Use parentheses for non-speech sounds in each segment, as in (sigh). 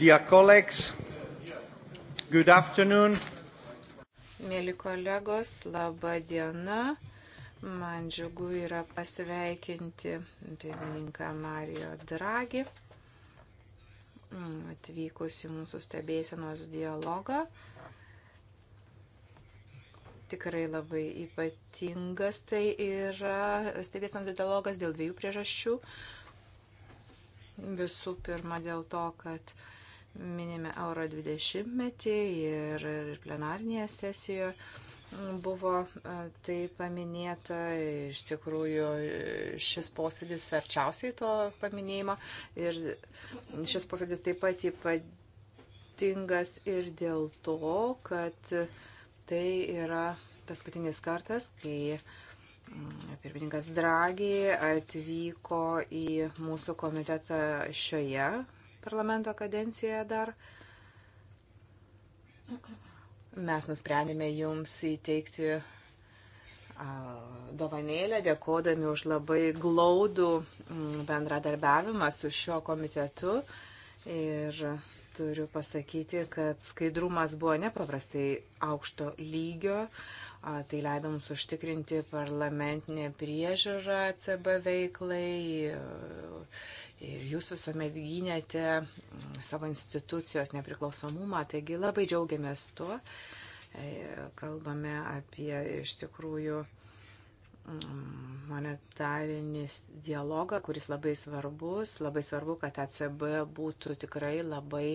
Dear colleagues, good afternoon. Mėly kolegos, laba diena. Man džiugu yra pasveikinti pirmininką Mario Draghi atvykusi mūsų stebėsenos dialogą. Tikrai labai ypatingas tai yra stebėsenos dialogas dėl dviejų priežasčių. Visų pirma, dėl to, kad uh, minime euro 20 metį ir, ir plenarnėje sesijoje buvo tai paminėta, iš tikrųjų šis posėdis arčiausiai to paminėjimo ir šis posėdis taip pat ypatingas ir dėl to, kad tai yra paskutinis kartas, kai mm, pirmininkas Dragi atvyko į mūsų komitetą šioje parlamento kadencijoje dar. Mes nusprendėme jums įteikti dovanėlę, dėkodami už labai glaudų mm, bendradarbiavimą su šiuo komitetu. Ir turiu pasakyti, kad skaidrumas buvo nepaprastai aukšto lygio. Tai leido mums užtikrinti parlamentinę priežiūrą CB veiklai, Ir jūs visuomet gynėte mm, savo institucijos nepriklausomumą, taigi labai džiaugiamės tuo. E, kalbame apie iš tikrųjų monetarinis dialogą, kuris labai svarbus. Labai svarbu, kad ECB būtų tikrai labai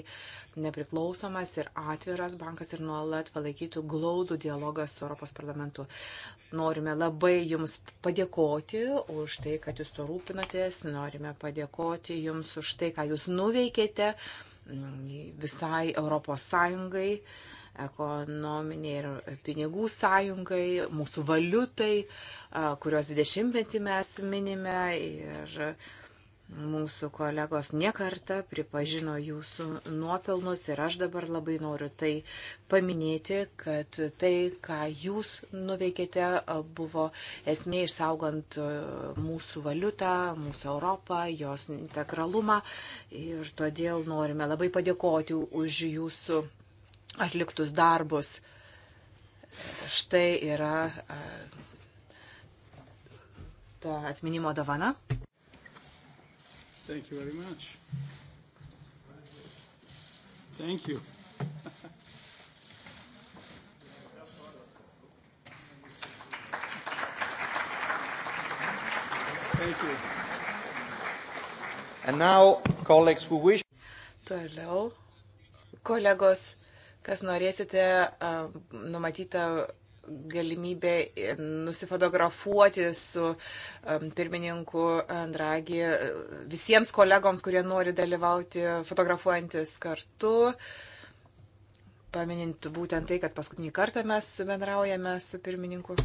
nepriklausomas ir atviras bankas ir nuolat palaikytų glaudų dialogą su Europos parlamentu. Norime labai Jums padėkoti už tai, kad Jūs to rūpinatės. Norime padėkoti Jums už tai, ką Jūs nuveikėte visai Europos Sąjungai. Uh, ekonominiai ir pinigų sąjungai, mūsų valiutai, kurios 20-metį mes minime ir mūsų kolegos nekarta pripažino jūsų nuopelnus ir aš dabar labai noriu tai paminėti, kad tai, ką jūs nuveikėte, buvo esmė išsaugant mūsų valiutą, mūsų Europą, jos integralumą ir todėl norime labai padėkoti už jūsų atliktus darbus. Štai yra ta atminimo davana. Thank you very much. Thank you. Thank you. And now, colleagues who wish. Toliau, kolegos Kas norėsite, numatyta galimybė nusifotografuoti su pirmininku Andragi visiems kolegoms, kurie nori dalyvauti fotografuojantis kartu. Paminint būtent tai, kad paskutinį kartą mes bendraujame su pirmininku.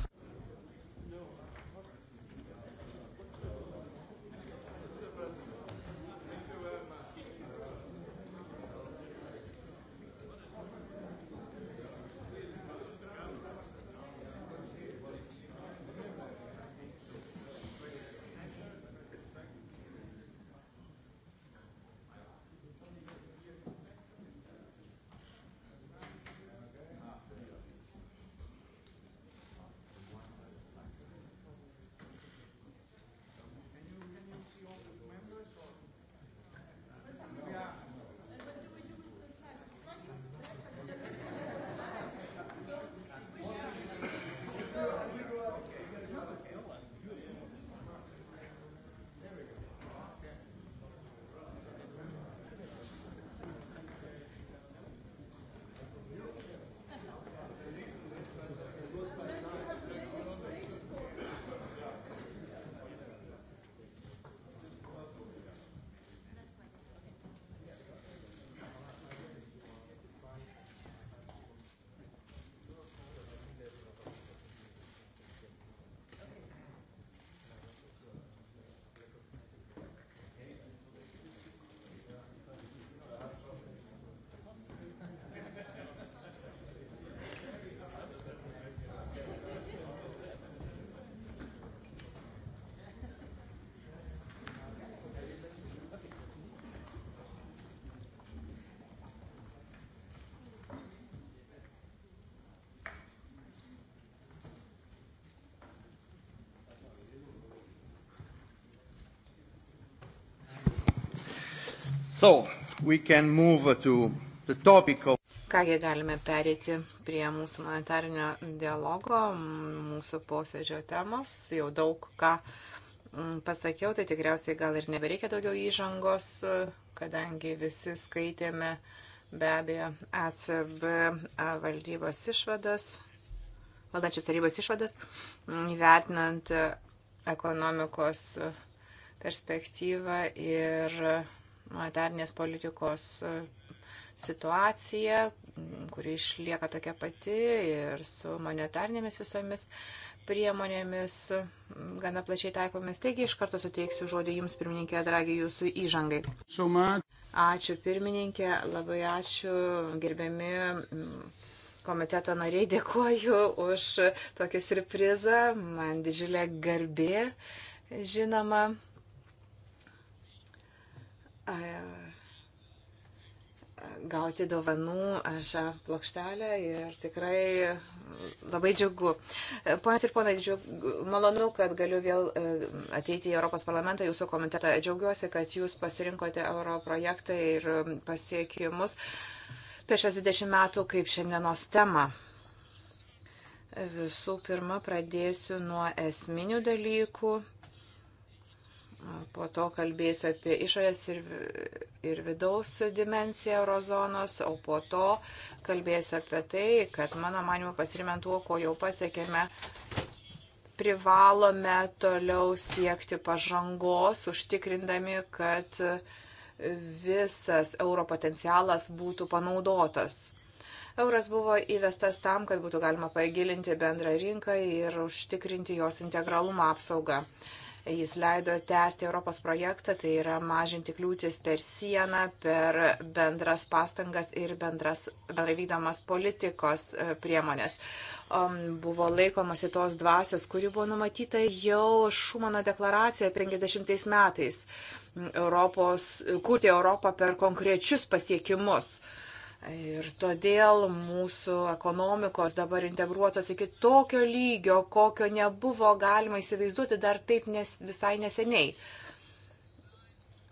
So, of... Kągi galime perėti prie mūsų monetarinio dialogo, mūsų posėdžio temos. Jau daug ką mm, pasakiau, tai tikriausiai gal ir nebereikia daugiau įžangos, kadangi visi skaitėme be abejo ECB valdybos išvadas, valdančios tarybos išvadas, mm, vertinant ekonomikos perspektyvą ir monetarnės politikos e, situacija, kuri išlieka tokia pati ir su monetarnėmis visomis priemonėmis gana plačiai taikomis. Taigi iš karto suteiksiu žodį Jums, pirmininkė Dragi, Jūsų įžangai. Ačiū, pirmininkė, labai ačiū, gerbiami komiteto nariai, dėkuoju už tokį surprizą, man didžiulė garbė, žinoma gauti dovanų šią plokštelę ir tikrai labai džiugu. Ponas ir ponai, malonu, kad galiu vėl e, ateiti į Europos parlamentą, jūsų komitetą. Džiaugiuosi, kad jūs pasirinkote Europrojektą ir pasiekimus per šios 20 metų kaip šiandienos temą. Visų pirma, pradėsiu nuo esminių dalykų Po to kalbėsiu apie išorės ir, ir vidaus dimenciją eurozonos, o po to kalbėsiu apie tai, kad mano manimo pasirimant tuo, ko jau pasiekėme, privalome toliau siekti pažangos, užtikrindami, kad visas euro potencialas būtų panaudotas. Euras buvo įvestas tam, kad būtų galima pagilinti bendrą rinką ir užtikrinti jos integralumą apsaugą. Jis leido tęsti Europos projektą, tai yra mažinti kliūtis per sieną, per bendras pastangas ir bendras vydomas politikos e, priemonės. Buvo laikomasi tos dvasios, kuri buvo numatyta jau Šumano deklaracijoje 50 metais. Europos, kurti Europą per konkrečius pasiekimus. Ir todėl mūsų ekonomikos dabar integruotos iki tokio lygio, kokio nebuvo galima įsivaizduoti dar taip nes, visai neseniai.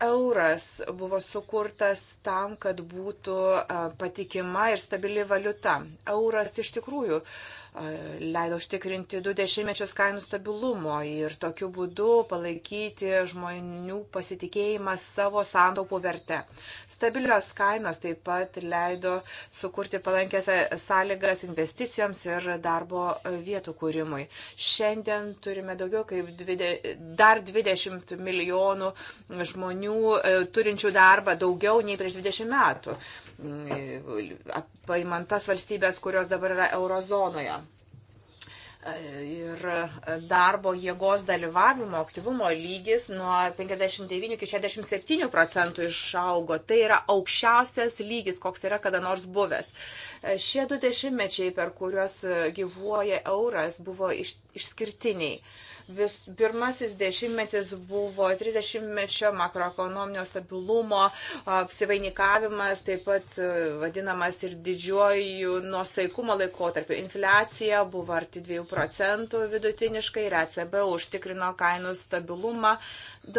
Euras buvo sukurtas tam, kad būtų patikima ir stabili valiuta. Euras iš tikrųjų uh, leido užtikrinti du dešimtmečius kainų stabilumo ir tokiu būdu palaikyti žmonių pasitikėjimą savo santaupų verte. Stabilios kainos taip pat leido sukurti palankęs sąlygas investicijoms ir darbo vietų kūrimui. Šiandien turime daugiau kaip dvide, dar 20 milijonų žmonių e, turinčių darbą daugiau nei prieš 20 metų paimant tas valstybės, kurios dabar yra eurozonoje. Ir darbo jėgos dalyvavimo aktyvumo lygis nuo 59 iki 67 procentų išaugo. Tai yra aukščiausias lygis, koks yra kada nors buvęs. Šie du dešimtmečiai, per kuriuos gyvuoja euras, buvo iš, išskirtiniai. Vis, pirmasis dešimtmetis buvo 30-mečio makroekonominio stabilumo apsivainikavimas, taip pat vadinamas ir didžiuoju nuosaikumo laikotarpiu. Infliacija buvo arti 2 procentų vidutiniškai ir ECB užtikrino kainų stabilumą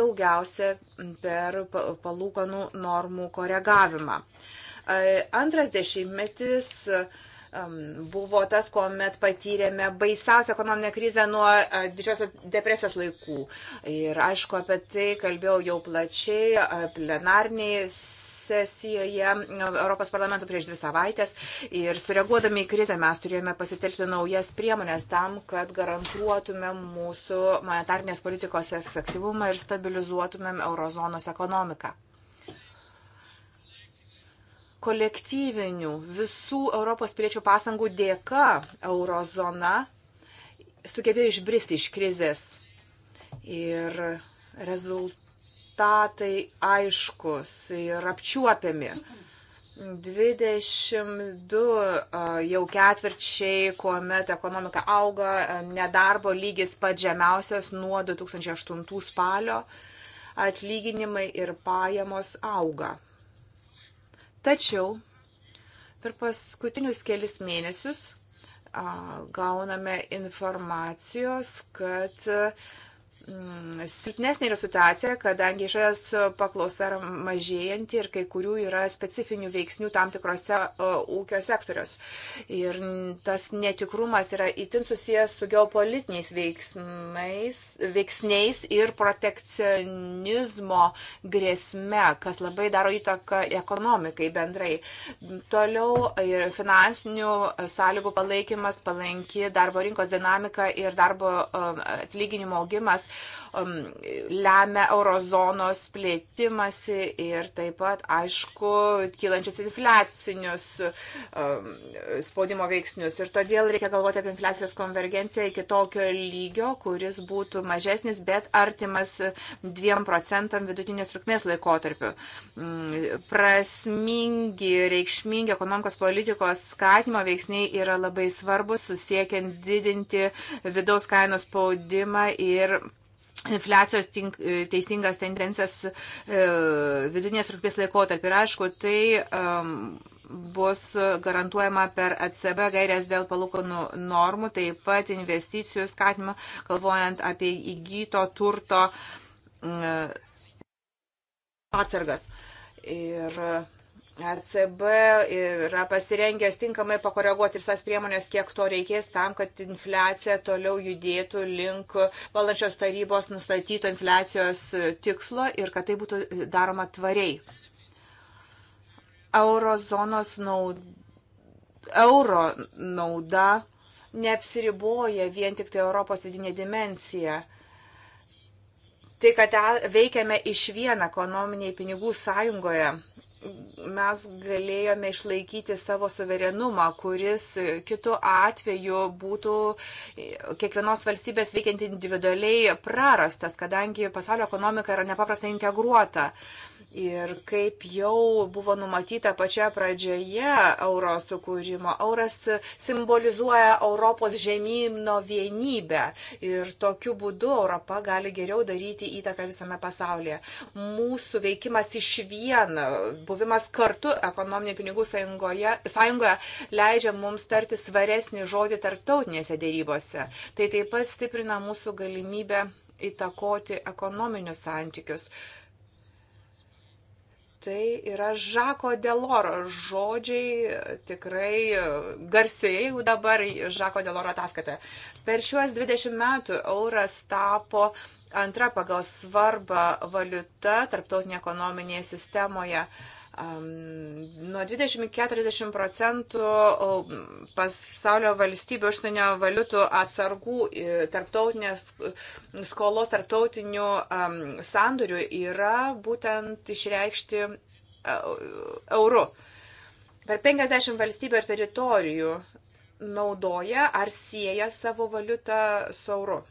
daugiausia per palūkanų normų koregavimą. Antras dešimtmetis buvo tas, kuomet patyrėme baisiausią ekonominę krizę nuo didžiosios depresijos laikų. Ir aišku, apie tai kalbėjau jau plačiai plenarniais sesijoje Europos parlamento prieš dvi savaitės ir sureaguodami į krizę mes turėjome pasitelkti naujas priemonės tam, kad garantuotume mūsų monetarnės politikos efektyvumą ir stabilizuotumėm eurozonos ekonomiką kolektyvinių visų Europos piliečių pasangų dėka eurozona sugebėjo išbristi iš krizės. Ir rezultatai aiškus ir apčiuopiami. 22 jau ketvirčiai, kuomet ekonomika auga, nedarbo lygis pat žemiausias nuo 2008 spalio, atlyginimai ir pajamos auga. Tačiau per paskutinius kelis mėnesius gauname informacijos, kad Mm, silpnesnė yra situacija, kadangi išorės paklausa yra mažėjanti ir kai kurių yra specifinių veiksnių tam tikrose ūkio sektoriuose. Ir tas netikrumas yra itin susijęs su geopolitiniais veiksmais, veiksniais ir protekcionizmo grėsme, kas labai daro įtaką ekonomikai bendrai. Toliau ir finansinių sąlygų palaikymas, palanki darbo rinkos dinamika ir darbo atlyginimo augimas Um, lemia eurozonos plėtimasi ir taip pat, aišku, kylančius infliacinius um, spaudimo veiksnius. Ir todėl reikia galvoti apie infliacijos konvergenciją iki tokio lygio, kuris būtų mažesnis, bet artimas 2 procentam vidutinės trukmės laikotarpiu. Mm, prasmingi, reikšmingi ekonomikos politikos skatimo veiksniai yra labai svarbus, susiekiant didinti vidaus kainos spaudimą ir infliacijos tink, e, teisingas tendencijas e, vidinės rūpės laikotarpį. Ir aišku, tai um, bus garantuojama per ECB gairias dėl palūkanų normų, taip pat investicijų skatinimo, kalvojant apie įgyto turto e, atsargas. Ir e, ECB yra pasirengęs tinkamai pakoreguoti visas priemonės, kiek to reikės tam, kad infliacija toliau judėtų link valdančios tarybos nustatyto infliacijos tikslo ir kad tai būtų daroma tvariai. Eurozonos naud... euro nauda neapsiriboja vien tik tai Europos vidinė dimencija tai, kad veikiame iš vieną ekonominiai pinigų sąjungoje, mes galėjome išlaikyti savo suverenumą, kuris kitu atveju būtų kiekvienos valstybės veikiant individualiai prarastas, kadangi pasaulio ekonomika yra nepaprastai integruota. Ir kaip jau buvo numatyta pačioje pradžioje euro sukūrimo, euras simbolizuoja Europos žemynų vienybę. Ir tokiu būdu Europa gali geriau daryti įtaką visame pasaulyje. Mūsų veikimas iš vien, buvimas kartu ekonominė pinigų sąjungoje, sąjungoje leidžia mums tarti svaresnį žodį tarptautinėse dėrybose. Tai taip pat stiprina mūsų galimybę įtakoti ekonominius santykius Tai yra Žako Deloro žodžiai, tikrai garsiai jau dabar Žako Deloro ataskaitoje. Per šiuos 20 metų euras tapo antra pagal svarbą valiuta tarptautinė ekonominėje sistemoje. Uh, Nuo 20-40 procentų pasaulio valstybių užsienio valiutų atsargų tarptautinės e, skolos tarptautinių sandorių yra būtent išreikšti e, eurų. Per 50 valstybių ir teritorijų naudoja ar sieja savo valiutą su euru.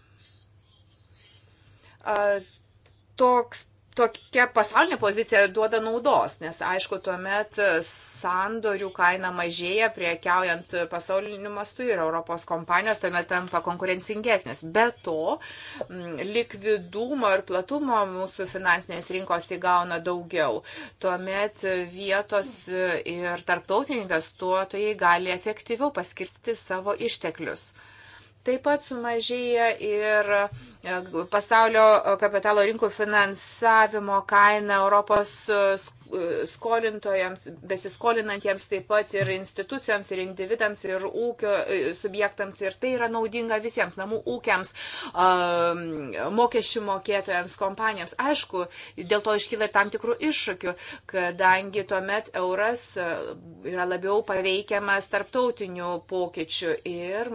Toks tokia pasaulinė pozicija duoda naudos, nes aišku, tuomet sandorių kaina mažėja priekiaujant pasauliniu mastu ir Europos kompanijos tuomet tampa konkurencingesnės. Be to, mm, likvidumo ir platumo mūsų finansinės rinkos įgauna daugiau. Tuomet vietos ir tarptautiniai investuotojai gali efektyviau paskirsti savo išteklius. Taip pat sumažėja ir e, pasaulio kapitalo rinkų finansavimo kaina Europos e, E, skolintojams, besiskolinantiems taip pat ir institucijoms, ir individams, ir ūkio e, subjektams. Ir tai yra naudinga visiems namų ūkiams, mokesčių mokėtojams, kompanijams. Aišku, dėl to iškyla ir tam tikrų iššūkių, kadangi tuomet euras e, yra labiau paveikiamas tarptautinių pokyčių ir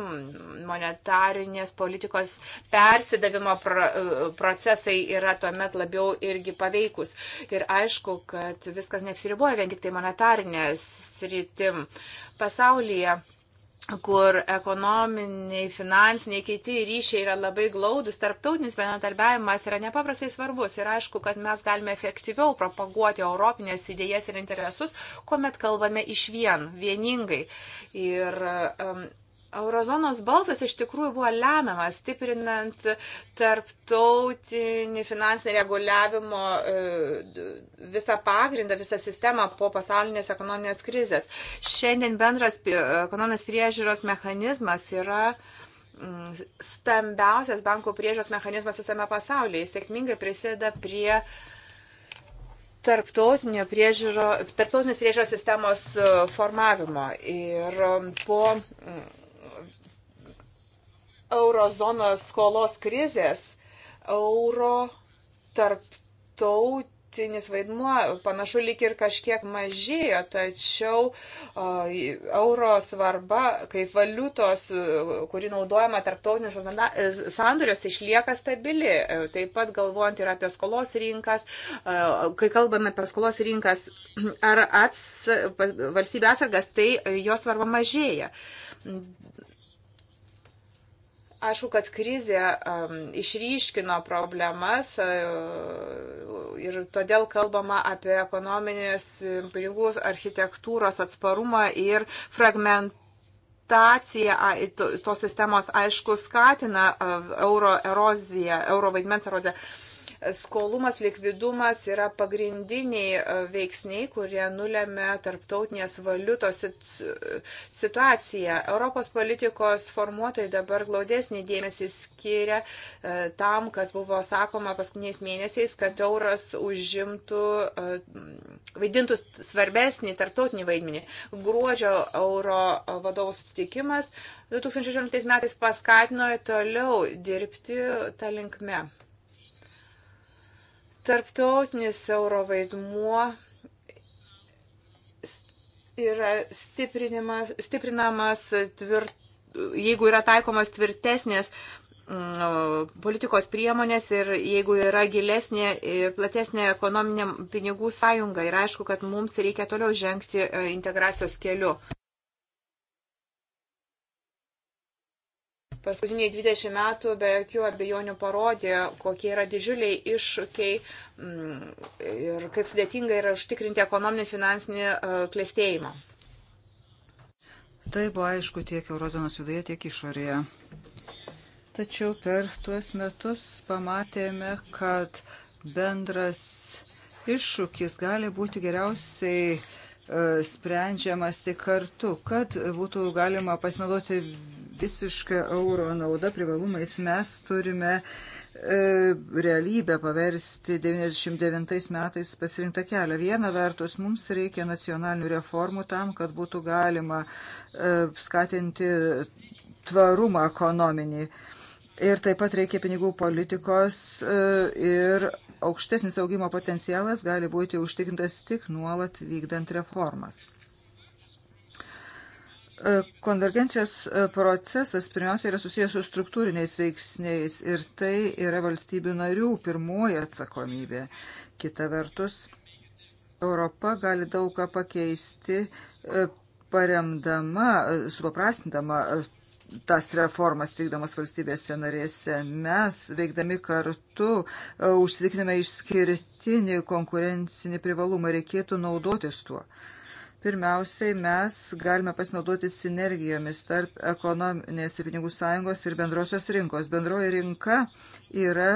monetarinės politikos persidavimo procesai yra tuomet labiau irgi paveikus. Ir aišku, kad kad viskas neapsiriboja vien tik tai monetarinė sritim. Pasaulyje kur ekonominiai, finansiniai, kiti ryšiai yra labai glaudus, tarptautinis bendradarbiavimas yra nepaprastai svarbus ir aišku, kad mes galime efektyviau propaguoti europinės idėjas ir interesus, kuomet kalbame iš vien, vieningai. Ir um, Eurozonos balsas iš tikrųjų buvo lemiamas, stiprinant tarptautinį finansinį reguliavimo e, visą pagrindą, visą sistemą po pasaulinės ekonominės krizės. Šiandien bendras ekonominės priežiūros mechanizmas yra mm, stambiausias bankų priežiūros mechanizmas visame pasaulyje. Jis sėkmingai prisideda prie tarptautinės priežiūros sistemos e, formavimo. Ir e, po mm, eurozonos skolos krizės euro tarptautinis vaidmuo panašu lyg ir kažkiek mažėjo, tačiau euro svarba kaip valiutos, e, kuri naudojama tarptautiniuose e, sandoriuose, išlieka stabili. E, taip pat galvojant ir apie skolos rinkas, kai kalbame apie skolos rinkas, ar ats, valstybė atsargas, tai jos svarba mažėja Aišku, kad krizė um, išryškino problemas uh, ir todėl kalbama apie ekonominės pinigų architektūros atsparumą ir fragment mutacija tos sistemos aišku skatina euro eroziją, euro vaidmens eroziją. Skolumas, likvidumas yra pagrindiniai e, veiksniai, kurie nulėmė tarptautinės valiutos situaciją. Europos politikos formuotojai dabar glaudesnį dėmesį skiria e, tam, kas buvo sakoma paskutiniais mėnesiais, kad euras užimtų, e, vaidintų svarbesnį tarptautinį vaidmenį. Gruodžio euro vadovų sutikimas 2016 metais paskatino toliau dirbti tą linkmę. Tarptautinis euro vaidmuo yra stiprinamas, tvirt, jeigu yra taikomas tvirtesnės mm, politikos priemonės ir jeigu yra gilesnė ir platesnė ekonominė pinigų sąjunga ir aišku, kad mums reikia toliau žengti e, integracijos keliu. Paskutiniai 20 metų be jokių abejonių parodė, kokie yra didžiuliai iššūkiai mm, ir kaip sudėtinga yra užtikrinti ekonominį finansinį e, klėstėjimą. Tai buvo aišku tiek Eurozonos viduje, tiek išorėje. Tačiau per tuos metus pamatėme, kad bendras iššūkis gali būti geriausiai e, sprendžiamas tik kartu, kad būtų galima pasinaudoti visiška euro nauda privalumais mes turime e, realybę paversti 99 metais pasirinktą kelią. Viena vertus, mums reikia nacionalinių reformų tam, kad būtų galima e, skatinti tvarumą ekonominį. Ir taip pat reikia pinigų politikos e, ir aukštesnis augimo potencialas gali būti užtikrintas tik nuolat vykdant reformas. Konvergencijos e, procesas pirmiausia yra susijęs su struktūriniais veiksniais ir tai yra valstybių narių pirmoji atsakomybė. Kita vertus, Europa gali daugą pakeisti e, paremdama, e, supaprastindama tas reformas vykdomas valstybėse narėse. Mes, veikdami kartu, užsitikriname išskirtinį konkurencinį privalumą, reikėtų naudotis tuo. Pirmiausiai, mes galime pasinaudoti sinergijomis tarp ekonominės ir pinigų sąjungos ir bendrosios rinkos. Bendroji rinka yra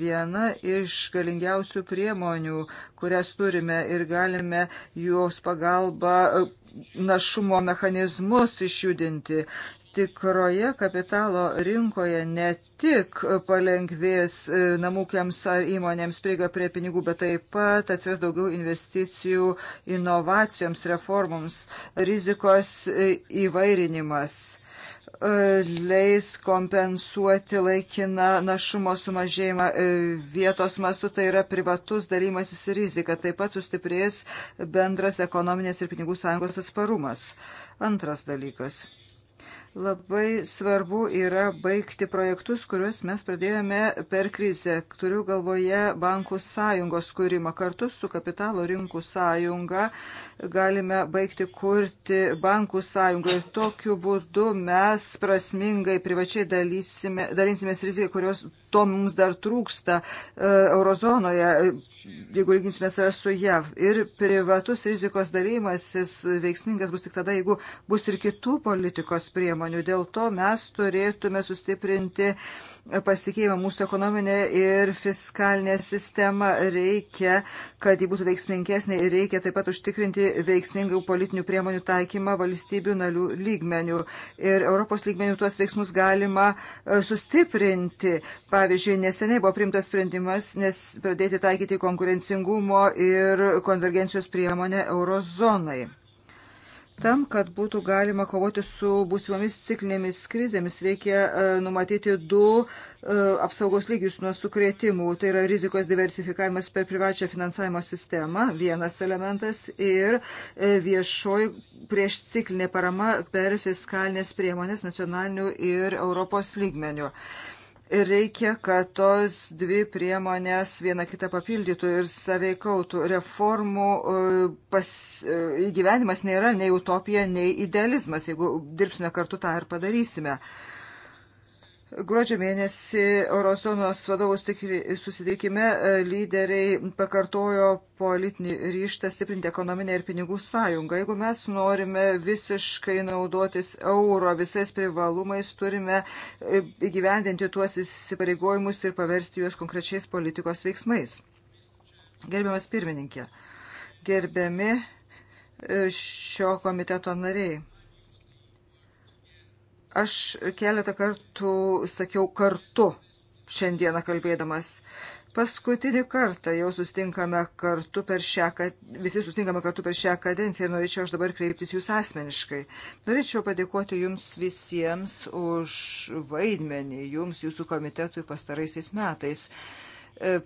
viena iš galingiausių priemonių, kurias turime ir galime jos pagalba našumo mechanizmus išjudinti tikroje kapitalo rinkoje ne tik palengvės e, namūkiams ar įmonėms prieiga prie pinigų, bet taip pat atsiras daugiau investicijų inovacijoms, reformoms, rizikos e, įvairinimas e, leis kompensuoti laikiną našumo sumažėjimą vietos mastu, tai yra privatus dalymasis rizika, taip pat sustiprės bendras ekonominės ir pinigų sąjungos atsparumas. Antras dalykas Labai svarbu yra baigti projektus, kuriuos mes pradėjome per krizę. Turiu galvoje bankų sąjungos kūrimą. Kartu su kapitalo rinkų sąjunga galime baigti kurti bankų sąjungą. Ir tokiu būdu mes prasmingai privačiai dalinsime riziką, kurios to mums dar trūksta e, eurozonoje, jeigu lyginsime save su JAV. Ir privatus rizikos dalymasis veiksmingas bus tik tada, jeigu bus ir kitų politikos priemonių. Dėl to mes turėtume sustiprinti pasikeimą mūsų ekonominę ir fiskalinę sistemą, reikia, kad ji būtų veiksmingesnė ir reikia taip pat užtikrinti veiksmingų politinių priemonių taikymą valstybių narių lygmenių. Ir Europos lygmenių tuos veiksmus galima e, sustiprinti. Pavyzdžiui, neseniai buvo primtas sprendimas nes pradėti taikyti konkurencingumo ir konvergencijos priemonę eurozonai. Tam, kad būtų galima kovoti su būsimomis ciklinėmis krizėmis, reikia e, numatyti du e, apsaugos lygius nuo sukrėtimų. Tai yra rizikos diversifikavimas per privačią finansavimo sistemą, vienas elementas, ir e, viešoji prieš ciklinė parama per fiskalinės priemonės nacionalinių ir Europos lygmenių. Uh, Ir reikia, kad tos dvi priemonės viena kitą papildytų ir saveikautų. Reformų e, pas, e, įgyvenimas nėra nei utopija, nei idealizmas. Jeigu dirbsime kartu, tą ir padarysime. Gruodžio mėnesį Eurozonos vadovų susitikime e, lyderiai pakartojo politinį ryštą stiprinti ekonominę ir pinigų sąjungą. Jeigu mes norime visiškai naudotis euro visais privalumais, turime e, įgyvendinti tuos įsipareigojimus ir paversti juos konkrečiais politikos veiksmais. Gerbiamas pirmininkė, gerbiami e, šio komiteto nariai. Aš keletą kartų sakiau kartu šiandieną kalbėdamas. Paskutinį kartą jau sustinkame kartu per šią, visi sustinkame kartu per šią kadenciją ir norėčiau aš dabar kreiptis jūs asmeniškai. Norėčiau padėkoti jums visiems už vaidmenį, jums, jūsų komitetui pastaraisiais metais e,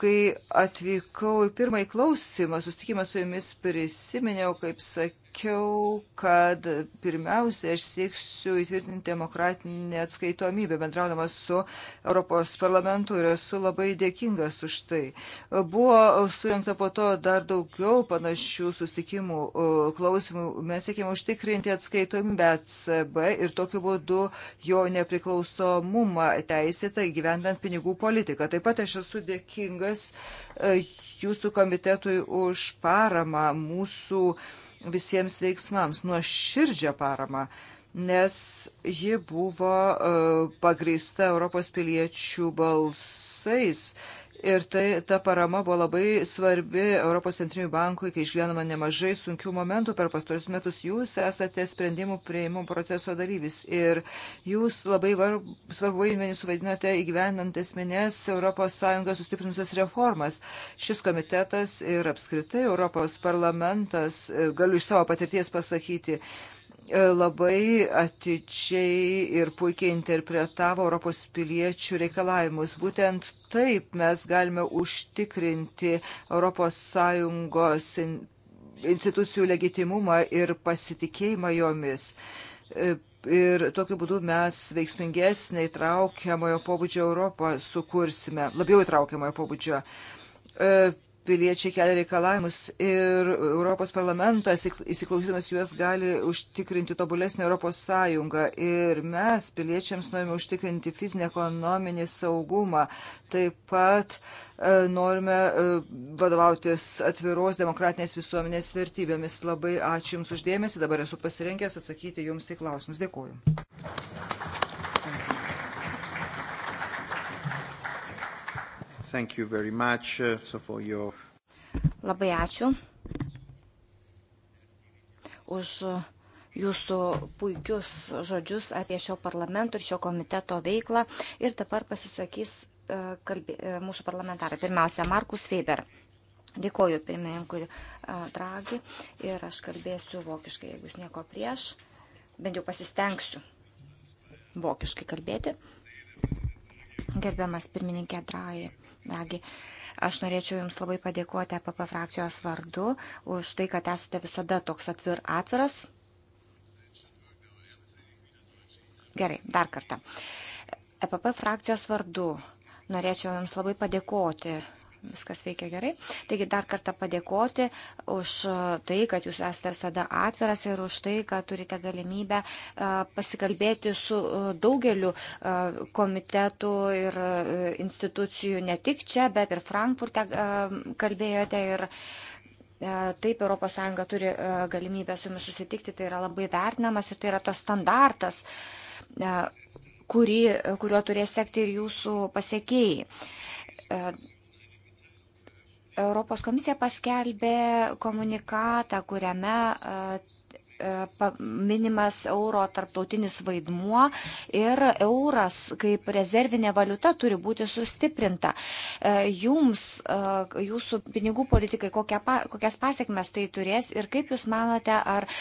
kai atvykau į pirmąjį klausimą, sustikimą su jumis prisiminiau, kaip sakiau, sakiau, kad pirmiausia, aš sieksiu įtvirtinti demokratinę atskaitomybę, bendraudamas su Europos parlamentu ir esu labai dėkingas už tai. Buvo surinkta po to dar daugiau panašių susitikimų, e, klausimų. Mes siekime užtikrinti atskaitomybę CB ir tokiu būdu jo nepriklausomumą teisėtą gyvendant pinigų politiką. Taip pat aš esu dėkingas e, jūsų komitetui už paramą mūsų uh, visiems veiksmams, nuo širdžią paramą, nes ji buvo e, pagrįsta Europos piliečių balsais Ir tai ta parama buvo labai svarbi Europos centrinių bankui, kai išgyvenama nemažai sunkių momentų per pastorius metus. Jūs esate sprendimų prieimimo proceso dalyvis ir jūs labai svarbu įmenį suvaidinote įgyvenant esminės ES sustiprinusias reformas. Šis komitetas ir apskritai Europos parlamentas, e, galiu iš savo patirties pasakyti, E, labai atidžiai ir puikiai interpretavo Europos piliečių reikalavimus. Būtent taip mes galime užtikrinti ES institucijų legitimumą ir pasitikėjimą jomis. E, ir tokiu būdu mes veiksmingesnį įtraukiamojo pobūdžio Europą sukursime, labiau įtraukiamojo pobūdžio e, piliečiai kelia reikalavimus ir Europos parlamentas, įsiklausydamas juos, gali užtikrinti tobulesnį Europos sąjungą. Ir mes, piliečiams, norime užtikrinti fizinį ekonominį saugumą. Taip pat e, norime e, vadovautis atviros demokratinės visuomenės vertybėmis. Labai ačiū Jums uždėmesi. Dabar esu pasirengęs atsakyti Jums į klausimus. Dėkuoju. Thank you very much uh, so for your... Labai ačiū už uh, jūsų puikius žodžius apie šio parlamento ir šio komiteto veiklą. Ir dabar pasisakys uh, kalbė, uh, mūsų parlamentarai. Pirmiausia, Markus Weber. Dėkoju pirmininkui Dragi ir aš kalbėsiu vokiškai, jeigu jūs nieko prieš. Bent jau pasistengsiu vokiškai kalbėti. Gerbiamas pirmininkė Dragi. Nagi. Aš norėčiau Jums labai padėkoti APP frakcijos vardu už tai, kad esate visada toks atvir, atviras. Gerai, dar kartą. EPP frakcijos vardu norėčiau Jums labai padėkoti viskas veikia gerai. Taigi dar kartą padėkoti už tai, kad jūs esate visada atviras ir už tai, kad turite galimybę e, pasikalbėti su e, daugeliu e, komitetų ir institucijų, ne tik čia, bet ir Frankfurte kalbėjote. Ir Taip, ES turi galimybę su jumis susitikti, tai yra labai vertinamas ir tai yra tas standartas, kurį, kuriuo turės sekti ir jūsų pasiekėjai Europos komisija paskelbė komunikatą, kuriame minimas euro tarptautinis vaidmuo ir euras kaip rezervinė valiuta turi būti sustiprinta. E, jums, e, jūsų pinigų politikai, kokias pasiekmes tai turės ir kaip Jūs manote, ar e,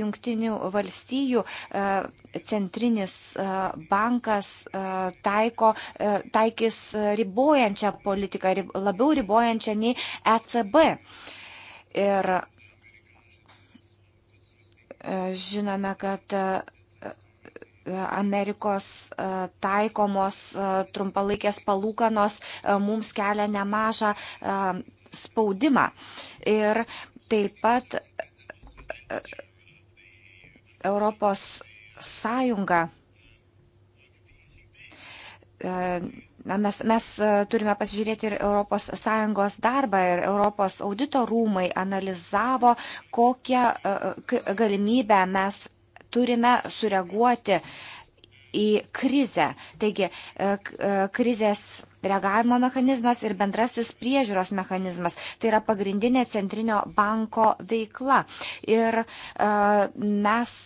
jungtinių valstijų centrinis bankas taiko, taikys ribojančią politiką, labiau ribojančią nei ECB. Ir E, žinome, kad e, e, Amerikos taikomos trumpalaikės palūkanos mums kelia nemažą spaudimą. Ir taip pat Europos Sąjunga Mes, mes e, turime pasižiūrėti ir ES darbą, ir ES audito rūmai analizavo, kokią e, e, galimybę mes turime sureaguoti į krizę. Taigi, krizės reagavimo mechanizmas ir bendrasis priežiūros mechanizmas. Tai yra pagrindinė centrinio banko veikla. Ir mes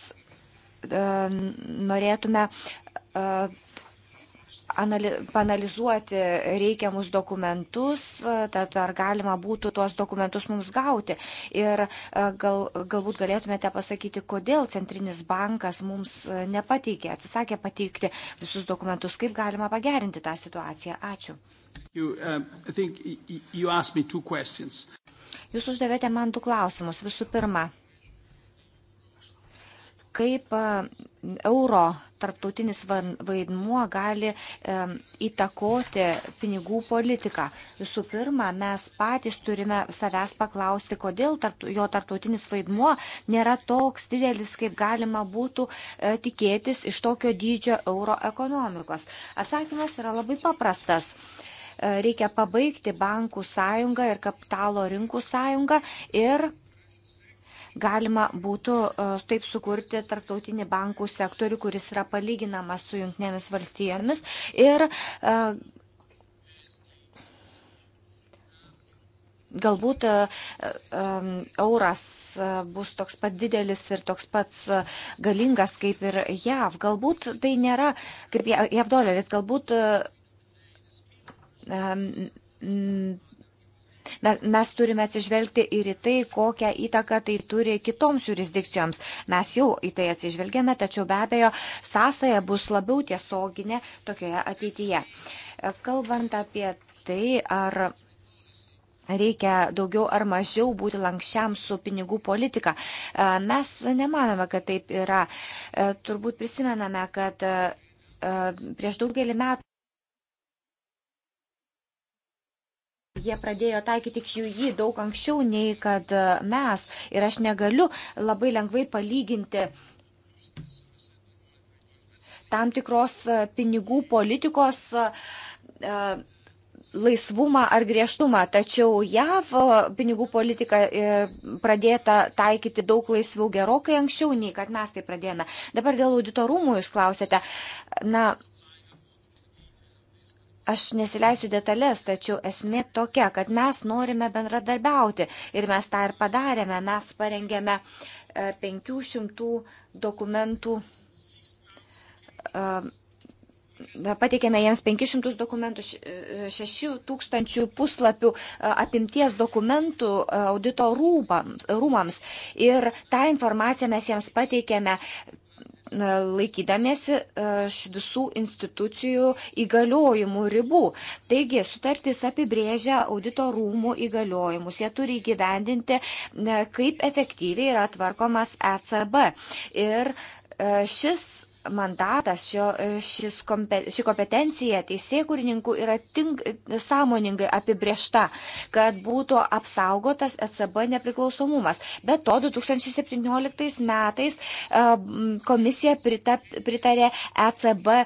norėtume anali, panalizuoti reikiamus dokumentus, tad ar galima būtų tuos dokumentus mums gauti. Ir e, gal, galbūt galėtumėte pasakyti, kodėl Centrinis bankas mums e, nepateikė, atsisakė pateikti visus dokumentus, kaip galima pagerinti tą situaciją. Ačiū. You, uh, Jūs uždavėte man du klausimus. Visų pirma, kaip e, euro tarptautinis vaidmuo gali e, įtakoti pinigų politiką. Visų pirma, mes patys turime savęs paklausti, kodėl jo tarptautinis vaidmuo nėra toks didelis, kaip galima būtų e, tikėtis iš tokio dydžio euro ekonomikos. Atsakymas yra labai paprastas reikia pabaigti bankų sąjungą ir kapitalo rinkų sąjungą ir galima būtų e, taip sukurti tarptautinį bankų sektorių, kuris yra palyginamas su jungtinėmis valstijomis ir e, galbūt e, euras bus toks pat didelis ir toks pats galingas kaip ir JAV. Galbūt tai nėra kaip JAV doleris, galbūt Mes turime atsižvelgti ir į tai, kokią įtaką tai turi kitoms jurisdikcijoms. Mes jau į tai atsižvelgėme, tačiau be abejo sąsaja bus labiau tiesioginė tokioje ateityje. Kalbant apie tai, ar reikia daugiau ar mažiau būti lankščiam su pinigų politika. E, mes nemanome, kad taip yra. E, turbūt prisimename, kad e, prieš daugelį metų Jie pradėjo taikyti QE daug anksčiau nei kad e, mes. Ir aš negaliu labai lengvai palyginti tam tikros e, pinigų politikos e, laisvumą ar griežtumą, tačiau JAV pinigų politika pradėta taikyti daug laisviau gerokai anksčiau nei kad mes tai pradėjome. Dabar dėl auditorumų jūs klausėte. Na, Aš nesileisiu detalės, tačiau esmė tokia, kad mes norime bendradarbiauti ir mes tą ir padarėme. Mes parengėme 500 e, dokumentų e, pateikėme jiems 500 dokumentų, 6000 e, puslapių apimties dokumentų audito rūmams. Ir tą informaciją mes jiems pateikėme laikydamiesi e, visų institucijų įgaliojimų ribų. Taigi, sutartis apibrėžia audito rūmų įgaliojimus. Jie turi įgyvendinti, kaip efektyviai yra tvarkomas ECB. Ir e, šis mandatas, šio, e, šis, ši kompetencija teisėkurininkų yra tink, sąmoningai apibriešta, kad būtų apsaugotas ECB nepriklausomumas. Be to, 2017 metais e, komisija pritap, pritarė ECB e,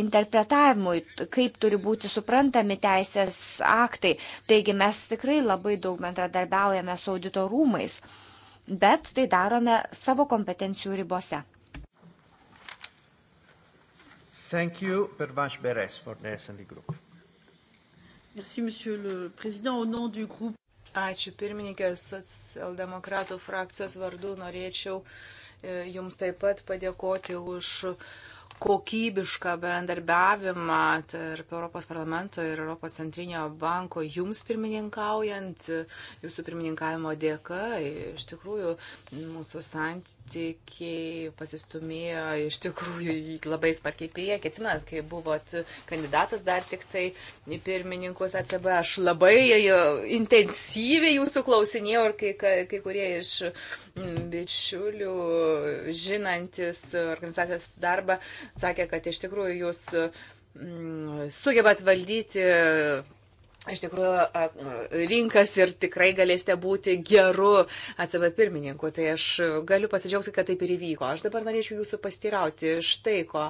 interpretavimui, kaip turi būti suprantami teisės aktai. Taigi mes tikrai labai daug bendradarbiaujame su auditorumais, bet tai darome savo kompetencijų ribose. Thank you, Pervash Beres, for the S&D Group. Merci, Monsieur le Président. Au nom du groupe. Ačiū pirmininkės socialdemokratų frakcijos vardu. Norėčiau e, Jums taip pat padėkoti už kokybišką bendarbiavimą tarp Europos parlamento ir Europos centrinio banko jums pirmininkaujant, e, jūsų pirmininkavimo dėka, iš tikrųjų mūsų santykiai santykiai pasistumėjo iš tikrųjų labai smarkiai priekį. Atsimenat, kai buvot kandidatas dar tik tai į pirmininkus ACB, aš labai e, e, intensyviai jūsų klausinėjau ir kai, kai kurie iš mm, bičiulių žinantis organizacijos darbą sakė, kad iš tikrųjų jūs mm, sugebat valdyti iš tikrųjų rinkas ir tikrai galėsite būti geru ACB pirmininku. Tai aš galiu pasidžiaugti, kad taip ir įvyko. Aš dabar norėčiau jūsų pastirauti štai ko.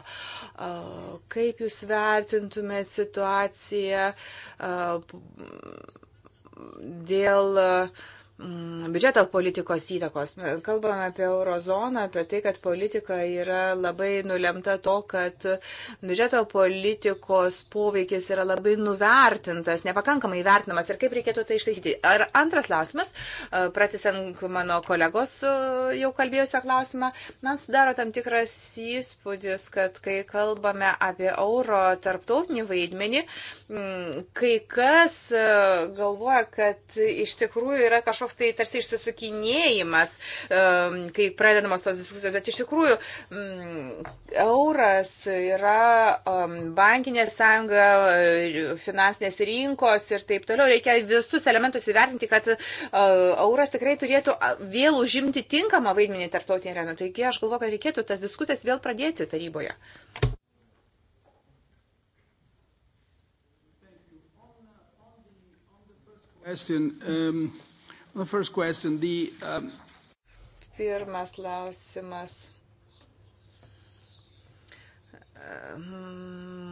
Kaip jūs vertintume situaciją dėl Mm, biudžeto politikos įtakos. Kalbame apie eurozoną, apie tai, kad politika yra labai nulemta to, kad biudžeto politikos poveikis yra labai nuvertintas, nepakankamai vertinamas ir kaip reikėtų tai ištaisyti. Ar antras klausimas, e, pratisant mano kolegos e, jau kalbėjusio klausimą, man sudaro tam tikras įspūdis, kad kai kalbame apie euro tarptautinį vaidmenį, kai kas e, galvoja, kad iš tikrųjų yra kažkoks kažkoks tai tarsi išsisukinėjimas, kai pradedamos tos diskusijos, bet iš tikrųjų mm, euras yra bankinė sąjunga, e, finansinės rinkos ir taip toliau. Reikia visus elementus įvertinti, kad e, euras tikrai turėtų vėl užimti tinkamą vaidmenį tarptautinį areną. Taigi aš galvoju, kad reikėtų tas diskusijas vėl pradėti taryboje. question. Um, The first question, the, um... Pirmas klausimas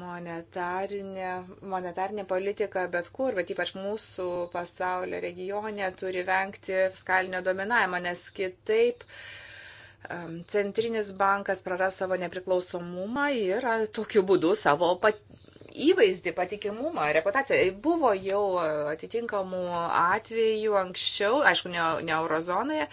monetarinė, monetarinė politika bet kur, bet ypač mūsų pasaulio regione turi vengti fiskalinio dominavimo, nes kitaip um, centrinis bankas praras savo nepriklausomumą ir tokiu būdu savo įvaizdį, patikimumą, reputaciją. Buvo jau atitinkamų atvejų anksčiau, aišku, ne, ne eurozonoje,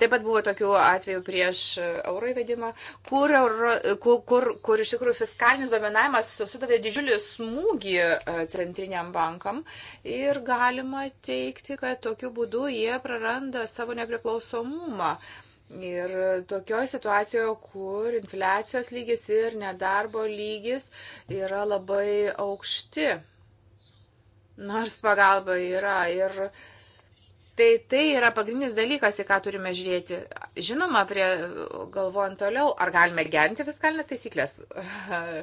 taip pat buvo tokių atvejų prieš euro įvedimą, kur, euro, kur, kur, kur iš tikrųjų fiskalinis dominavimas sudavė didžiulį smūgį e, centriniam bankam ir galima teikti, kad tokiu būdu jie praranda savo nepriklausomumą. Uh, Ir tokioje situacijoje, kur infliacijos lygis ir nedarbo lygis yra labai aukšti, nors pagalba yra. Ir tai, tai yra pagrindinis dalykas, į ką turime žiūrėti. Žinoma, prie, galvojant toliau, ar galime gerinti fiskalinės taisyklės.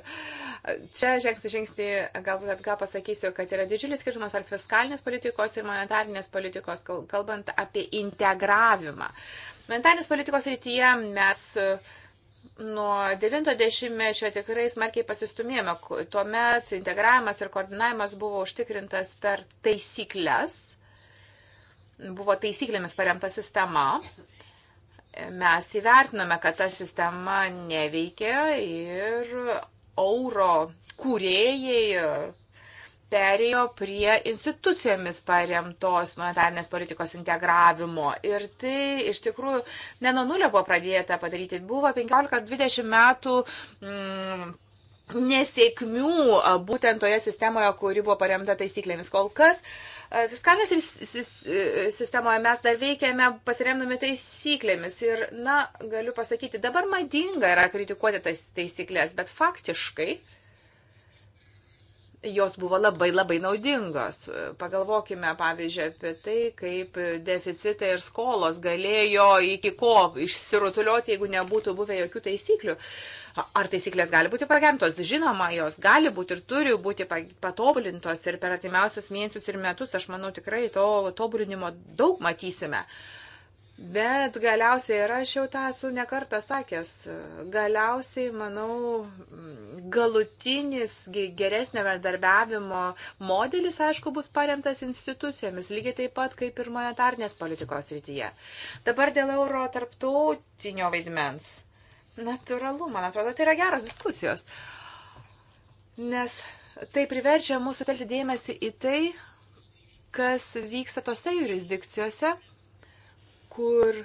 (laughs) Čia žengsi žingsnį, galbūt atgal pasakysiu, kad yra didžiulis skirtumas ar fiskalinės politikos ir monetarinės politikos, kalbant apie integravimą. Uh, Mentalės politikos rytyje mes e, nuo 90-mečio tikrai smarkiai pasistumėjome. Tuomet integravimas ir koordinavimas buvo užtikrintas per taisyklės, buvo taisyklėmis paremta sistema. Mes įvertinome, kad ta sistema neveikia ir euro kūrėjai perėjo prie institucijomis paremtos monetarnės politikos integravimo. Ir tai iš tikrųjų ne nuo nulio buvo pradėta padaryti. Buvo 15-20 metų. Mm, nesėkmių būtent toje sistemoje, kuri buvo paremta taisyklėmis. Kol kas fiskalinės e, sistemoje mes dar veikiame pasiremdami taisyklėmis. Ir, na, galiu pasakyti, dabar madinga yra kritikuoti tas taisyklės, bet faktiškai uh, jos buvo labai labai naudingos. Pagalvokime, pavyzdžiui, apie tai, kaip deficitai ir skolos galėjo iki ko išsirutulioti, jeigu nebūtų buvę jokių taisyklių. Ar taisyklės gali būti pagemtos? Žinoma, jos gali būti ir turi būti patobulintos ir per artimiausius mėnesius ir metus, aš manau, tikrai to tobulinimo daug matysime. Uh, Bet galiausiai, ir aš jau tą esu nekartą sakęs, galiausiai, manau, galutinis geresnio bendarbiavimo modelis, aišku, bus paremtas institucijomis, lygiai taip pat kaip ir monetarnės politikos rytyje. Dabar dėl euro tarptautinio vaidmens. Naturalu, man atrodo, tai yra geros diskusijos. Nes tai priverčia mūsų telti dėmesį į tai, kas vyksta tose jurisdikcijose kur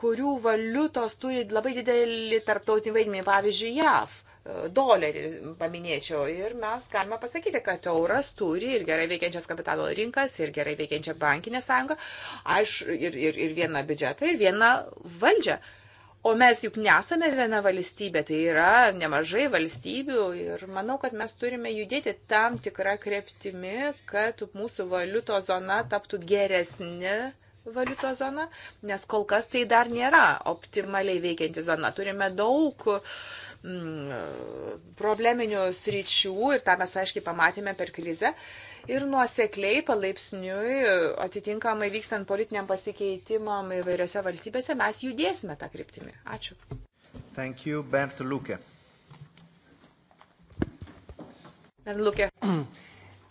kurių valiutos turi labai didelį tarptautinį vaidmenį, pavyzdžiui, JAV e, dolerį paminėčiau. Ir mes galime pasakyti, kad euras turi ir gerai veikiančias kapitalo rinkas, ir gerai veikiančią bankinę sąjungą, aš ir, ir, ir vieną biudžetą, ir vieną valdžią. O mes juk nesame viena valstybė, tai yra nemažai valstybių ir manau, kad mes turime judėti tam tikrą kreptimi, kad mūsų valiuto zona taptų geresnė valiutos zona, nes kol kas tai dar nėra optimaliai veikianti zona. Turime daug mm, probleminių sričių ir tą mes aiškiai pamatėme per krizę. Ir nuosekliai, palaipsniui, atitinkamai vykstant politiniam pasikeitimam įvairiose valstybėse, mes judėsime tą kryptimį. Ačiū. Thank you, Bernd Luke. Bernd Luke.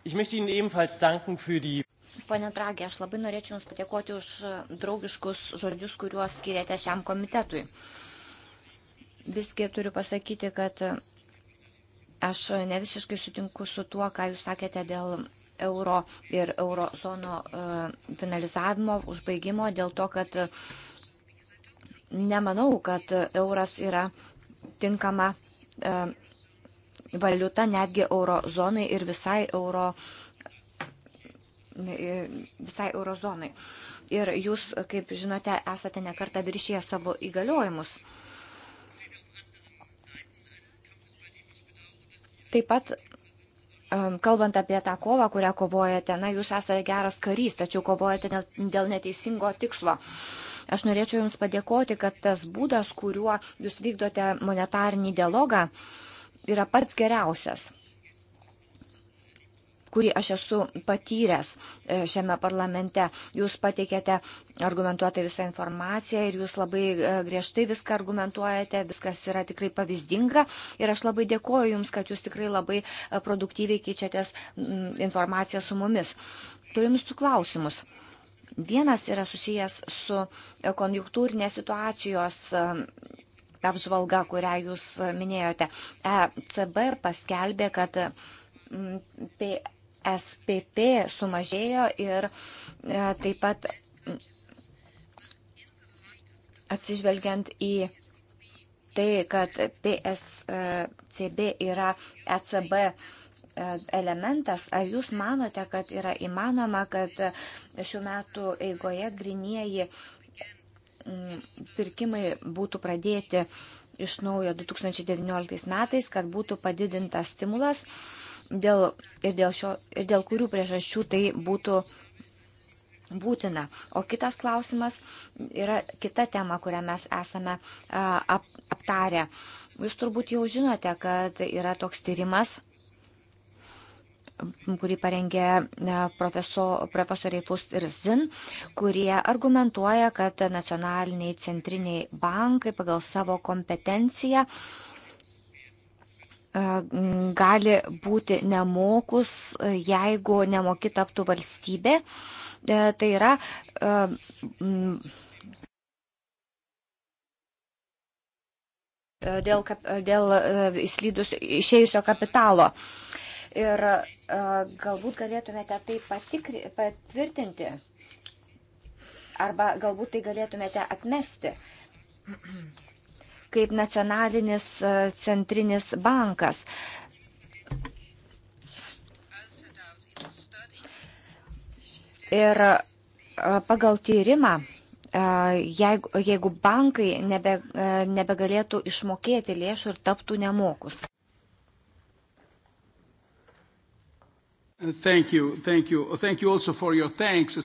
Ich möchte Ihnen ebenfalls danken für die Pane Dragė, aš labai norėčiau Jums padėkoti už draugiškus žodžius, kuriuos skiriate šiam komitetui. Visgi turiu pasakyti, kad aš ne visiškai sutinku su tuo, ką Jūs sakėte dėl euro ir eurozono e, finalizavimo, užbaigimo, dėl to, kad nemanau, kad euras yra tinkama e, valiuta netgi eurozonai ir visai euro zonai visai eurozonai. Ir jūs, kaip žinote, esate nekarta viršyje savo įgaliojimus. Taip pat kalbant apie tą kovą, kurią kovojate, na, jūs esate geras karys, tačiau kovojate dėl neteisingo tikslo. Aš norėčiau Jums padėkoti, kad tas būdas, kuriuo Jūs vykdote monetarnį dialogą, yra pats geriausias kurį aš esu patyręs e, šiame parlamente. Jūs pateikėte argumentuotą visą informaciją ir jūs labai e, griežtai viską argumentuojate, viskas yra tikrai pavyzdinga ir aš labai dėkoju Jums, kad Jūs tikrai labai e, produktyviai keičiatės informaciją su mumis. Turim jūsų klausimus. Vienas yra susijęs su konjunktūrinės situacijos apžvalga, kurią jūs minėjote. ECB paskelbė, kad tai SPP sumažėjo ir e, taip pat mm, atsižvelgiant į tai, kad PSCB yra ECB e, elementas, ar jūs manote, kad yra įmanoma, kad šių metų eigoje grinieji mm, pirkimai būtų pradėti iš naujo 2019 metais, kad būtų padidintas stimulas dėl, ir, dėl šio, ir dėl kurių priežasčių tai būtų būtina. O kitas klausimas yra kita tema, kurią mes esame ap, aptarę. Jūs turbūt jau žinote, kad yra toks tyrimas kurį parengė profesoriai Pust ir Zin, kurie argumentuoja, kad nacionaliniai centriniai bankai pagal savo kompetenciją uh, gali būti nemokus, jeigu nemoki taptų valstybė. E, tai yra e, dėl, dėl įslydus, išėjusio kapitalo. Ir galbūt galėtumėte tai patikri, patvirtinti, arba galbūt tai galėtumėte atmesti kaip nacionalinis e, centrinis bankas. Ir e, pagal tyrimą, e, jeigu, jeigu bankai nebe, nebegalėtų išmokėti lėšų ir taptų nemokus. Thank you, thank you. Thank you also for your thanks.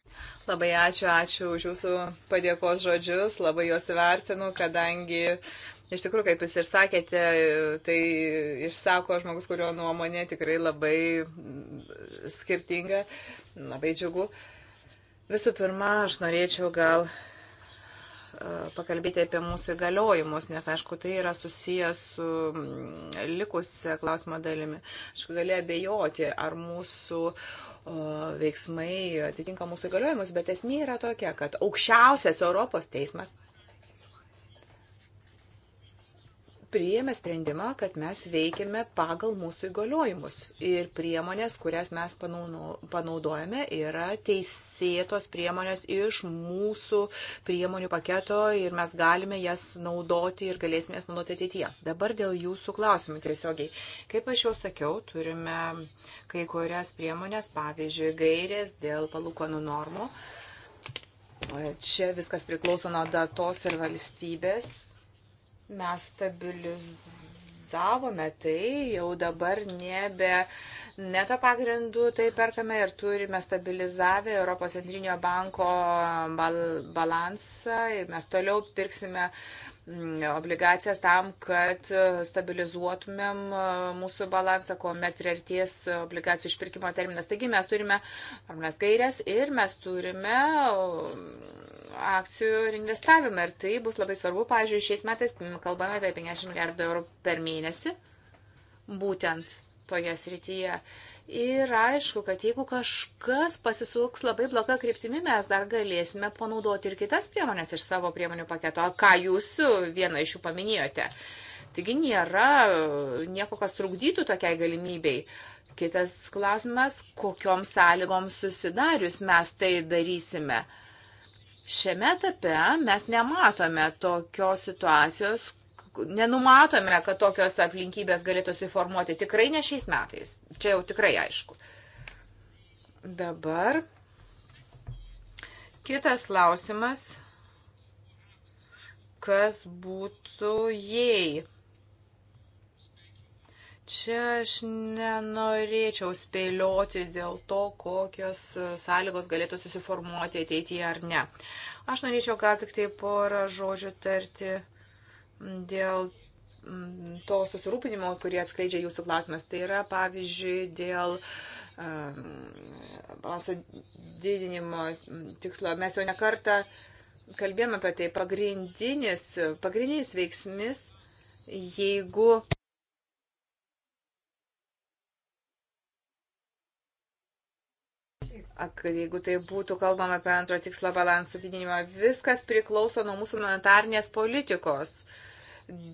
Labai ačiū, ačiū už jūsų padėkos žodžius, labai juos vertinu, kadangi Iš tikrųjų, kaip jūs ir sakėte, tai išsako žmogus, kurio nuomonė tikrai labai skirtinga, labai džiugu. Visų pirma, aš norėčiau gal e, pakalbėti apie mūsų įgaliojimus, nes, aišku, tai yra susijęs su mm, likusia klausimo dalimi. Aš galiu abejoti, ar mūsų o, veiksmai atitinka mūsų įgaliojimus, bet esmė yra tokia, kad aukščiausias Europos teismas priėmė sprendimą, kad mes veikiame pagal mūsų įgaliojimus. Ir priemonės, kurias mes panaudojame, yra teisėtos priemonės iš mūsų priemonių paketo ir mes galime jas naudoti ir galėsime jas naudoti ateityje. Dabar dėl jūsų klausimų tiesiogiai. Kaip aš jau sakiau, turime kai kurias priemonės, pavyzdžiui, gairės dėl palūkanų normų. Čia viskas priklauso nuo datos ir valstybės mes stabilizavome tai, jau dabar nebe neto pagrindu tai perkame ir turime stabilizavę Europos centrinio banko bal balansą ir mes toliau pirksime mm, obligacijas tam, kad stabilizuotumėm mm, mūsų balansą, kuomet priartės obligacijų išpirkimo terminas. Taigi mes turime normales gairias ir mes turime mm, akcijų ir investavimą. Ir tai bus labai svarbu. Pavyzdžiui, šiais metais kalbame apie 50 milijardų eurų per mėnesį būtent toje srityje. Ir aišku, kad jeigu kažkas pasisuks labai bloga kryptimi, mes dar galėsime panaudoti ir kitas priemonės iš savo priemonių paketo, ką jūs vieną iš jų paminėjote. Taigi nėra nieko, kas trukdytų tokiai galimybei. Kitas klausimas, kokiom sąlygom susidarius mes tai darysime. Uh, Šiame etape mes nematome tokios situacijos, nenumatome, kad tokios aplinkybės galėtų suformuoti tikrai ne šiais metais. Čia jau tikrai aišku. Dabar kitas klausimas, kas būtų jei Čia aš nenorėčiau spėlioti dėl to, kokios sąlygos galėtų susiformuoti ateityje ar ne. Aš norėčiau gal tik tai porą žodžių tarti dėl mm, to susirūpinimo, kurį atskleidžia jūsų klausimas. Tai yra, pavyzdžiui, dėl balanso didinimo tikslo. Mes jau nekartą kalbėjome apie tai. Pagrindinis, pagrindinis veiksmis, jeigu jeigu tai būtų kalbama apie antro tikslo balansų didinimą, viskas priklauso nuo mūsų monetarnės politikos.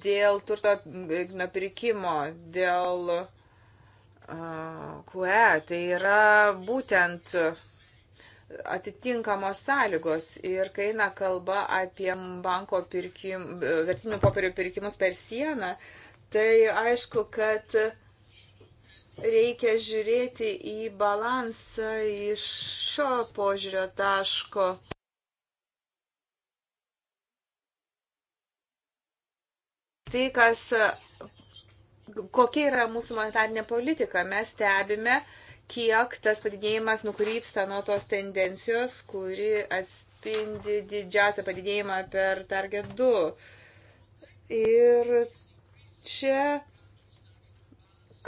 Dėl turto mm, nupirkimo, dėl uh, QE, tai yra būtent atitinkamos sąlygos ir kai eina kalba apie banko pirkim, vertinių popierių pirkimus per sieną, tai aišku, kad uh, reikia žiūrėti į balansą iš šio požiūrio taško. Tai, kas, kokia yra mūsų monetarinė politika, mes stebime, kiek tas padidėjimas nukrypsta nuo tos tendencijos, kuri atspindi didžiausią padidėjimą per Target 2. Ir čia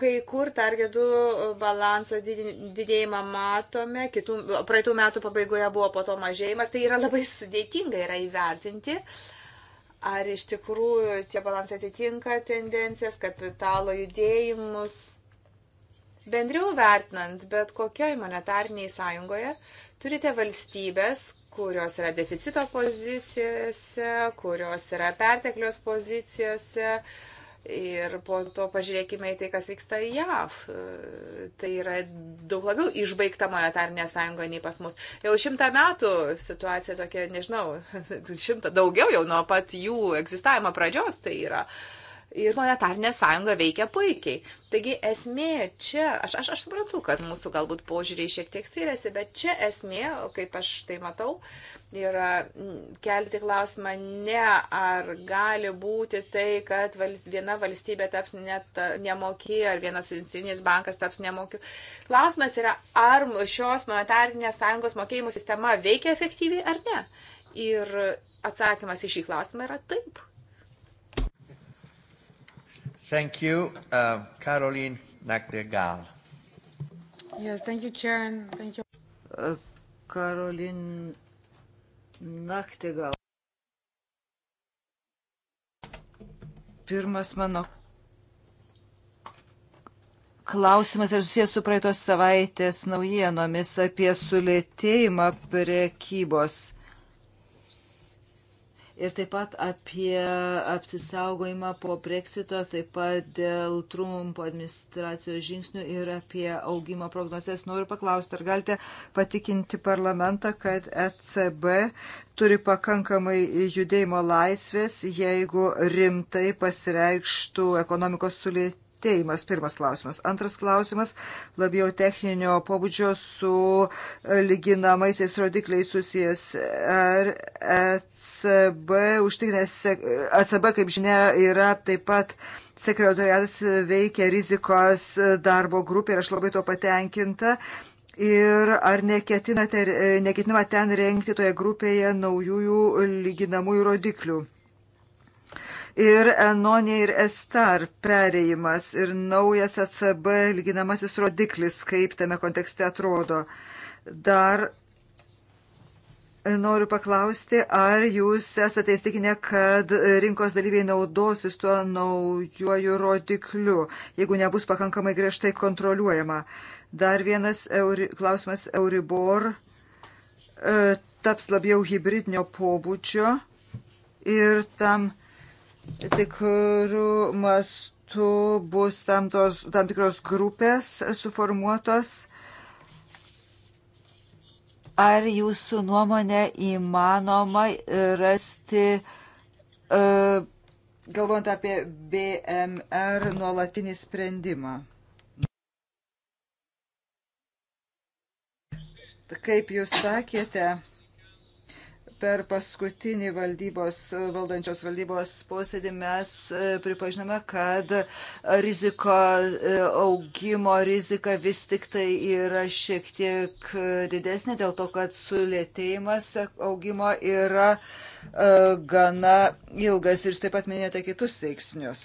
Kai kur targetų e, balanso didėjimą matome, kitų, praeitų metų pabaigoje buvo po to mažėjimas, tai yra labai sudėtinga yra įvertinti, ar iš tikrųjų tie balansai atitinka tendencijas, kapitalo judėjimus. Bendriau vertinant, bet kokiai monetarniai sąjungoje turite valstybės, kurios yra deficito pozicijose, kurios yra perteklios pozicijose, uh, Ir po to pažiūrėkime į tai, kas vyksta JAV. Tai yra daug labiau išbaigta monetarinė sąjunga nei pas mus. Jau šimtą metų situacija tokia, nežinau, (laughs) šimtą daugiau jau nuo pat jų egzistavimo pradžios tai yra. Uh, ir monetarinė sąjunga veikia puikiai. Taigi esmė čia, aš, aš, aš suprantu, kad mūsų galbūt požiūriai šiek tiek skiriasi, bet čia esmė, kaip aš tai matau, yra kelti klausimą ne ar gali būti tai, kad valst, viena valstybė taps net nemoki, ar vienas centrinis bankas taps nemokiu. Klausimas yra, ar šios monetarinės sąjungos mokėjimų sistema veikia efektyviai ar ne. Ir atsakymas į šį klausimą yra taip Thank you. Uh, Caroline Nakdegal. Yes, thank you, Chair, and thank you. Uh, Caroline Nakdegal. Pirmas mano klausimas yra susijęs su praeitos savaitės naujienomis apie sulėtėjimą prekybos ir taip pat apie apsisaugojimą po breksito, taip pat dėl Trumpo administracijos žingsnių ir apie augimo prognozes. Noriu paklausti, ar galite patikinti parlamentą, kad ECB turi pakankamai judėjimo laisvės, jeigu rimtai pasireikštų ekonomikos sulėtėjimas? vertėjimas, pirmas klausimas. Antras klausimas, labiau techninio pobūdžio su e, lyginamaisiais rodikliais susijęs. Ar ECB užtikrinęs, ECB, kaip žinia, yra taip pat sekretoriatas veikia rizikos e, darbo grupė ir aš labai to patenkinta. Ir ar e, neketinama ten rengti toje grupėje naujųjų lyginamųjų rodiklių? ir Enonė ir Estar perėjimas ir naujas ACB lyginamasis rodiklis, kaip tame kontekste atrodo. Dar noriu paklausti, ar jūs esate įstikinę, kad rinkos dalyviai naudosis tuo naujuoju rodikliu, jeigu nebus pakankamai griežtai kontroliuojama. Dar vienas euri, klausimas Euribor e, taps labiau hybridinio pobūdžio ir tam tikrų mastų bus tam, tos, tam tikros grupės suformuotos. Ar jūsų nuomonė įmanoma rasti, e, galvojant apie BMR, nuolatinį sprendimą? Kaip jūs sakėte, per paskutinį valdybos, valdančios valdybos posėdį mes e, pripažinome, kad riziko e, augimo rizika vis tik tai yra šiek tiek didesnė dėl to, kad sulėtėjimas augimo yra e, gana ilgas ir jūs taip pat minėjote kitus veiksnius,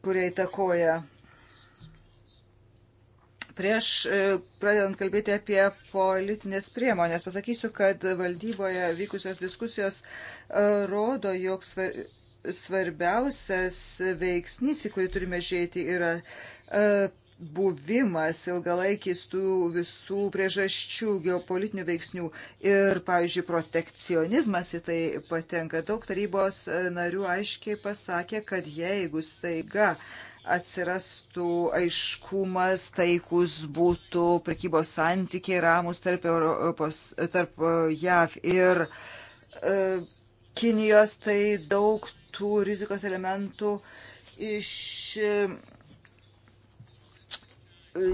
kurie įtakoja Prieš e, pradedant kalbėti apie politinės priemonės, pasakysiu, kad valdyboje vykusios diskusijos e, rodo, jog svarbiausias veiksnys, į kurį turime žiūrėti, yra e, buvimas ilgalaikis tų visų priežasčių geopolitinių veiksnių ir, pavyzdžiui, protekcionizmas į tai patenka. Daug tarybos narių aiškiai pasakė, kad jeigu staiga uh, atsirastų aiškumas, taikus būtų prekybos santykiai ramus tarp, Europos, tarp e, JAV ir e, Kinijos, tai daug tų rizikos elementų iš, e,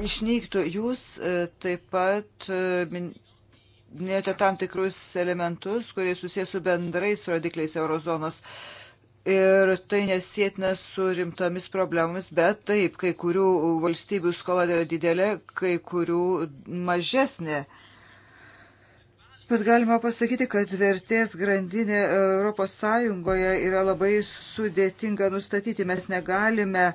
išnyktų. Jūs e, taip pat minėjote tam tikrus elementus, kurie susijęs su bendrais rodikliais eurozonos. E, ir tai nesėtina su rimtomis problemomis, bet taip, kai kurių valstybių skola yra didelė, kai kurių mažesnė. Bet galima pasakyti, kad vertės grandinė ES yra labai sudėtinga nustatyti. Mes negalime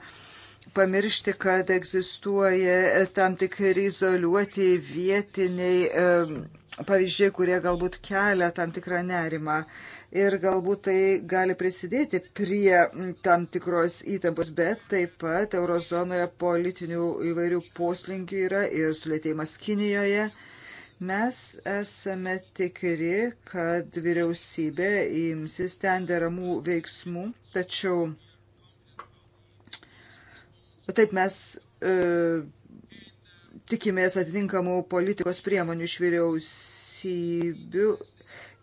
pamiršti, kad egzistuoja tam tikri izoliuoti vietiniai pavyzdžiai, kurie galbūt kelia tam tikrą nerimą ir galbūt tai gali prisidėti prie tam tikros įtampos, bet taip pat eurozonoje politinių įvairių poslinkių yra ir sulėtėjimas Kinijoje. Mes esame tikri, kad vyriausybė imsis ten deramų veiksmų, tačiau taip mes e, tikimės atitinkamų politikos priemonių iš vyriausybių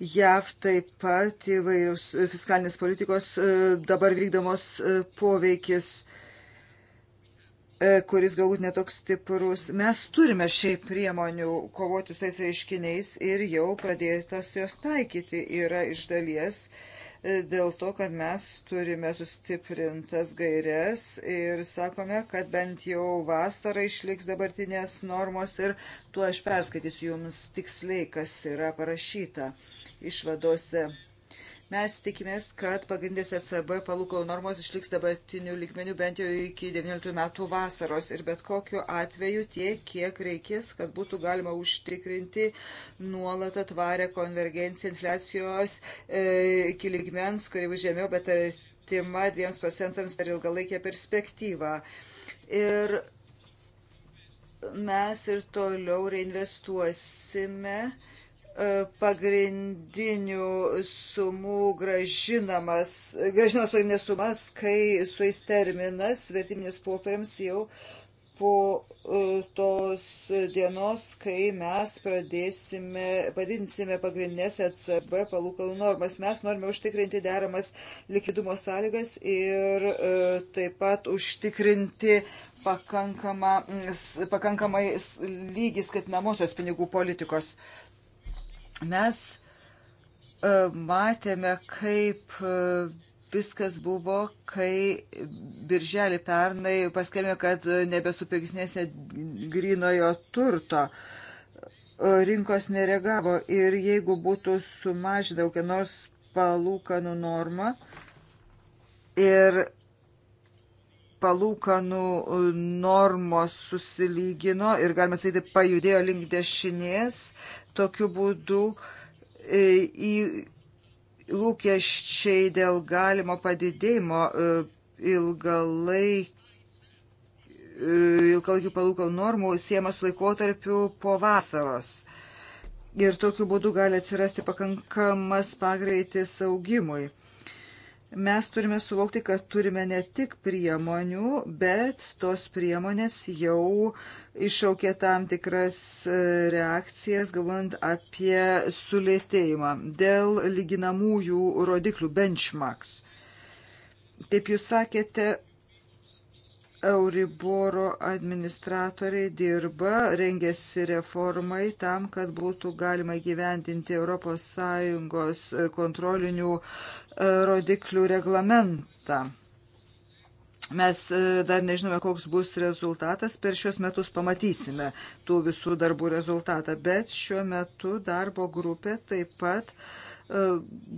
JAV taip pat įvairius fiskalinės politikos e, dabar vykdomos e, poveikis, e, kuris galbūt netoks stiprus. Mes turime šiaip priemonių kovoti su tais reiškiniais ir jau pradėtas jos taikyti yra iš dalies dėl to, kad mes turime sustiprintas gairias ir sakome, kad bent jau vasarą išliks dabartinės normos ir tuo aš perskaitysiu jums tiksliai, kas yra parašyta išvadose. Mes tikimės, kad pagrindės ECB palūkanų normos išliks dabartinių lygmenių bent jau iki 19 metų vasaros ir bet kokiu atveju tiek, kiek reikės, kad būtų galima užtikrinti nuolat atvarę konvergenciją infliacijos e, iki lygmens, kuri žemiau, bet artima 2 procentams per ilgalaikę perspektyvą. Ir mes ir toliau reinvestuosime E, pagrindinių sumų gražinamas, gražinamas pagrindinės sumas, kai su jais terminas vertiminis popieriams jau po e, tos dienos, kai mes pradėsime, padidinsime pagrindinės ECB palūkalų normas. Mes norime užtikrinti deramas likvidumo sąlygas ir e, taip pat užtikrinti pakankamą, pakankamai lygį skatinamosios pinigų politikos. Uh, Mes e, matėme, kaip e, viskas buvo, kai birželį pernai paskelbė, kad e, nebesupirksnėse grinojo turto. Rinkos neregavo ir jeigu būtų sumažinta kokia nors palūkanų norma ir palūkanų e, normos susilygino ir, galima sakyti, pajudėjo link dešinės, tokiu būdu e, į lūkesčiai dėl galimo padidėjimo e, ilgalaik ilgalaikių palūkanų normų siema su laikotarpiu po vasaros. Ir tokiu būdu gali atsirasti pakankamas pagreitis augimui mes turime suvokti, kad turime ne tik priemonių, bet tos priemonės jau iššaukė tam tikras e, reakcijas, galvojant apie sulėtėjimą dėl lyginamųjų rodiklių benchmarks. Kaip jūs sakėte, Euriboro administratoriai dirba, rengiasi reformai tam, kad būtų galima gyventinti ES e, kontrolinių e, rodiklių reglamentą. Mes e, dar nežinome, koks bus rezultatas, per šios metus pamatysime tų visų darbų rezultatą, bet šiuo metu darbo grupė taip pat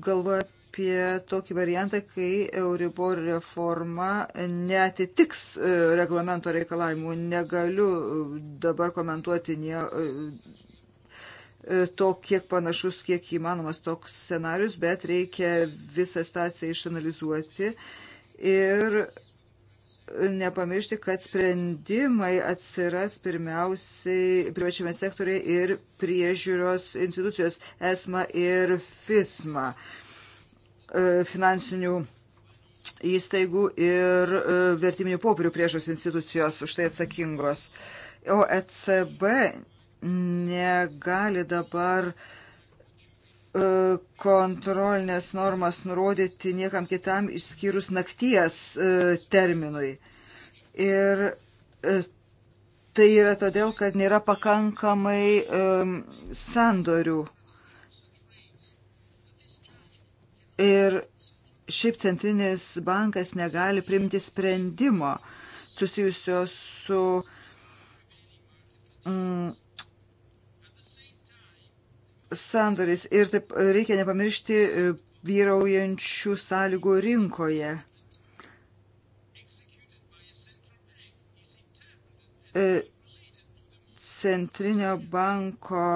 galvoja apie tokį variantą, kai Euribor reforma netitiks e, reglamento reikalavimų. Negaliu e, dabar komentuoti nie, e, to, kiek panašus, kiek įmanomas toks scenarius, bet reikia visą situaciją išanalizuoti ir nepamiršti, kad sprendimai atsiras pirmiausiai privačiame sektoriai ir priežiūros institucijos ESMA ir FISMA. Uh, E, finansinių įstaigų ir e, vertiminių popierių priežos institucijos už tai atsakingos. O ECB negali dabar e, kontrolinės normas nurodyti niekam kitam išskyrus nakties terminui. Ir tai yra todėl, kad nėra pakankamai sandorių Ir šiaip centrinis bankas negali primti sprendimo susijusio su mm, sandoris. Ir taip reikia nepamiršti e, vyraujančių sąlygų rinkoje. E, centrinio banko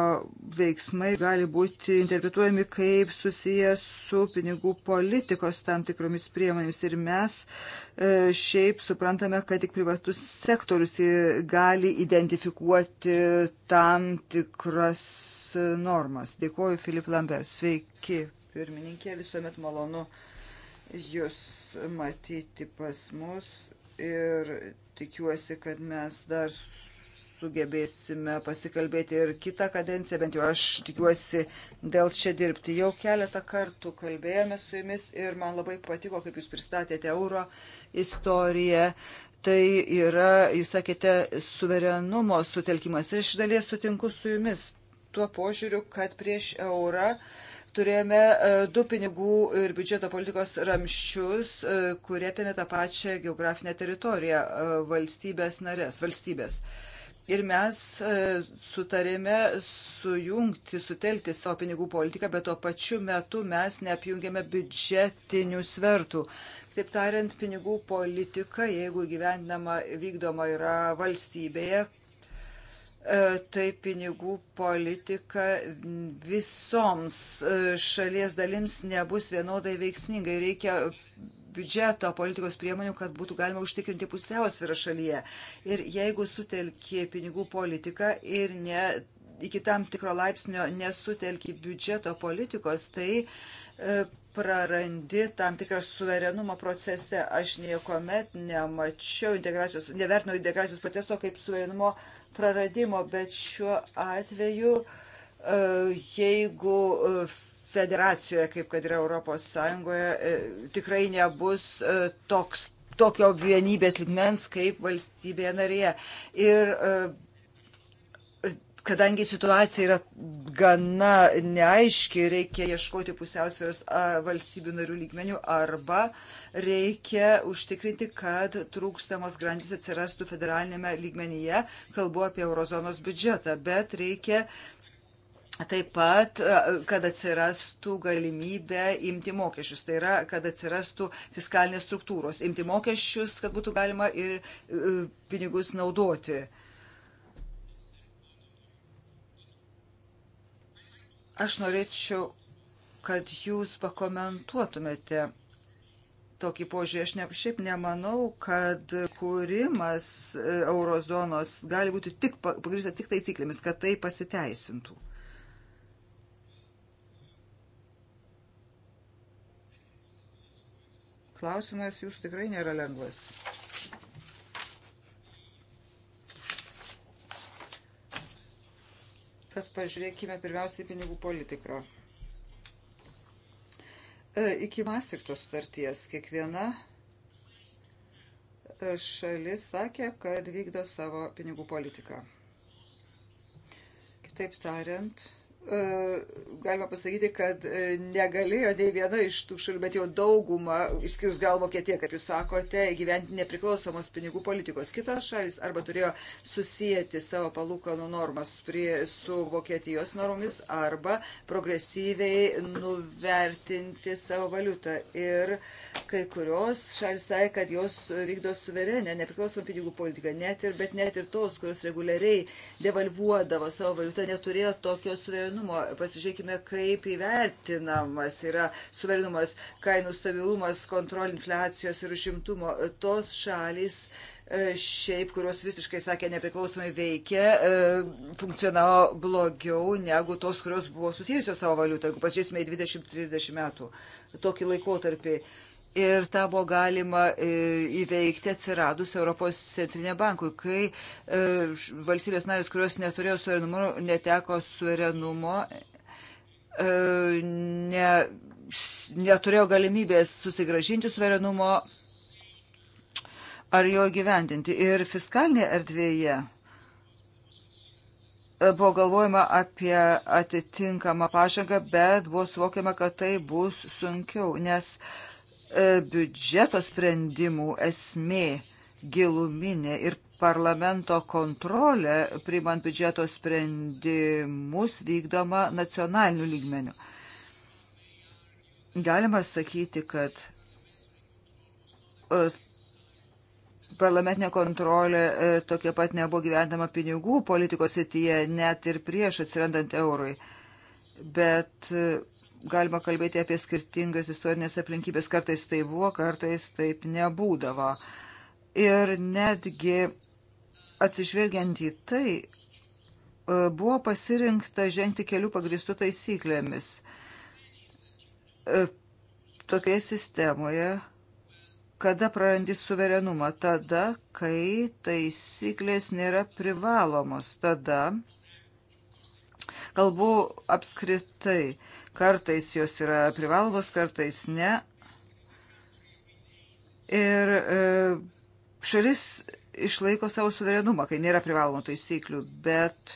veiksmai gali būti interpretuojami kaip susiję su pinigų politikos tam tikromis priemonėmis. Ir mes e, šiaip suprantame, kad tik privatus sektorius gali identifikuoti tam tikras normas. Dėkuoju, Filip Lambert. Sveiki, pirmininkė, visuomet malonu Jūs matyti pas mus ir tikiuosi, kad mes dar sugebėsime pasikalbėti ir kitą kadenciją, bent jau aš tikiuosi dėl čia dirbti. Jau keletą kartų kalbėjome su jumis ir man labai patiko, kaip jūs pristatėte euro istoriją. Tai yra, jūs sakėte, suverenumo sutelkimas. Ir iš dalies sutinku su jumis tuo požiūriu, kad prieš eurą turėjome e, du pinigų ir biudžeto politikos ramščius, e, kurie apėmė tą pačią geografinę teritoriją e, valstybės narės, valstybės. Ir mes e, sutarėme sujungti, sutelkti savo pinigų politiką, bet tuo pačiu metu mes neapjungėme biudžetinių svertų. Taip tariant, pinigų politika, jeigu gyvendama vykdoma yra valstybėje, e, tai pinigų politika visoms e, šalies dalims nebus vienodai veiksmingai. Reikia biudžeto politikos priemonių, kad būtų galima užtikrinti pusiausvyrą šalyje. Ir jeigu sutelki pinigų politiką ir ne, iki tam tikro laipsnio nesutelki biudžeto politikos, tai e, prarandi tam tikrą suverenumo procese. Aš niekuomet nemačiau integracijos, nevertinau integracijos proceso kaip suverenumo praradimo, bet šiuo atveju, e, jeigu e, federacijoje, kaip kad yra Europos Sąjungoje, e, tikrai nebus e, toks, tokio vienybės ligmens kaip valstybėje narėje. Ir e, kadangi situacija yra gana neaiški, reikia ieškoti pusiausvėros valstybių narių lygmenių arba reikia užtikrinti, kad trūkstamos grandys atsirastų federalinėme lygmenyje, kalbu apie eurozonos biudžetą, bet reikia uh, Taip pat, e, kad atsirastų galimybė imti mokesčius, tai yra, kad atsirastų fiskalinės struktūros, imti mokesčius, kad būtų galima ir e, pinigus naudoti. Aš norėčiau, kad jūs pakomentuotumėte tokį požiūrį. Aš ne, šiaip nemanau, kad kūrimas e, eurozonos gali būti tik pagrįstas tik taisyklėmis, kad tai pasiteisintų. Klausimas jūsų tikrai nėra lengvas. Bet pažiūrėkime pirmiausiai pinigų politiką. E, iki Mastrikto sutarties kiekviena e, šalis sakė, kad vykdo savo pinigų politiką. Kitaip tariant, E, galima pasakyti, kad e, negalėjo nei viena iš tų šalių, bet jau dauguma, išskyrus gal Vokietiją, kaip jūs sakote, gyventi nepriklausomos pinigų politikos. Kitos šalis arba turėjo susijęti savo palūkanų normas prie, su Vokietijos normomis arba progresyviai nuvertinti savo valiutą. Ir kai kurios šalis sakė, kad jos vykdo suverenę, nepriklausomą pinigų politiką, net ir, bet net ir tos, kurios reguliariai devalvuodavo savo valiutą, neturėjo tokios suverenės suverenumo. Pasižiūrėkime, kaip įvertinamas yra suverenumas, kainų stabilumas, kontrolė infliacijos ir užimtumo. Tos šalys e, šiaip, kurios visiškai sakė nepriklausomai veikia, e, funkcionavo blogiau negu tos, kurios buvo susijusios savo valiutą, jeigu pažiūrėsime į 20-30 metų tokį laikotarpį. Ir tą buvo galima e, įveikti atsiradus Europos centrinė bankui, kai e, valstybės narės, kurios neturėjo suverenumo, neteko suverenumo, e, ne, neturėjo galimybės susigražinti suverenumo ar jo gyvendinti. Ir fiskalinėje erdvėje buvo galvojama apie atitinkamą pažangą, bet buvo suvokiama, kad tai bus sunkiau, nes uh, E, biudžeto sprendimų esmė giluminė ir parlamento kontrolė, priimant biudžeto sprendimus, vykdoma nacionaliniu lygmeniu. Galima sakyti, kad e, parlamentinė kontrolė e, tokia pat nebuvo gyvendama pinigų politikos sityje, net ir prieš atsirandant eurui. Bet galima kalbėti apie skirtingas istorinės aplinkybės. Kartais tai buvo, kartais taip nebūdavo. Ir netgi atsižvelgiant į tai, e, buvo pasirinkta žengti kelių pagristų taisyklėmis. E, tokioje sistemoje, kada prarandi suverenumą, tada, kai taisyklės nėra privalomos, tada, kalbu apskritai, Kartais jos yra privalomos, kartais ne. Ir e, šalis išlaiko savo suverenumą, kai nėra privalomų taisyklių, bet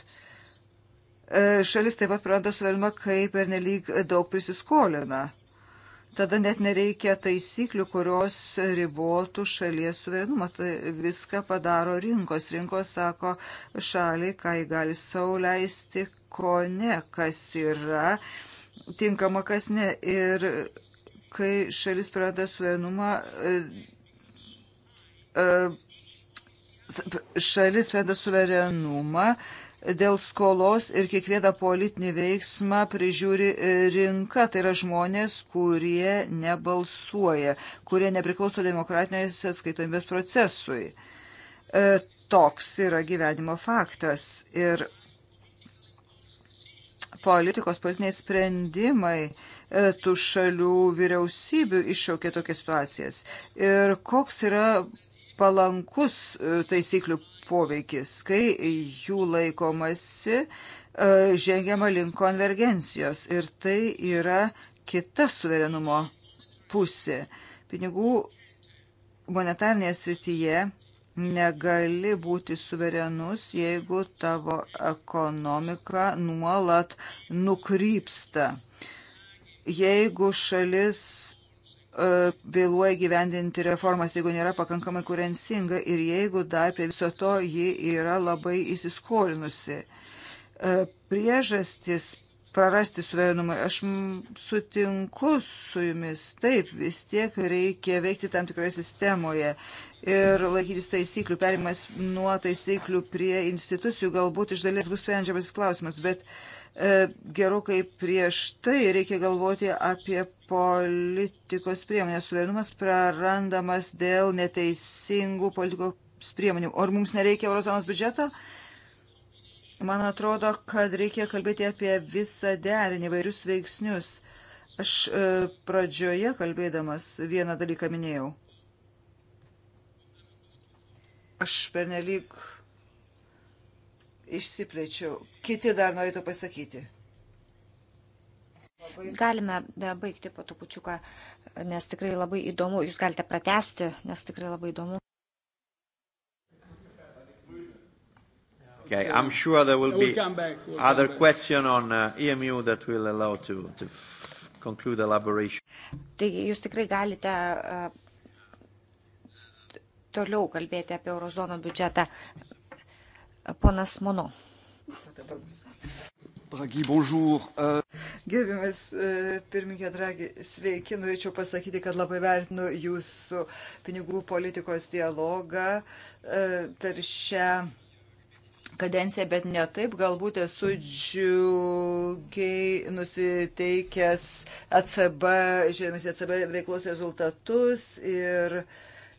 e, šalis taip pat praranda suverenumą, kai pernelyg daug prisiskolina tada net nereikia taisyklių, kurios ribotų šalies suverenumą. Tai viską padaro rinkos. Rinkos sako šaliai, ką jį gali sauliaisti, ko ne, kas yra tinkama, kas ne. Ir kai šalis prarada suverenumą, e, e, šalis prarada suverenumą dėl skolos ir kiekvieną politinį veiksmą prižiūri e, rinka, tai yra žmonės, kurie nebalsuoja, kurie nepriklauso demokratinės atskaitomybės procesui. Toks yra gyvenimo faktas ir politikos, politiniai sprendimai e, tų šalių vyriausybių iššaukė tokias situacijas. Ir koks yra palankus e, taisyklių poveikis, kai jų laikomasi e, žengiama link konvergencijos. Ir tai yra kita suverenumo pusė. Pinigų monetarnėje srityje negali būti suverenus, jeigu tavo ekonomika nuolat nukrypsta. Jeigu šalis e, vėluoja gyvendinti reformas, jeigu nėra pakankamai kurensinga ir jeigu dar prie viso to ji yra labai įsiskolinusi. E, priežastis prarasti suverenumą. Aš sutinku su jumis, taip, vis tiek reikia veikti tam tikroje sistemoje ir laikytis taisyklių, perimas nuo taisyklių prie institucijų, galbūt iš dalies bus sprendžiamas klausimas, bet e, gerokai prieš tai reikia galvoti apie politikos priemonės. Suverenumas prarandamas dėl neteisingų politikos priemonių. O ar mums nereikia eurozonos biudžeto? E, Man atrodo, kad reikia kalbėti apie visą derinį, vairius veiksnius. Aš e, pradžioje kalbėdamas vieną dalyką minėjau. Aš pernelyg išsiplėčiau. Kiti dar norėtų pasakyti. Galime baigti po trupučiuką, nes tikrai labai įdomu. Jūs galite pratesti, nes tikrai labai įdomu. Okay, so I'm sure there will we'll be come back. We'll other come back. question on uh, EMU that will allow to, to conclude elaboration. Taigi jūs tikrai galite uh, toliau kalbėti apie eurozono biudžetą. Ponas Mono. Dragi, bonjour. Uh, Gerbiamas uh, pirmininkė Dragi, sveiki. Norėčiau pasakyti, kad labai vertinu jūsų pinigų politikos dialogą uh, per šią kadenciją, bet ne taip, galbūt esu džiugiai nusiteikęs ECB, žiūrėmės ECB veiklos rezultatus ir uh,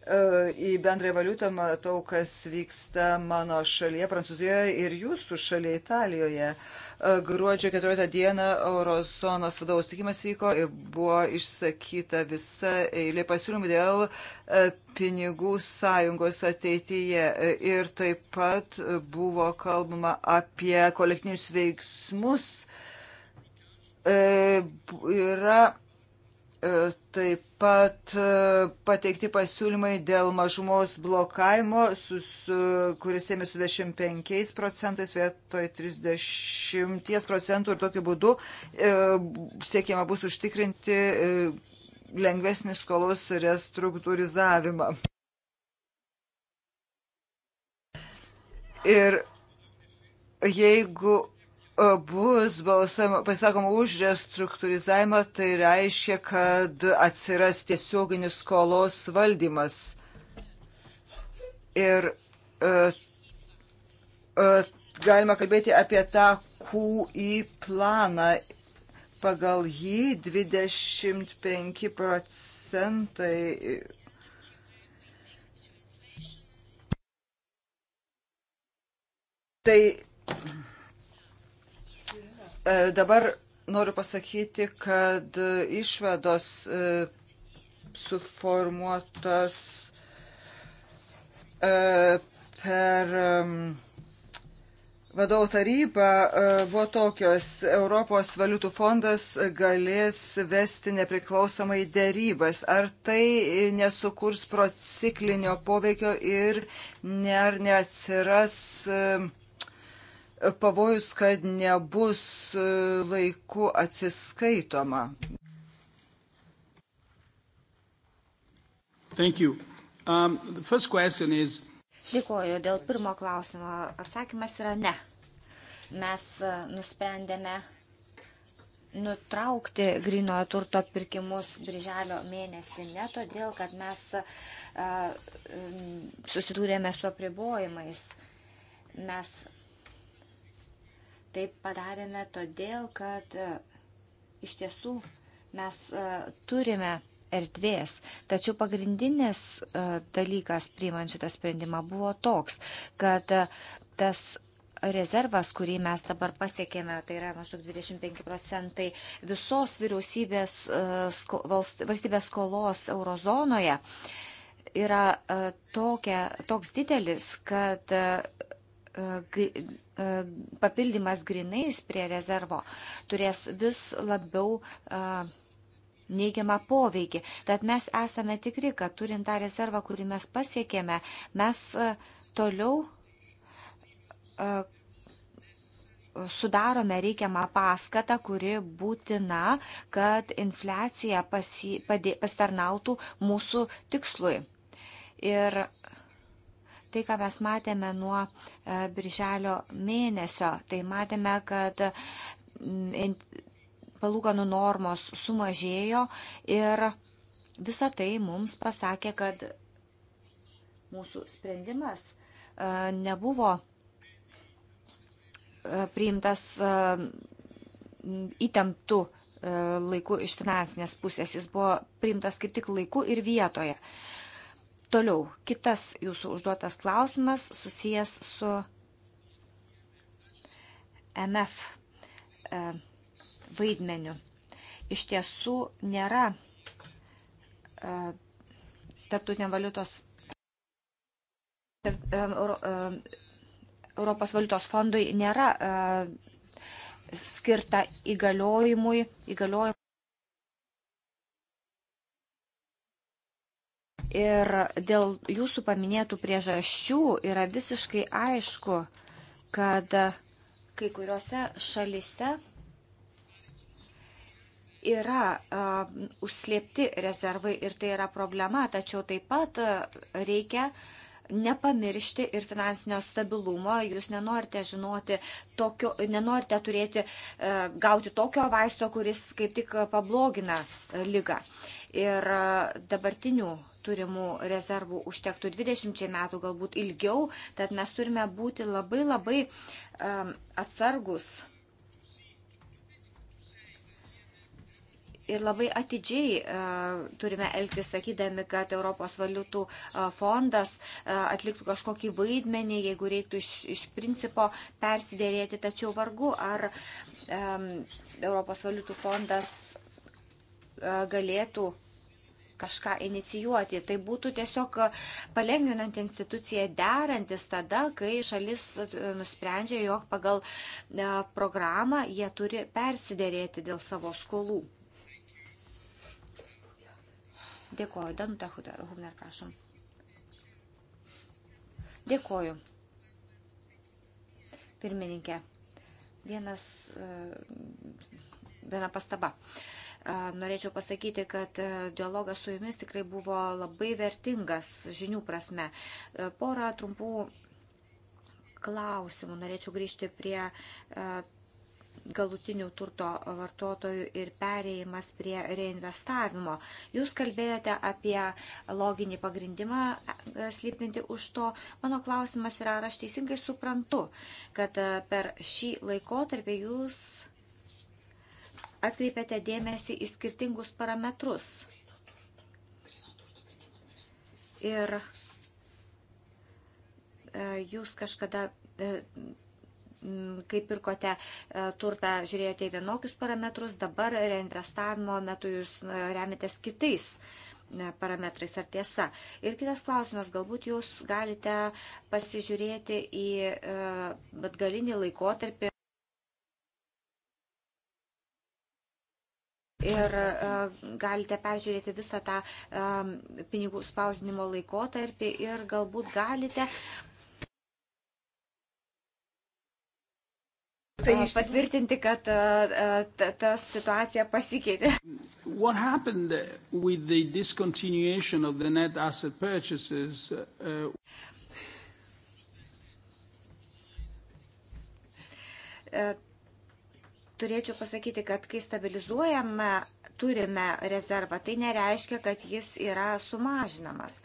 E, į bendrąją valiutą, matau, kas vyksta mano šalyje, Prancūzijoje ir jūsų šalyje, Italijoje. E, gruodžio 14 dieną Eurozonos vadovų stikimas vyko ir buvo išsakyta visa eilė pasiūlymų dėl e, pinigų sąjungos ateityje. Ir taip pat buvo kalbama apie kolektyvinius veiksmus. E, yra E, taip pat e, pateikti pasiūlymai dėl mažumos blokavimo, kuris ėmė su 25 procentais vietoj 30 procentų ir tokiu būdu e, siekiama bus užtikrinti lengvesnį skolos restruktūrizavimą. Ir jeigu bus balsama, pasakoma už restruktūrizavimą, tai reiškia, kad atsiras tiesioginis skolos valdymas. Ir uh, uh, galima kalbėti apie tą QI planą. Pagal jį 25 procentai tai E, dabar noriu pasakyti, kad e, išvados e, suformuotos per vadovų taryba buvo tokios. Europos valiutų fondas galės vesti nepriklausomai dėrybas. Ar tai nesukurs prociklinio poveikio ir ne, ar neatsiras. Uh, pavojus, kad nebus e, laiku atsiskaitoma. Um, is... Dėkuoju. Dėl pirmo klausimo atsakymas yra ne. Mes e, nusprendėme nutraukti grinojo turto pirkimus birželio mėnesį ne todėl, kad mes a, e, susidūrėme su apribojimais. Mes Taip padarėme todėl, kad e, iš tiesų mes e, turime erdvės. Tačiau pagrindinis e, dalykas priimant šitą sprendimą buvo toks, kad tas rezervas, kurį mes dabar pasiekėme, tai yra maždaug 25 procentai visos vyriausybės valstybės skolos eurozonoje, yra tokia, toks didelis, kad E, papildymas grinais prie rezervo turės vis labiau e, neigiamą poveikį. Tad mes esame tikri, kad turint tą rezervą, kurį mes pasiekėme, mes e, toliau sudarome reikiamą paskatą, kuri būtina, kad infliacija pasi, padė, pasitarnautų mūsų tikslui. Ir tai, ką mes matėme nuo e, birželio mėnesio, tai matėme, kad mm, palūkanų normos sumažėjo ir visa tai mums pasakė, kad mūsų sprendimas e, nebuvo e, priimtas įtemptų laiku iš finansinės pusės. Jis buvo priimtas kaip tik laiku ir vietoje. Toliau, kitas jūsų užduotas klausimas susijęs su MF e, vaidmeniu. Iš tiesų nėra e, tarptautinė valiutos e, Europos valiutos fondui nėra skirta įgaliojimui, įgaliojimui Ir dėl jūsų paminėtų priežasčių yra visiškai aišku, kad kai kuriuose šalise yra uh, užslėpti rezervai ir tai yra problema, tačiau taip pat uh, reikia nepamiršti ir finansinio stabilumo. Jūs nenorite žinoti, tokio, nenorite turėti, uh, gauti tokio vaisto, kuris kaip tik pablogina uh, lygą. Uh, ir e, dabartinių turimų rezervų užtektų 20 metų, galbūt ilgiau, tad mes turime būti labai labai um, atsargus ir labai atidžiai uh, turime elgtis, sakydami, kad Europos valiutų uh, fondas uh, atliktų kažkokį vaidmenį, jeigu reiktų iš, iš principo persidėrėti, tačiau vargu ar um, Europos valiutų fondas galėtų kažką inicijuoti. Tai būtų tiesiog palengvinant instituciją derantis tada, kai šalis nusprendžia, jog pagal programą jie turi persiderėti dėl savo skolų. Dėkuoju. Danutė Hubner, prašom. Dėkuoju. Pirmininkė. Vienas, viena pastaba. Uh, norėčiau pasakyti, kad e, dialogas su jumis tikrai buvo labai vertingas žinių prasme. E, porą trumpų klausimų norėčiau grįžti prie e, galutinių turto vartotojų ir pereimas prie reinvestavimo. Jūs kalbėjote apie loginį pagrindimą slypinti už to. Mano klausimas yra, ar aš teisingai suprantu, kad per šį laikotarpį jūs atkreipėte dėmesį į skirtingus parametrus. Ir e, jūs kažkada e, kaip pirkote e, turtą, žiūrėjote į vienokius parametrus, dabar reinvestavimo metu jūs remitės kitais parametrais ar tiesa. Ir kitas klausimas, galbūt jūs galite pasižiūrėti į atgalinį laikotarpį. ir e, galite peržiūrėti visą tą e, pinigų spausdinimo laikotarpį ir galbūt galite Tai e, iš... patvirtinti, kad ta, ta situacija pasikeitė. What happened with the discontinuation of the net asset purchases? Uh turėčiau pasakyti, kad kai stabilizuojame, turime rezervą, tai nereiškia, kad jis yra sumažinamas.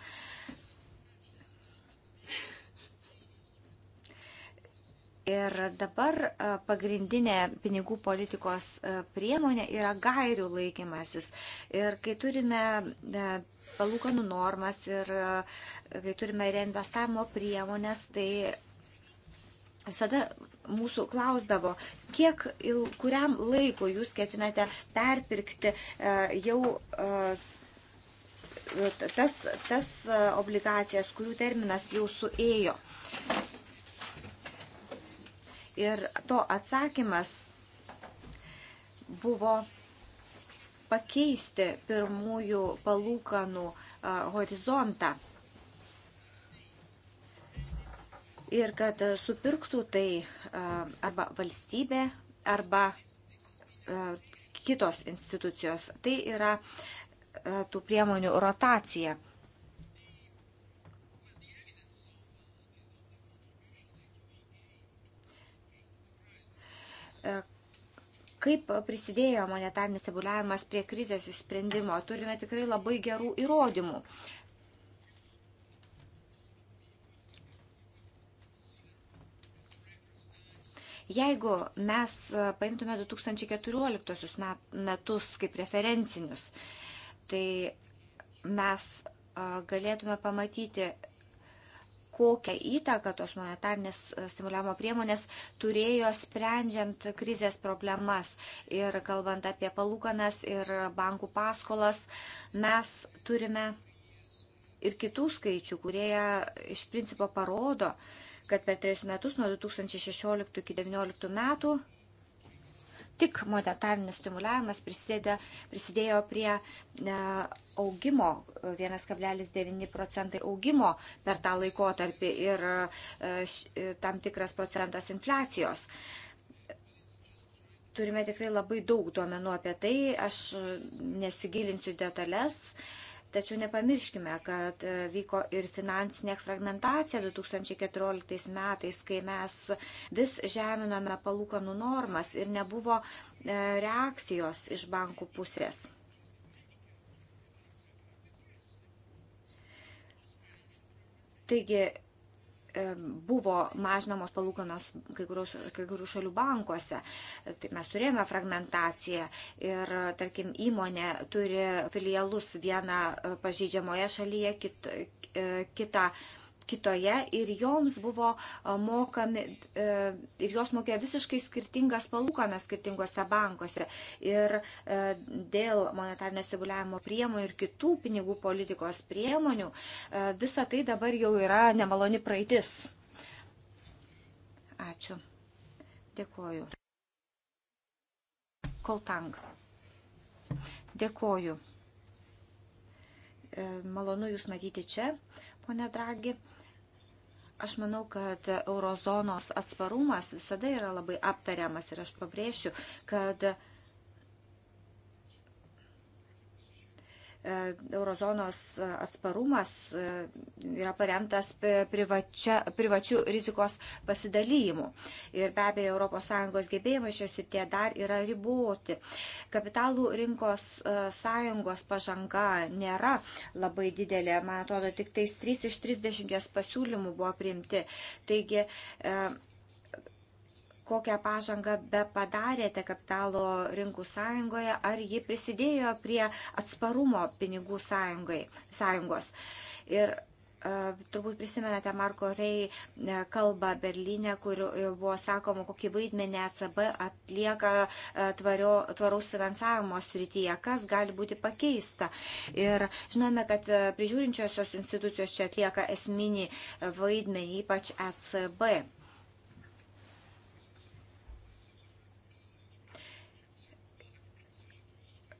Ir dabar e, pagrindinė pinigų politikos e, priemonė yra gairių laikymasis. Ir kai turime e, palūkanų normas ir kai turime reinvestavimo priemonės, tai visada mūsų klausdavo, kiek il, kuriam laiko jūs ketinate perpirkti uh, jau uh, tas, tas uh, obligacijas, kurių terminas jau suėjo. Ir to atsakymas buvo pakeisti pirmųjų palūkanų uh, horizontą. Uh, ir kad e, supirktų tai e, arba valstybė, arba e, kitos institucijos. Tai yra tų priemonių rotacija. Kaip prisidėjo monetarnis stabuliavimas prie krizės išsprendimo, turime tikrai labai gerų įrodymų. Jeigu mes e, paimtume 2014 metus kaip referencinius, tai mes e, galėtume pamatyti, kokią įtaką tos monetarnės e, stimuliavimo priemonės turėjo sprendžiant krizės problemas. Ir kalbant apie palūkanas ir bankų paskolas, mes turime ir kitų skaičių, kurie iš principo parodo, kad per trejus metus nuo 2016 iki 2019 metų tik monetarinis stimuliavimas prisidėjo, prisidėjo prie e, augimo 1,9 procentai augimo per tą laikotarpį ir e, e, tam tikras procentas infliacijos. Turime tikrai labai daug duomenų apie tai, aš nesigilinsiu detalės. Uh, Tačiau nepamirškime, kad e, vyko ir finansinė fragmentacija 2014 metais, kai mes vis žeminome palūkanų normas ir nebuvo e, reakcijos iš bankų pusės. Taigi, E, buvo mažinamos palūkanos kai kurių šalių bankuose. Tai mes turėjome fragmentaciją ir, tarkim, įmonė turi filialus vieną e, pažydžiamoje šalyje, kit, e, kitą kitoje ir joms buvo mokami, e, ir jos mokėjo visiškai skirtingas palūkanas skirtingose bankuose. Ir e, dėl monetarnės reguliavimo priemonių ir kitų pinigų politikos priemonių e, visa tai dabar jau yra nemaloni praeitis. Ačiū. Dėkuoju. Koltang. Dėkuoju malonu Jūs matyti čia, ponė Dragi. Aš manau, kad eurozonos atsparumas visada yra labai aptariamas ir aš pabrėšiu, kad E, eurozonos atsparumas e, yra paremtas privačia, privačių rizikos pasidalymu. Ir be abejo, ES gebėjimai šios ir tie dar yra riboti. Kapitalų rinkos e, sąjungos pažanga nėra labai didelė. Man atrodo, tik tais 3 iš 30 pasiūlymų buvo priimti. Taigi, e, kokią pažangą be padarėte kapitalo rinkų sąjungoje, ar ji prisidėjo prie atsparumo pinigų sąjungai, sąjungos. Ir e, turbūt prisimenate Marko Rei e, kalbą Berlyne, kur e, buvo sakoma, kokį vaidmenį ECB atlieka tvario, tvaraus finansavimo srityje, kas gali būti pakeista. Ir žinome, kad prižiūrinčiosios institucijos čia atlieka esminį vaidmenį, ypač ECB.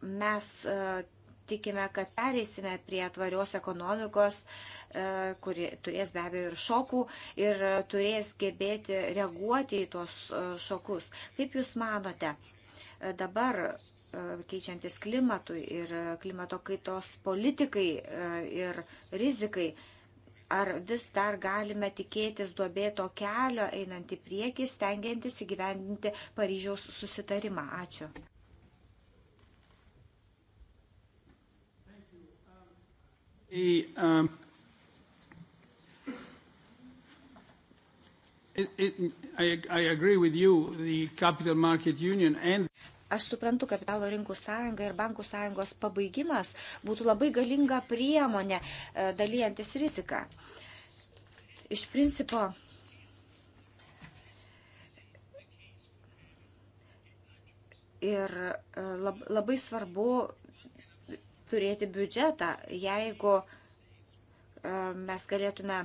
Mes e, tikime, kad pereisime prie tvarios ekonomikos, e, kuri turės be abejo ir šokų ir turės gebėti reaguoti į tuos e, šokus. Kaip Jūs manote, dabar keičiantis klimatui ir klimato kaitos politikai ir rizikai, ar vis dar galime tikėtis duobėto kelio einant į priekį, stengiantis įgyvendinti Paryžiaus susitarimą? Ačiū. a um, it, it, I, I agree with you, the capital market union and Aš suprantu, kapitalo rinkų sąjunga ir bankų sąjungos pabaigimas būtų labai galinga priemonė e, dalyjantis riziką. Iš principo, ir e, labai svarbu turėti biudžetą, jeigu e, mes galėtume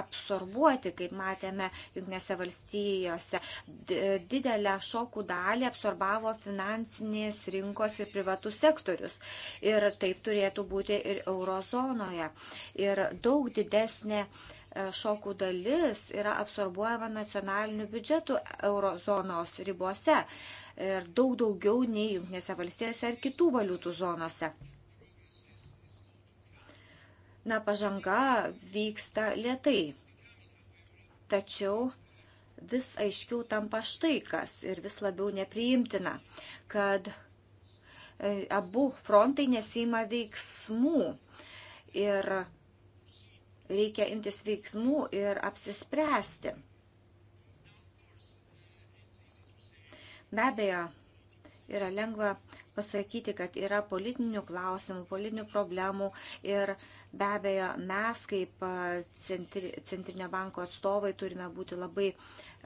absorbuoti, kaip matėme Junknėse valstijose. Didelę šokų dalį absorbavo finansinės rinkos ir privatus sektorius. Ir taip turėtų būti ir eurozonoje. Ir daug didesnė e, šokų dalis yra absorbuojama nacionaliniu biudžetu eurozonos ribose. Ir daug daugiau nei Junknėse valstijose ar kitų valiutų zonose na, pažanga vyksta lietai. Tačiau vis aiškiau tampa štai kas ir vis labiau nepriimtina, kad e, abu frontai nesima veiksmų ir reikia imtis veiksmų ir apsispręsti. Be abejo, yra lengva pasakyti, kad yra politinių klausimų, politinių problemų ir be abejo mes kaip centri, Centrinio banko atstovai turime būti labai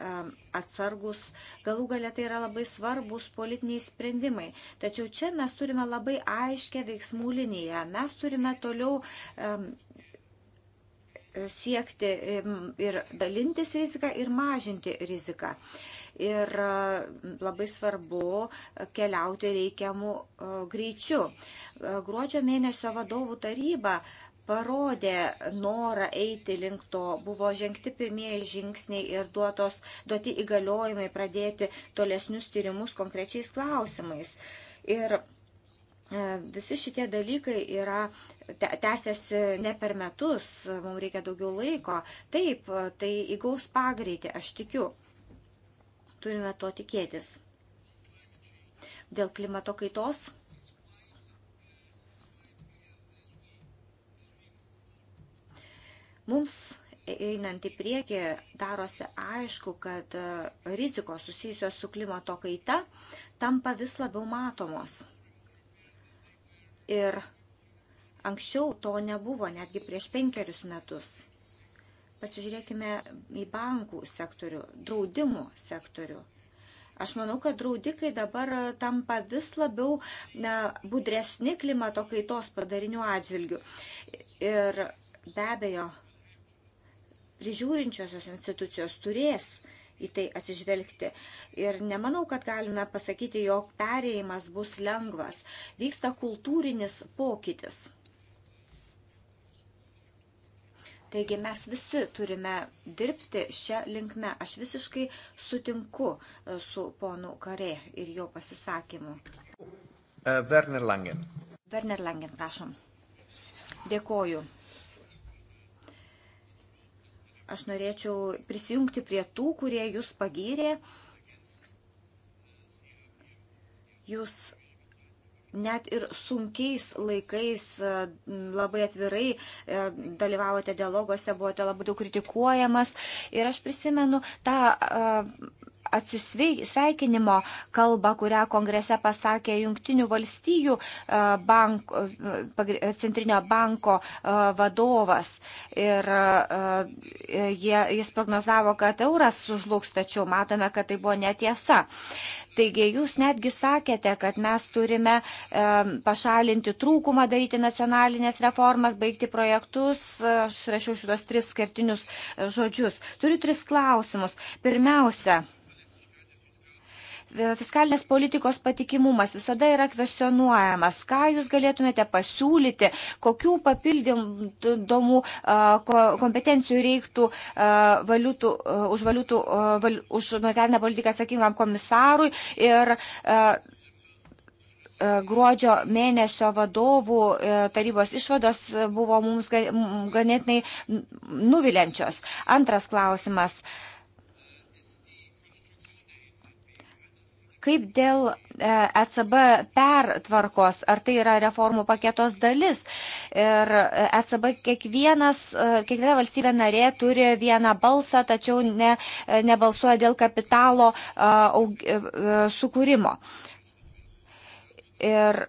um, atsargus. Galų galia tai yra labai svarbus politiniai sprendimai. Tačiau čia mes turime labai aiškę veiksmų liniją. Mes turime toliau um, siekti ir dalintis riziką ir mažinti riziką. Ir e, labai svarbu keliauti reikiamų e, greičių. E, gruodžio mėnesio vadovų taryba parodė norą eiti link to, buvo žengti pirmieji žingsniai ir duotos, duoti įgaliojimai pradėti tolesnius tyrimus konkrečiais klausimais. Ir E, visi šitie dalykai yra tęsiasi ne per metus, mums reikia daugiau laiko. Taip, tai įgaus pagreitį, aš tikiu. Turime to tikėtis. Dėl klimato kaitos. Mums einant į priekį darosi aišku, kad rizikos susijusios su klimato kaita tampa vis labiau matomos. Ir anksčiau to nebuvo, netgi prieš penkerius metus. Pasižiūrėkime į bankų sektorių, draudimų sektorių. Aš manau, kad draudikai dabar tampa vis labiau na, budresni klimato kaitos padarinių atžvilgių. Ir be abejo, prižiūrinčiosios institucijos turės uh, į tai atsižvelgti. Ir nemanau, kad galime pasakyti, jog perėjimas bus lengvas. Vyksta kultūrinis pokytis. Taigi mes visi turime dirbti šią linkmę. Aš visiškai sutinku e, su ponu Kare ir jo pasisakymu. E, Werner Langen. Werner Langen, prašom. Dėkoju. Aš norėčiau prisijungti prie tų, kurie jūs pagyrė. Jūs net ir sunkiais laikais e, labai atvirai e, dalyvavote dialoguose, buvote labai daug kritikuojamas. Ir aš prisimenu tą e, atsisveikinimo kalbą, kurią kongrese pasakė Junktinių valstijų e, bank, e, e, centrinio banko vadovas. Ir jie, jis prognozavo, kad euras sužlugs, tačiau matome, kad tai buvo netiesa. Taigi jūs netgi sakėte, kad mes turime e, pašalinti trūkumą, daryti nacionalinės reformas, baigti projektus. Aš surašiau šitos tris skirtinius žodžius. Turiu tris klausimus. Pirmiausia, E, fiskalinės politikos patikimumas visada yra kvesionuojamas. Ką jūs galėtumėte pasiūlyti, kokių papildomų e, kompetencijų reiktų e, valiutų, už, valiutų, val, už monetarinę politiką atsakingam komisarui ir gruodžio mėnesio vadovų tarybos išvados buvo mums ganėtinai nuvilenčios. Antras klausimas. Uh, Kaip dėl ECB e pertvarkos, ar tai yra reformų paketos dalis? Ir ECB e kiekvienas, e, kiekviena valstybė narė turi vieną balsą, tačiau ne, nebalsuoja dėl kapitalo aug, sukūrimo. Ir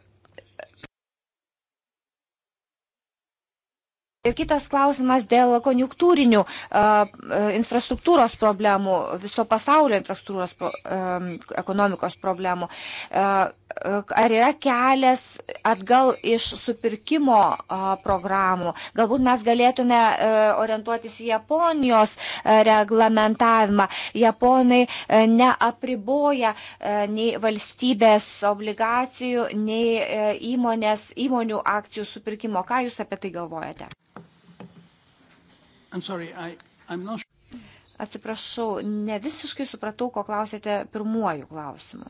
Ir kitas klausimas dėl konjunktūrinių uh, infrastruktūros problemų, viso pasaulio infrastruktūros uh, ekonomikos problemų. Uh, ar yra kelias atgal iš supirkimo programų. Galbūt mes galėtume e, orientuotis į Japonijos e, reglamentavimą. Japonai e, neapriboja nei valstybės obligacijų, nei įmonės, įmonių akcijų supirkimo. Ką Jūs apie tai galvojate? I'm sorry, I, I'm not... Atsiprašau, ne visiškai supratau, ko klausėte pirmuoju klausimu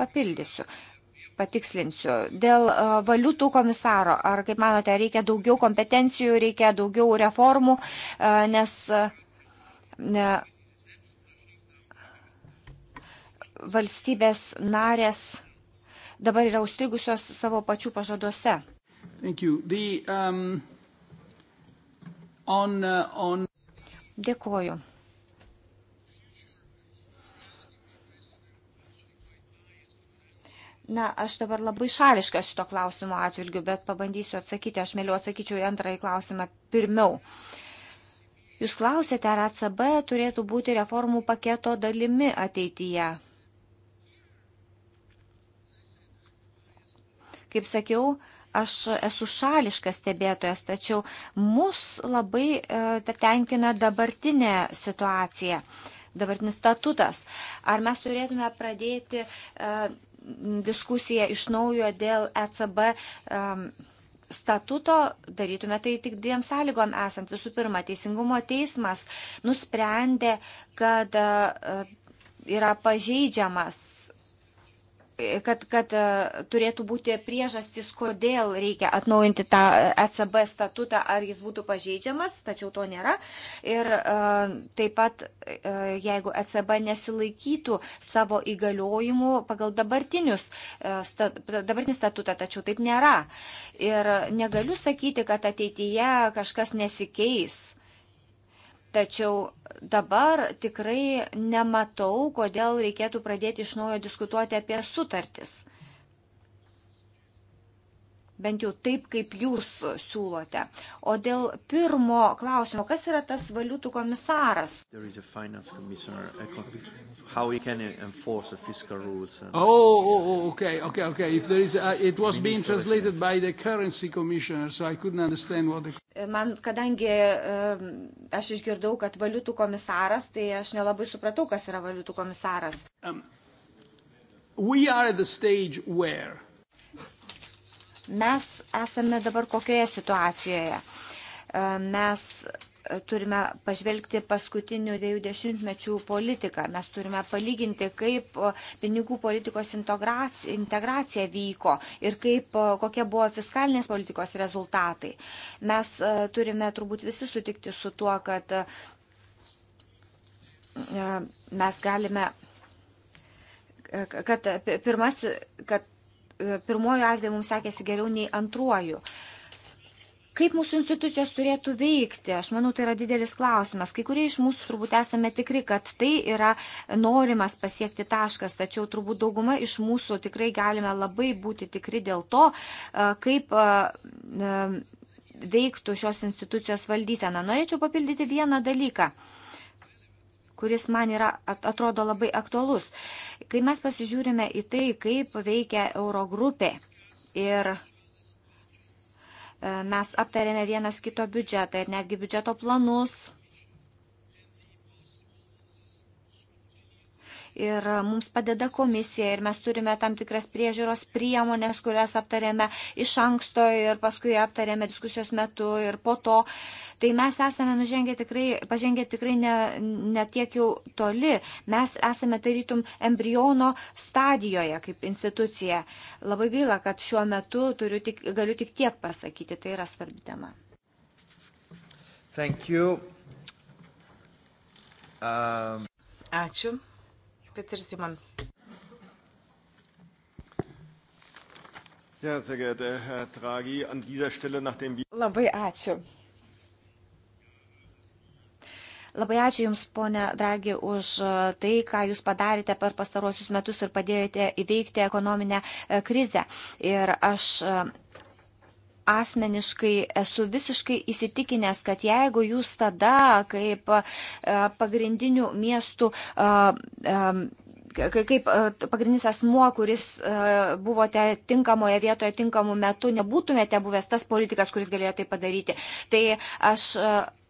papildysiu, patikslinsiu. Dėl e, valiutų komisaro, ar kaip manote, reikia daugiau kompetencijų, reikia daugiau reformų, e, nes. E, ne, valstybės narės dabar yra užstrigusios savo pačių pažaduose. The, um, on, uh, on... Dėkuoju. Na, aš dabar labai šališkas šito klausimo atžvilgiu, bet pabandysiu atsakyti. Aš mėliau atsakyčiau į antrąjį klausimą pirmiau. Jūs klausėte, ar ACB turėtų būti reformų paketo dalimi ateityje. Kaip sakiau, aš esu šališkas stebėtojas, tačiau mus labai e, tenkina dabartinė situacija, dabartinis statutas. Ar mes turėtume pradėti. E, diskusiją iš naujo dėl ECB statuto, darytume tai tik dviem sąlygom esant. Visų pirma, Teisingumo teismas nusprendė, kad e, yra pažeidžiamas kad, kad e, turėtų būti priežastis, kodėl reikia atnaujinti tą ECB statutą, ar jis būtų pažeidžiamas, tačiau to nėra. Ir e, taip pat, e, jeigu ECB nesilaikytų savo įgaliojimų pagal dabartinius, dabartinį statutą, tačiau taip nėra. Ir negaliu sakyti, kad ateityje kažkas nesikeis Tačiau dabar tikrai nematau, kodėl reikėtų pradėti iš naujo diskutuoti apie sutartis bent jau taip, kaip jūs siūlote. O dėl pirmo klausimo, kas yra tas valiutų komisaras? Oh oh, oh, oh, okay, okay, okay. If there is, a, it was being translated by the currency commissioner, so I couldn't understand what the... E, man, kadangi e, aš išgirdau, kad valiutų komisaras, tai aš nelabai supratau, kas yra valiutų komisaras. Um, we are at the stage where Mes esame dabar kokioje situacijoje? E, mes turime pažvelgti paskutinių dviejų dešimtmečių politiką. Mes turime palyginti, kaip e, pinigų politikos integracija, integracija vyko ir kaip, e, kokie buvo fiskalinės politikos rezultatai. Mes turime turbūt visi sutikti su tuo, kad mes galime kad pirmas, kad E, pirmojų atveju mums sekėsi geriau nei antruoju. Kaip mūsų institucijos turėtų veikti? Aš manau, tai yra didelis klausimas. Kai kurie iš mūsų turbūt esame tikri, kad tai yra norimas pasiekti taškas, tačiau turbūt dauguma iš mūsų tikrai galime labai būti tikri dėl to, e, kaip e, veiktų šios institucijos valdysena. Norėčiau papildyti vieną dalyką kuris man yra, atrodo labai aktualus. Kai mes pasižiūrime į tai, kaip veikia Eurogrupė ir e, mes aptarėme vienas kito biudžetą ir netgi biudžeto planus ir e, mums padeda komisija ir mes turime tam tikras priežiūros priemonės, kurias aptarėme iš anksto ir paskui aptarėme diskusijos metu ir po to. Tai mes esame nužengę tikrai, pažengę tikrai ne, ne tiek jau toli. Mes esame tarytum embriono stadijoje kaip institucija. Labai gaila, kad šiuo metu tik, galiu tik tiek pasakyti. Tai yra svarbi tema. Thank you. Um... Ačiū. Peter Simon. Ja, sehr geehrter Herr Draghi, an dieser Stelle, nachdem wir. Labai ačiū. Labai ačiū Jums, ponė Dragi, už e, tai, ką Jūs padarėte per pastarosius metus ir padėjote įveikti ekonominę e, krizę. Ir aš e, asmeniškai esu visiškai įsitikinęs, kad jeigu jūs tada kaip e, pagrindinių miestų e, e, kaip pagrindinis asmuo, kuris buvote tinkamoje vietoje, tinkamu metu, nebūtumėte buvęs tas politikas, kuris galėjo tai padaryti. Tai aš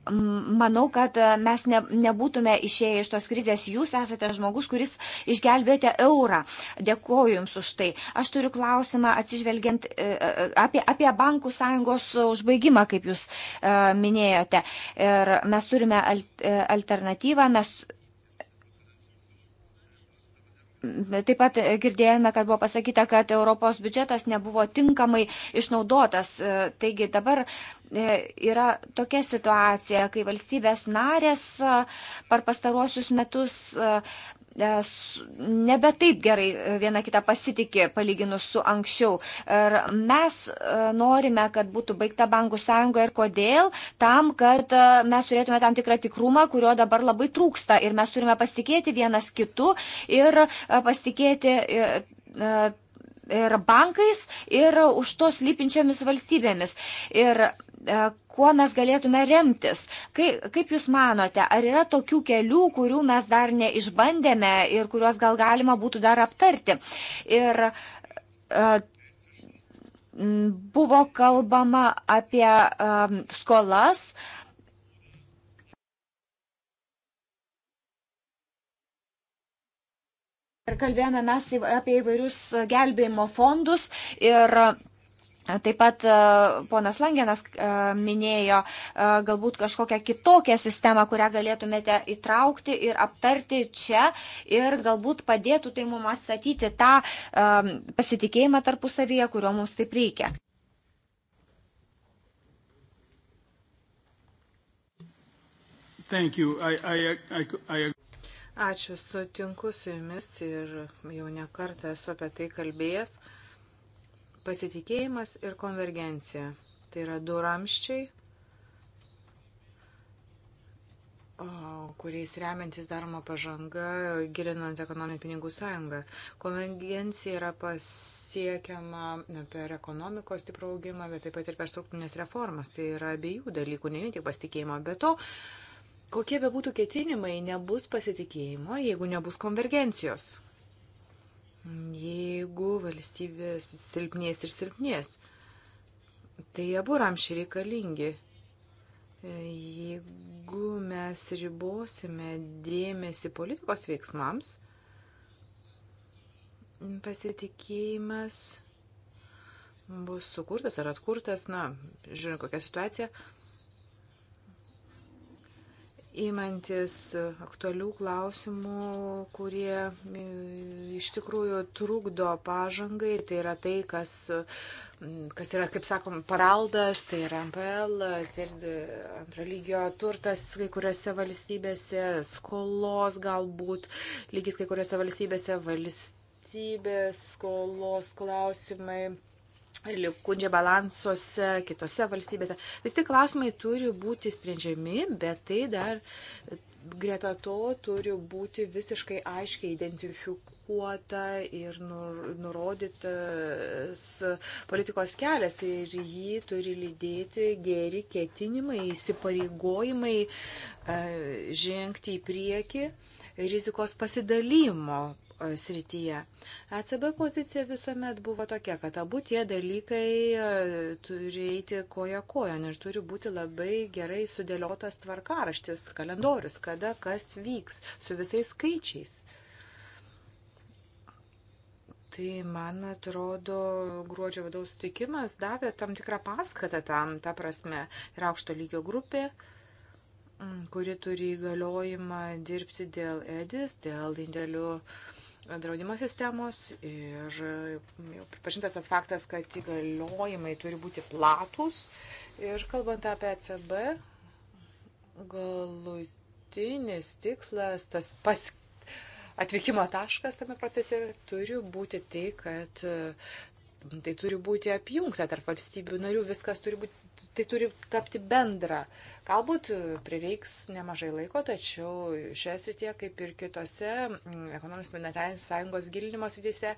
Manau, kad e, mes ne, nebūtume išėję iš tos krizės. Jūs esate žmogus, kuris išgelbėjote eurą. Dėkuoju Jums už tai. Aš turiu klausimą atsižvelgiant e, e, apie, apie bankų sąjungos užbaigimą, kaip Jūs minėjote. Ir mes turime alternatyvą. Mes Taip pat girdėjome, kad buvo pasakyta, kad Europos biudžetas nebuvo tinkamai išnaudotas. E, taigi dabar e, yra tokia situacija, kai valstybės narės e, per pastaruosius metus nebe taip gerai e, viena kita pasitikė palyginus su anksčiau. Ir mes e, norime, kad būtų baigta bankų sąjunga ir kodėl? Tam, kad e, mes turėtume tam tikrą tikrumą, kurio dabar labai trūksta ir mes turime pasitikėti vienas kitu ir pasitikėti ir bankais, ir už to slypinčiomis valstybėmis. Ir kuo mes galėtume remtis. Kaip, kaip Jūs manote, ar yra tokių kelių, kurių mes dar neišbandėme ir kuriuos gal galima būtų dar aptarti? Ir e, buvo kalbama apie e, skolas. Ir kalbėjome mes apie įvairius gelbėjimo fondus ir Taip pat e, ponas Langenas e, minėjo e, galbūt kažkokią kitokią sistemą, kurią galėtumėte įtraukti ir aptarti čia ir galbūt padėtų tai mums atstatyti tą pasitikėjimą tarpusavyje, kurio mums taip reikia. I, I, I, Ačiū, sutinku su jumis ir jau nekartą esu apie tai kalbėjęs. Uh, Pasitikėjimas ir konvergencija. Tai yra du ramščiai, kuriais remiantis daroma pažanga, gilinant ekonominį pinigų sąjungą. Konvengencija yra pasiekiama per ekonomikos stiprų augimą, bet taip pat ir per struktūrinės reformas. Tai yra abiejų dalykų, ne vien tik pasitikėjimo. Be to, kokie be būtų ketinimai, nebus pasitikėjimo, jeigu nebus konvergencijos jeigu valstybės silpnės ir silpnės. Tai abu ramšiai reikalingi. E, jeigu mes ribosime dėmesį politikos veiksmams, pasitikėjimas bus sukurtas ar atkurtas, na, žiūrint kokią situaciją, įmantis aktualių klausimų, kurie e, iš tikrųjų trukdo pažangai. Tai yra tai, kas, kas yra, kaip sakom, paraldas, tai yra MPL, tai e, antro lygio turtas kai kuriuose valstybėse, skolos galbūt lygis kai kuriuose valstybėse, valstybės skolos klausimai likundžia balansuose kitose valstybėse. Vis tik klausimai turi būti sprendžiami, bet tai dar greta to turi būti visiškai aiškiai identifikuota ir nurodytas politikos kelias ir jį turi lydėti geri ketinimai, įsipareigojimai e, žengti į priekį rizikos pasidalymo E, srityje. ECB pozicija visuomet buvo tokia, kad abu tie dalykai e, turi eiti koja kojon ir turi būti labai gerai sudėliotas tvarkaraštis, kalendorius, kada kas vyks su visais skaičiais. Tai, man atrodo, gruodžio vadovų sutikimas davė tam tikrą paskatą tam, ta prasme, ir aukšto lygio grupė kuri turi įgaliojimą dirbti dėl EDIS, dėl indėlių uh, draudimo sistemos ir jau pripažintas tas faktas, kad įgaliojimai turi būti platus. Ir kalbant apie ECB, galutinis tikslas, tas pas, atvykimo taškas tame procese turi būti tai, kad e, tai turi būti apjungta tarp valstybių narių, viskas turi būti tai turi tapti bendra. Galbūt prireiks nemažai laiko, tačiau šioje srityje, kaip ir kitose ekonominės monetarinės sąjungos gilinimo srityse,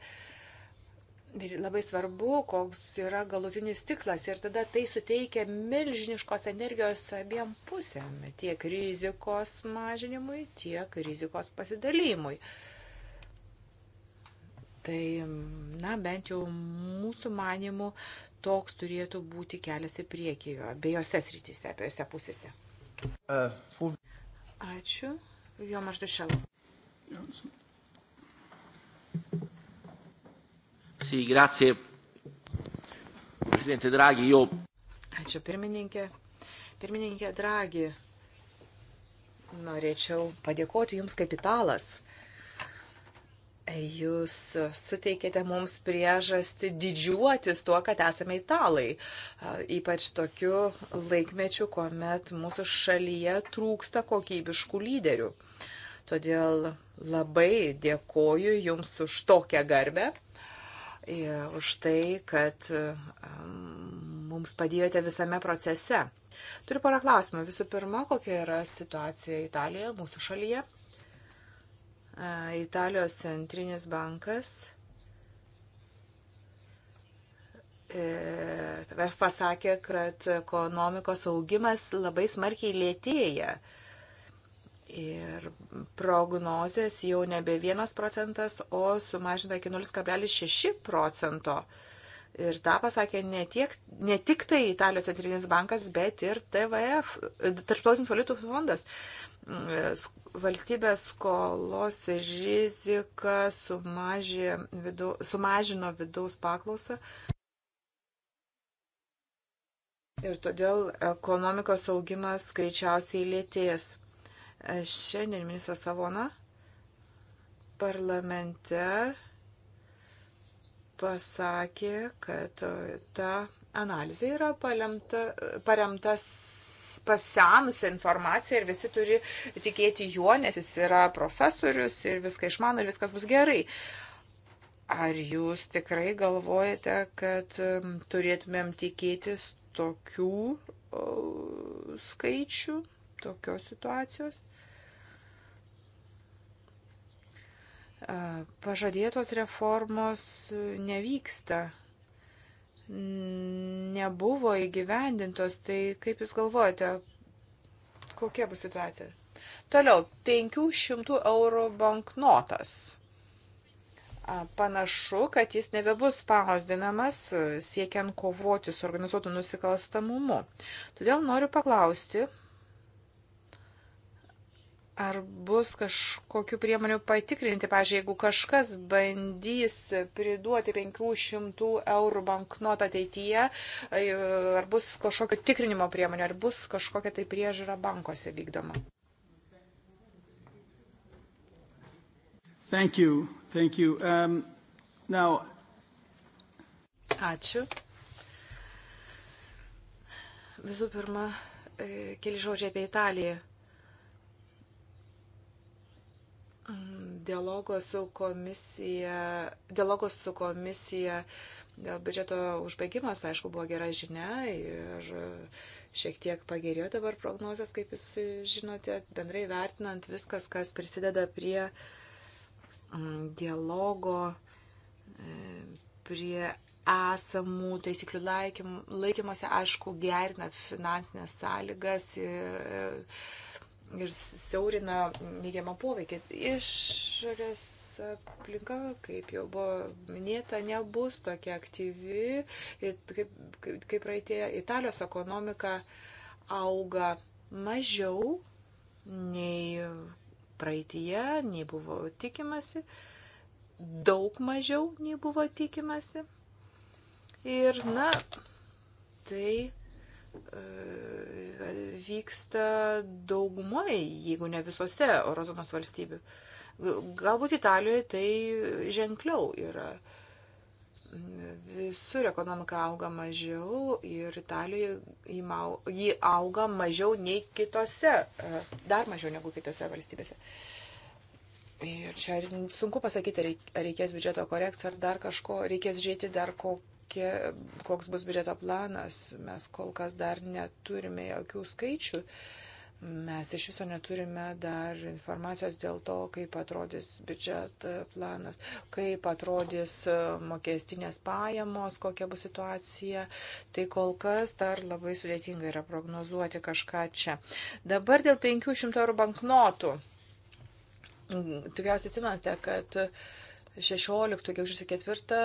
Ir labai svarbu, koks yra galutinis tikslas. Ir tada tai suteikia milžiniškos energijos abiem pusėm. Tiek rizikos mažinimui, tiek rizikos pasidalymui. Tai, na, bent jau mūsų manimų toks turėtų būti kelias į priekį abiejose srityse, abiejose pusėse. Ačiū. Jo Martušelo. Sì, grazie. Presidente Draghi, io... Ačiū pirmininkė. Pirmininkė Draghi, norėčiau padėkoti Jums kapitalas. italas Jūs suteikėte mums priežastį didžiuotis tuo, kad esame italai, ypač tokiu laikmečiu, kuomet mūsų šalyje trūksta kokybiškų lyderių. Todėl labai dėkoju Jums už tokią garbę, už tai, kad mums padėjote visame procese. Turiu porą klausimų. Visų pirma, kokia yra situacija Italijoje, mūsų šalyje? Italijos centrinis bankas e, pasakė, kad ekonomikos augimas labai smarkiai lėtėja. Ir prognozės jau nebe 1 procentas, o sumažinta iki 0,6 procento. Ir tą pasakė ne, tiek, ne tik tai Italijos centrinis bankas, bet ir TVF, Tarptautinis valiutų fondas valstybės skolos rizika sumažė, vidu, sumažino vidaus paklausą. Ir todėl ekonomikos augimas greičiausiai lėtės. Šiandien ministras Savona parlamente pasakė, kad ta analizė yra paremta, paremtas pasenusią informaciją ir visi turi tikėti juo, nes jis yra profesorius ir viską išmano ir viskas bus gerai. Ar jūs tikrai galvojate, kad um, turėtumėm tikėtis tokių skaičių, tokios situacijos? Pažadėtos reformos nevyksta nebuvo įgyvendintos, tai kaip Jūs galvojate, kokia bus situacija? Toliau, 500 eurų banknotas. Panašu, kad jis nebebus spausdinamas siekiant kovoti su organizuotu nusikalstamumu. Todėl noriu paklausti, Ar bus kažkokiu priemonių patikrinti, pažiūrėjau, jeigu kažkas bandys priduoti 500 eurų banknotą ateityje, e, ar bus kažkokio tikrinimo priemonių, ar bus kažkokia tai priežiūra bankose vykdoma? Thank you. Thank you. Um, now... Ačiū. Visų pirma, e, keli žodžiai apie Italiją Dialogo su komisija, dialogo su komisija dėl biudžeto užbaigimas, aišku, buvo gera žinia ir šiek tiek pagerėjo dabar prognozijas, kaip jūs žinote, bendrai vertinant viskas, kas prisideda prie mm, dialogo, e, prie esamų taisyklių laikym, laikymuose, aišku, gerina finansinės sąlygas ir ir siaurina neigiamą poveikį. Išorės aplinka, kaip jau buvo minėta, nebus tokia aktyvi, kaip, kaip praeitie Italijos ekonomika auga mažiau nei praeitie, nei buvo tikimasi, daug mažiau nei buvo tikimasi. Ir, na, tai E, vyksta daugumai, jeigu ne visose Eurozonos valstybių. Galbūt Italijoje tai ženkliau yra. Visur ekonomika auga mažiau ir Italijoje ji auga mažiau nei kitose, e, dar mažiau negu kitose valstybėse. Ir čia sunku pasakyti, ar reikės biudžeto korekcijų, ar dar kažko, reikės žiūrėti dar ko, kokie, koks bus biudžeto planas. Mes kol kas dar neturime jokių skaičių. Mes iš viso neturime dar informacijos dėl to, kaip atrodys biudžeto planas, kaip atrodys e, mokestinės pajamos, kokia bus situacija. Tai kol kas dar labai sudėtinga yra prognozuoti kažką čia. Dabar dėl 500 eurų banknotų. Mm, tikriausiai atsimate, kad uh, 16 gegužės 4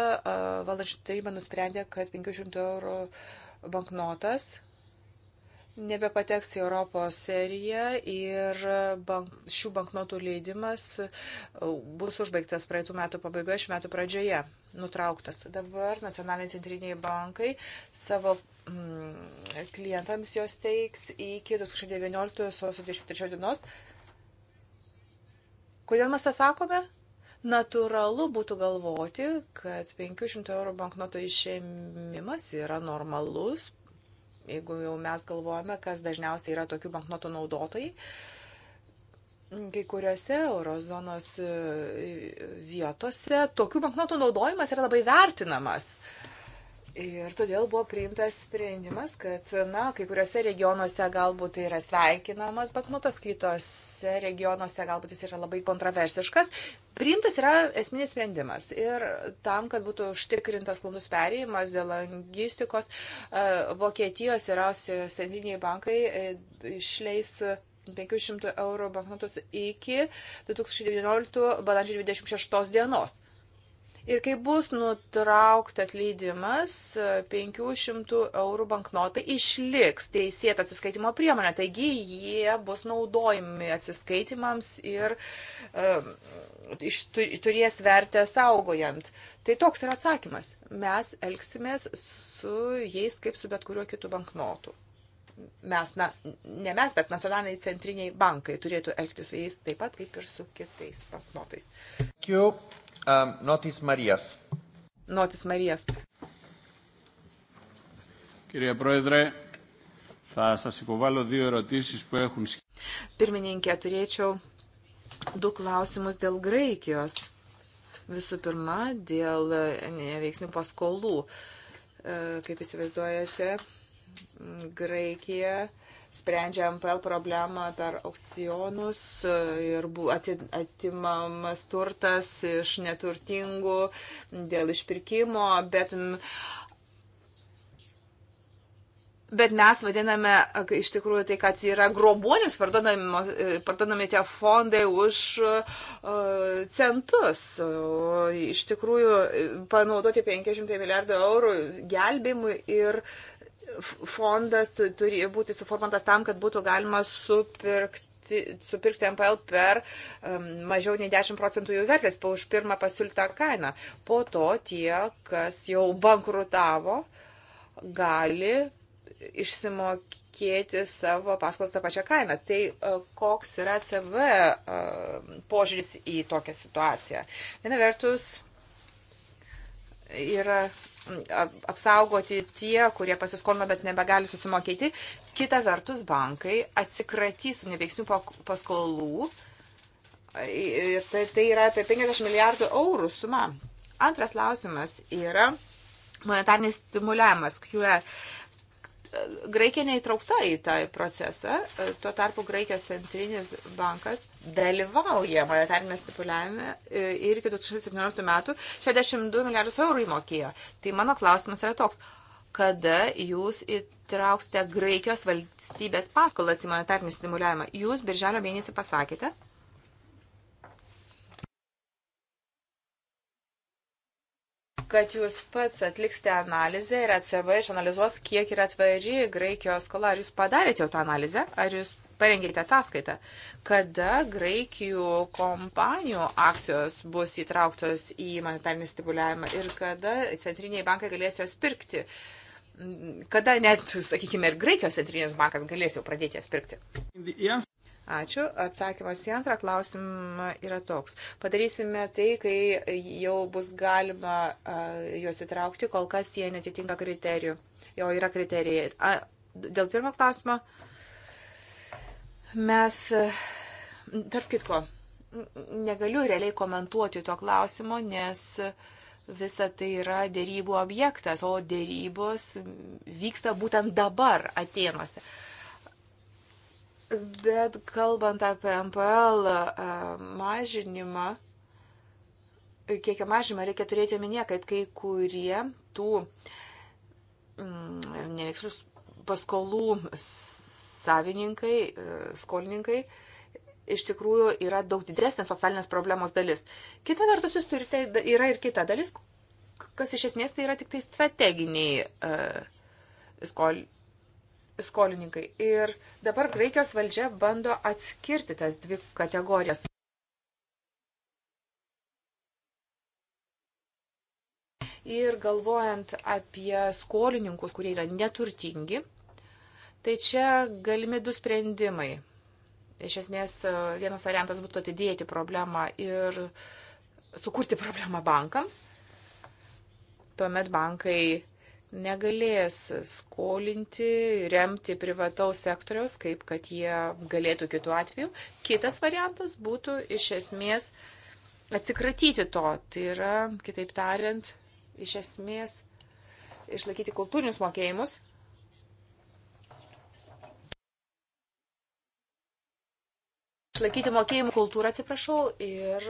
valdančių taryba nusprendė, kad 500 eurų banknotas nebepateks į Europos seriją ir bank, šių banknotų leidimas bus užbaigtas praeitų metų pabaigoje, šių metų pradžioje nutrauktas. Dabar nacionaliniai centriniai bankai savo mm, klientams jos teiks iki 2019 sausio 23 dienos. Kodėl mes tą sakome? natūralu būtų galvoti, kad 500 eurų banknoto išėmimas yra normalus, jeigu jau mes galvojame, kas dažniausiai yra tokių banknotų naudotojai. Kai kuriuose eurozonos vietose tokių banknotų naudojimas yra labai vertinamas. Uh, Ir todėl buvo priimtas sprendimas, kad, na, kai kuriuose regionuose galbūt tai yra sveikinamas banknotas, nu, kitose regionuose galbūt jis yra labai kontroversiškas. Priimtas yra esminis sprendimas. Ir tam, kad būtų užtikrintas sklandus perėjimas dėl langistikos, e, Vokietijos ir Ausijos centriniai bankai e, išleis 500 eurų banknotus iki 2019 balandžio 26 dienos. Ir kai bus nutrauktas leidimas, 500 eurų banknotai išliks teisėta atsiskaitimo priemonė. Taigi jie bus naudojami atsiskaitimams ir uh, turės vertę saugojant. Tai toks yra atsakymas. Mes elgsimės su jais kaip su bet kuriuo kitu banknotu. Mes, na, ne mes, bet nacionaliniai centriniai bankai turėtų elgtis su jais taip pat kaip ir su kitais banknotais. Thank you. Um, Notis Marijas. Notis Marijas. Κύριε Πρόεδρε, θα σας υποβάλω δύο ερωτήσεις που έχουν σχέση. Pirmininkė, turėčiau du klausimus dėl Graikijos. Visų pirma, dėl e, neveiksnių paskolų. E, kaip įsivaizduojate, Graikija sprendžia MPL problemą per aukcionus ir atimamas turtas iš neturtingų dėl išpirkimo, bet Bet mes vadiname, iš tikrųjų, tai, kad yra grobonius parduodami tie fondai už e, centus. Iš tikrųjų, panaudoti 500 milijardų eurų gelbimui ir fondas turi būti suformantas tam, kad būtų galima supirkti supirkti MPL per um, mažiau nei 10 procentų jų vertės už pirmą pasiūlytą kainą. Po to tie, kas jau bankrutavo, gali išsimokėti savo paskolas tą pačią kainą. Tai e, koks yra CV e, požiūris į tokią situaciją? Viena vertus yra apsaugoti tie, kurie pasiskolino, bet nebegali susimokėti. Kita vertus, bankai atsikratys neveiksnių paskolų ir tai, tai yra apie 50 milijardų eurų suma. Antras klausimas yra monetarnis stimuliavimas, QR. E. Graikija neįtraukta į tą procesą, tuo tarpu Graikijos centrinis bankas dalyvauja monetarinėme stipuliavime ir iki 2017 metų 62 milijardus eurų įmokėjo. Tai mano klausimas yra toks, kada jūs įtrauksite Graikijos valstybės paskolas į monetarinį stimuliavimą? Jūs birželio mėnesį pasakėte, kad jūs pats atliksite analizę ir ECB išanalizuos, kiek yra tvari Graikijos skola. Ar jūs padarėte jau tą analizę? Ar jūs parengėte ataskaitą? Kada Graikijų kompanijų akcijos bus įtrauktos į monetarinį stipuliavimą ir kada centriniai bankai galės jos pirkti? Kada net, sakykime, ir Graikijos centrinis bankas galės jau pradėti jas pirkti? Ačiū. Atsakymas į antrą klausimą yra toks. Padarysime tai, kai jau bus galima juos įtraukti, kol kas jie netitinka kriterijų. Jo yra kriterijai. A, dėl pirmo klausimo mes, tarp kitko, negaliu realiai komentuoti to klausimo, nes visa tai yra dėrybų objektas, o dėrybos vyksta būtent dabar Atenuose. Uh, Bet kalbant apie MPL e, mažinimą, kiekio mažinimą reikia turėti omenyje, kad kai kurie tų mm, neveiksnus paskolų savininkai, e, skolininkai, iš tikrųjų yra daug didesnės socialinės problemos dalis. Kita vertus, jūs turite, yra ir kita dalis, kas iš esmės tai yra tik tai strateginiai uh, skol, skolininkai. Ir dabar Graikijos valdžia bando atskirti tas dvi kategorijas. Ir galvojant apie skolininkus, kurie yra neturtingi, tai čia galimi du sprendimai. Iš esmės, vienas variantas būtų atidėti problemą ir sukurti problemą bankams. Tuomet bankai negalės skolinti, remti privataus sektoriaus, kaip kad jie galėtų kitų atveju. Kitas variantas būtų iš esmės atsikratyti to. Tai yra, kitaip tariant, iš esmės išlaikyti kultūrinius mokėjimus. Išlaikyti mokėjimų kultūrą, atsiprašau, ir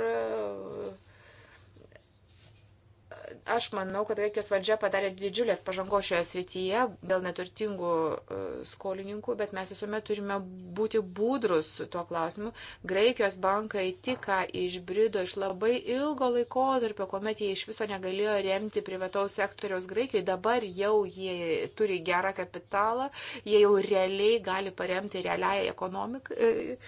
Aš manau, kad Graikijos valdžia padarė didžiulės pažangos šioje srityje dėl neturtingų e, skolininkų, bet mes visuomet turime būti būdrus tuo klausimu. Graikijos bankai tik ką išbrido iš labai ilgo laiko tarp, kuomet jie iš viso negalėjo remti privataus sektoriaus Graikijoje. Dabar jau jie turi gerą kapitalą, jie jau realiai gali paremti realiai ekonomikai. E,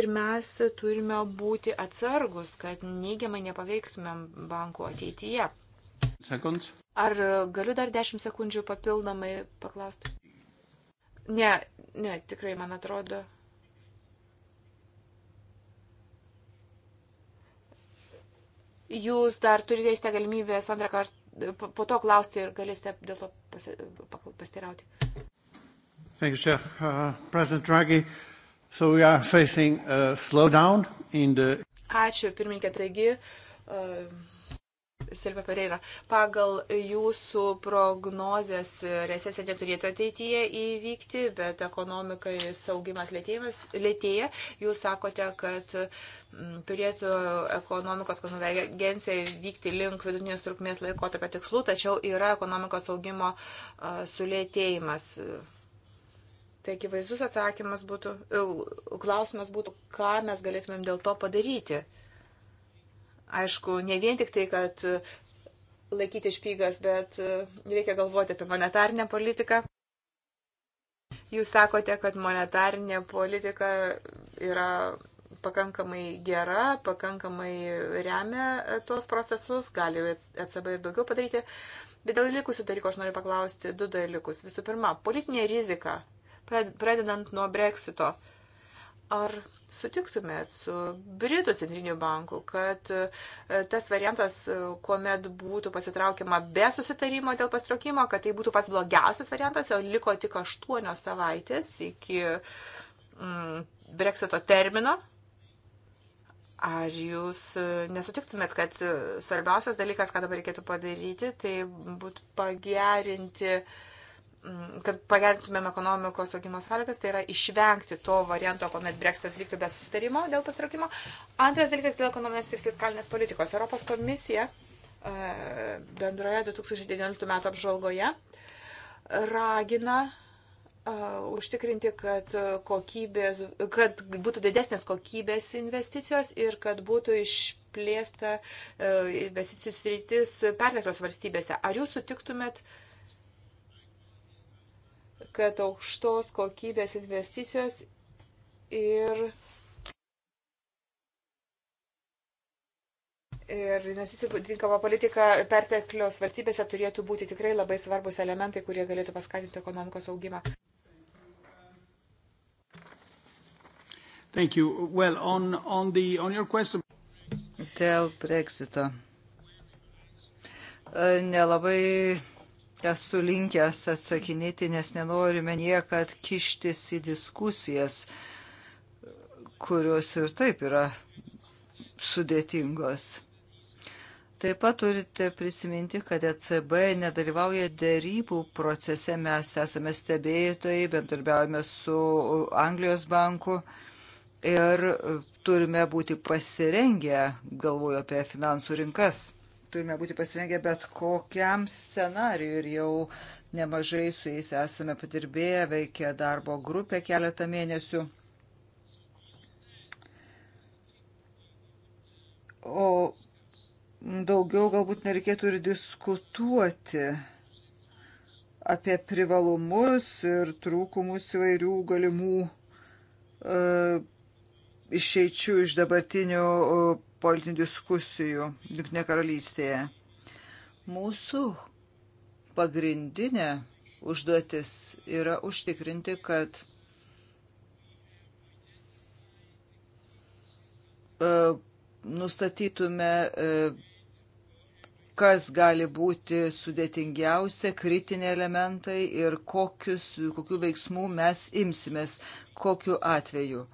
ir mes turime būti atsargus, kad neigiamai nepaveiktumėm bankų ateityje. Sekund. Ar galiu dar 10 sekundžių papildomai paklausti? Ne, ne, tikrai man atrodo. Jūs dar turite galimybės antrą kartą po to klausti ir galėsite dėl to pasirauti. Thank you, Chair. Uh, President Draghi, so we are facing a slowdown in the... Ačiū, pirmininkė, taigi uh, Silva Pereira, pagal jūsų prognozes recesija neturėtų ateityje įvykti, bet ekonomikai saugimas lėtėja. Jūs sakote, kad mm, turėtų ekonomikos konvergencija vykti link vidutinės trukmės laikotarpio tikslų, tačiau yra ekonomikos augimo sulėtėjimas. Tai akivaizdus atsakymas būtų, e, klausimas būtų, ką mes galėtumėm dėl to padaryti. Aišku, ne vien tik tai, kad e, laikyti špygas, bet e, reikia galvoti apie monetarinę politiką. Jūs sakote, kad monetarinė politika yra pakankamai gera, pakankamai remia e, tuos procesus, gali ECB ir daugiau padaryti. Bet dėl likusių dalykų aš noriu paklausti du dalykus. Visų pirma, politinė rizika, pradedant nuo breksito. Uh, Ar sutiktumėt su Britų centriniu banku, kad e, tas variantas, e, kuomet būtų pasitraukiama be susitarimo dėl pasitraukimo, kad tai būtų pats blogiausias variantas, o liko tik aštuonios savaitės iki mm, breksito termino? Ar jūs e, nesutiktumėt, kad svarbiausias dalykas, ką dabar reikėtų padaryti, tai būtų pagerinti uh, Mm, kad pagerintumėm ekonomikos augimo sąlygas, tai yra išvengti to varianto, kuomet breksitas vyktų be sustarimo dėl pasiraukimo. Antras dalykas dėl ekonominės ir fiskalinės politikos. Europos komisija e, bendroje 2019 metų apžvalgoje ragina e, užtikrinti, kad, kokybės, kad būtų didesnės kokybės investicijos ir kad būtų išplėsta e, investicijų sritis perteklios valstybėse. Ar jūs sutiktumėt uh, kad aukštos kokybės investicijos ir Ir investicijų tinkama politika perteklios valstybėse turėtų būti tikrai labai svarbus elementai, kurie galėtų paskatinti ekonomikos augimą. Thank you. Well, on, on, the, on your question. Dėl Brexito. Nelabai esu linkęs atsakinėti, nes nenorime niekad kištis į diskusijas, kurios ir taip yra sudėtingos. Taip pat turite prisiminti, kad ECB nedalyvauja dėrybų procese, mes esame stebėtojai, bendarbiaujame su Anglijos banku ir turime būti pasirengę, galvoju apie finansų rinkas turime būti pasirengę bet kokiam scenariui ir jau nemažai su jais esame padirbėję, veikia darbo grupė keletą mėnesių. O daugiau galbūt nereikėtų ir diskutuoti apie privalumus ir trūkumus įvairių galimų e, išeičių iš dabartinių e, politinių diskusijų Junktinė karalystėje. Mūsų pagrindinė užduotis yra užtikrinti, kad e, nustatytume, e, kas gali būti sudėtingiausia, kritiniai elementai ir kokius, kokių veiksmų mes imsimės, kokiu atveju.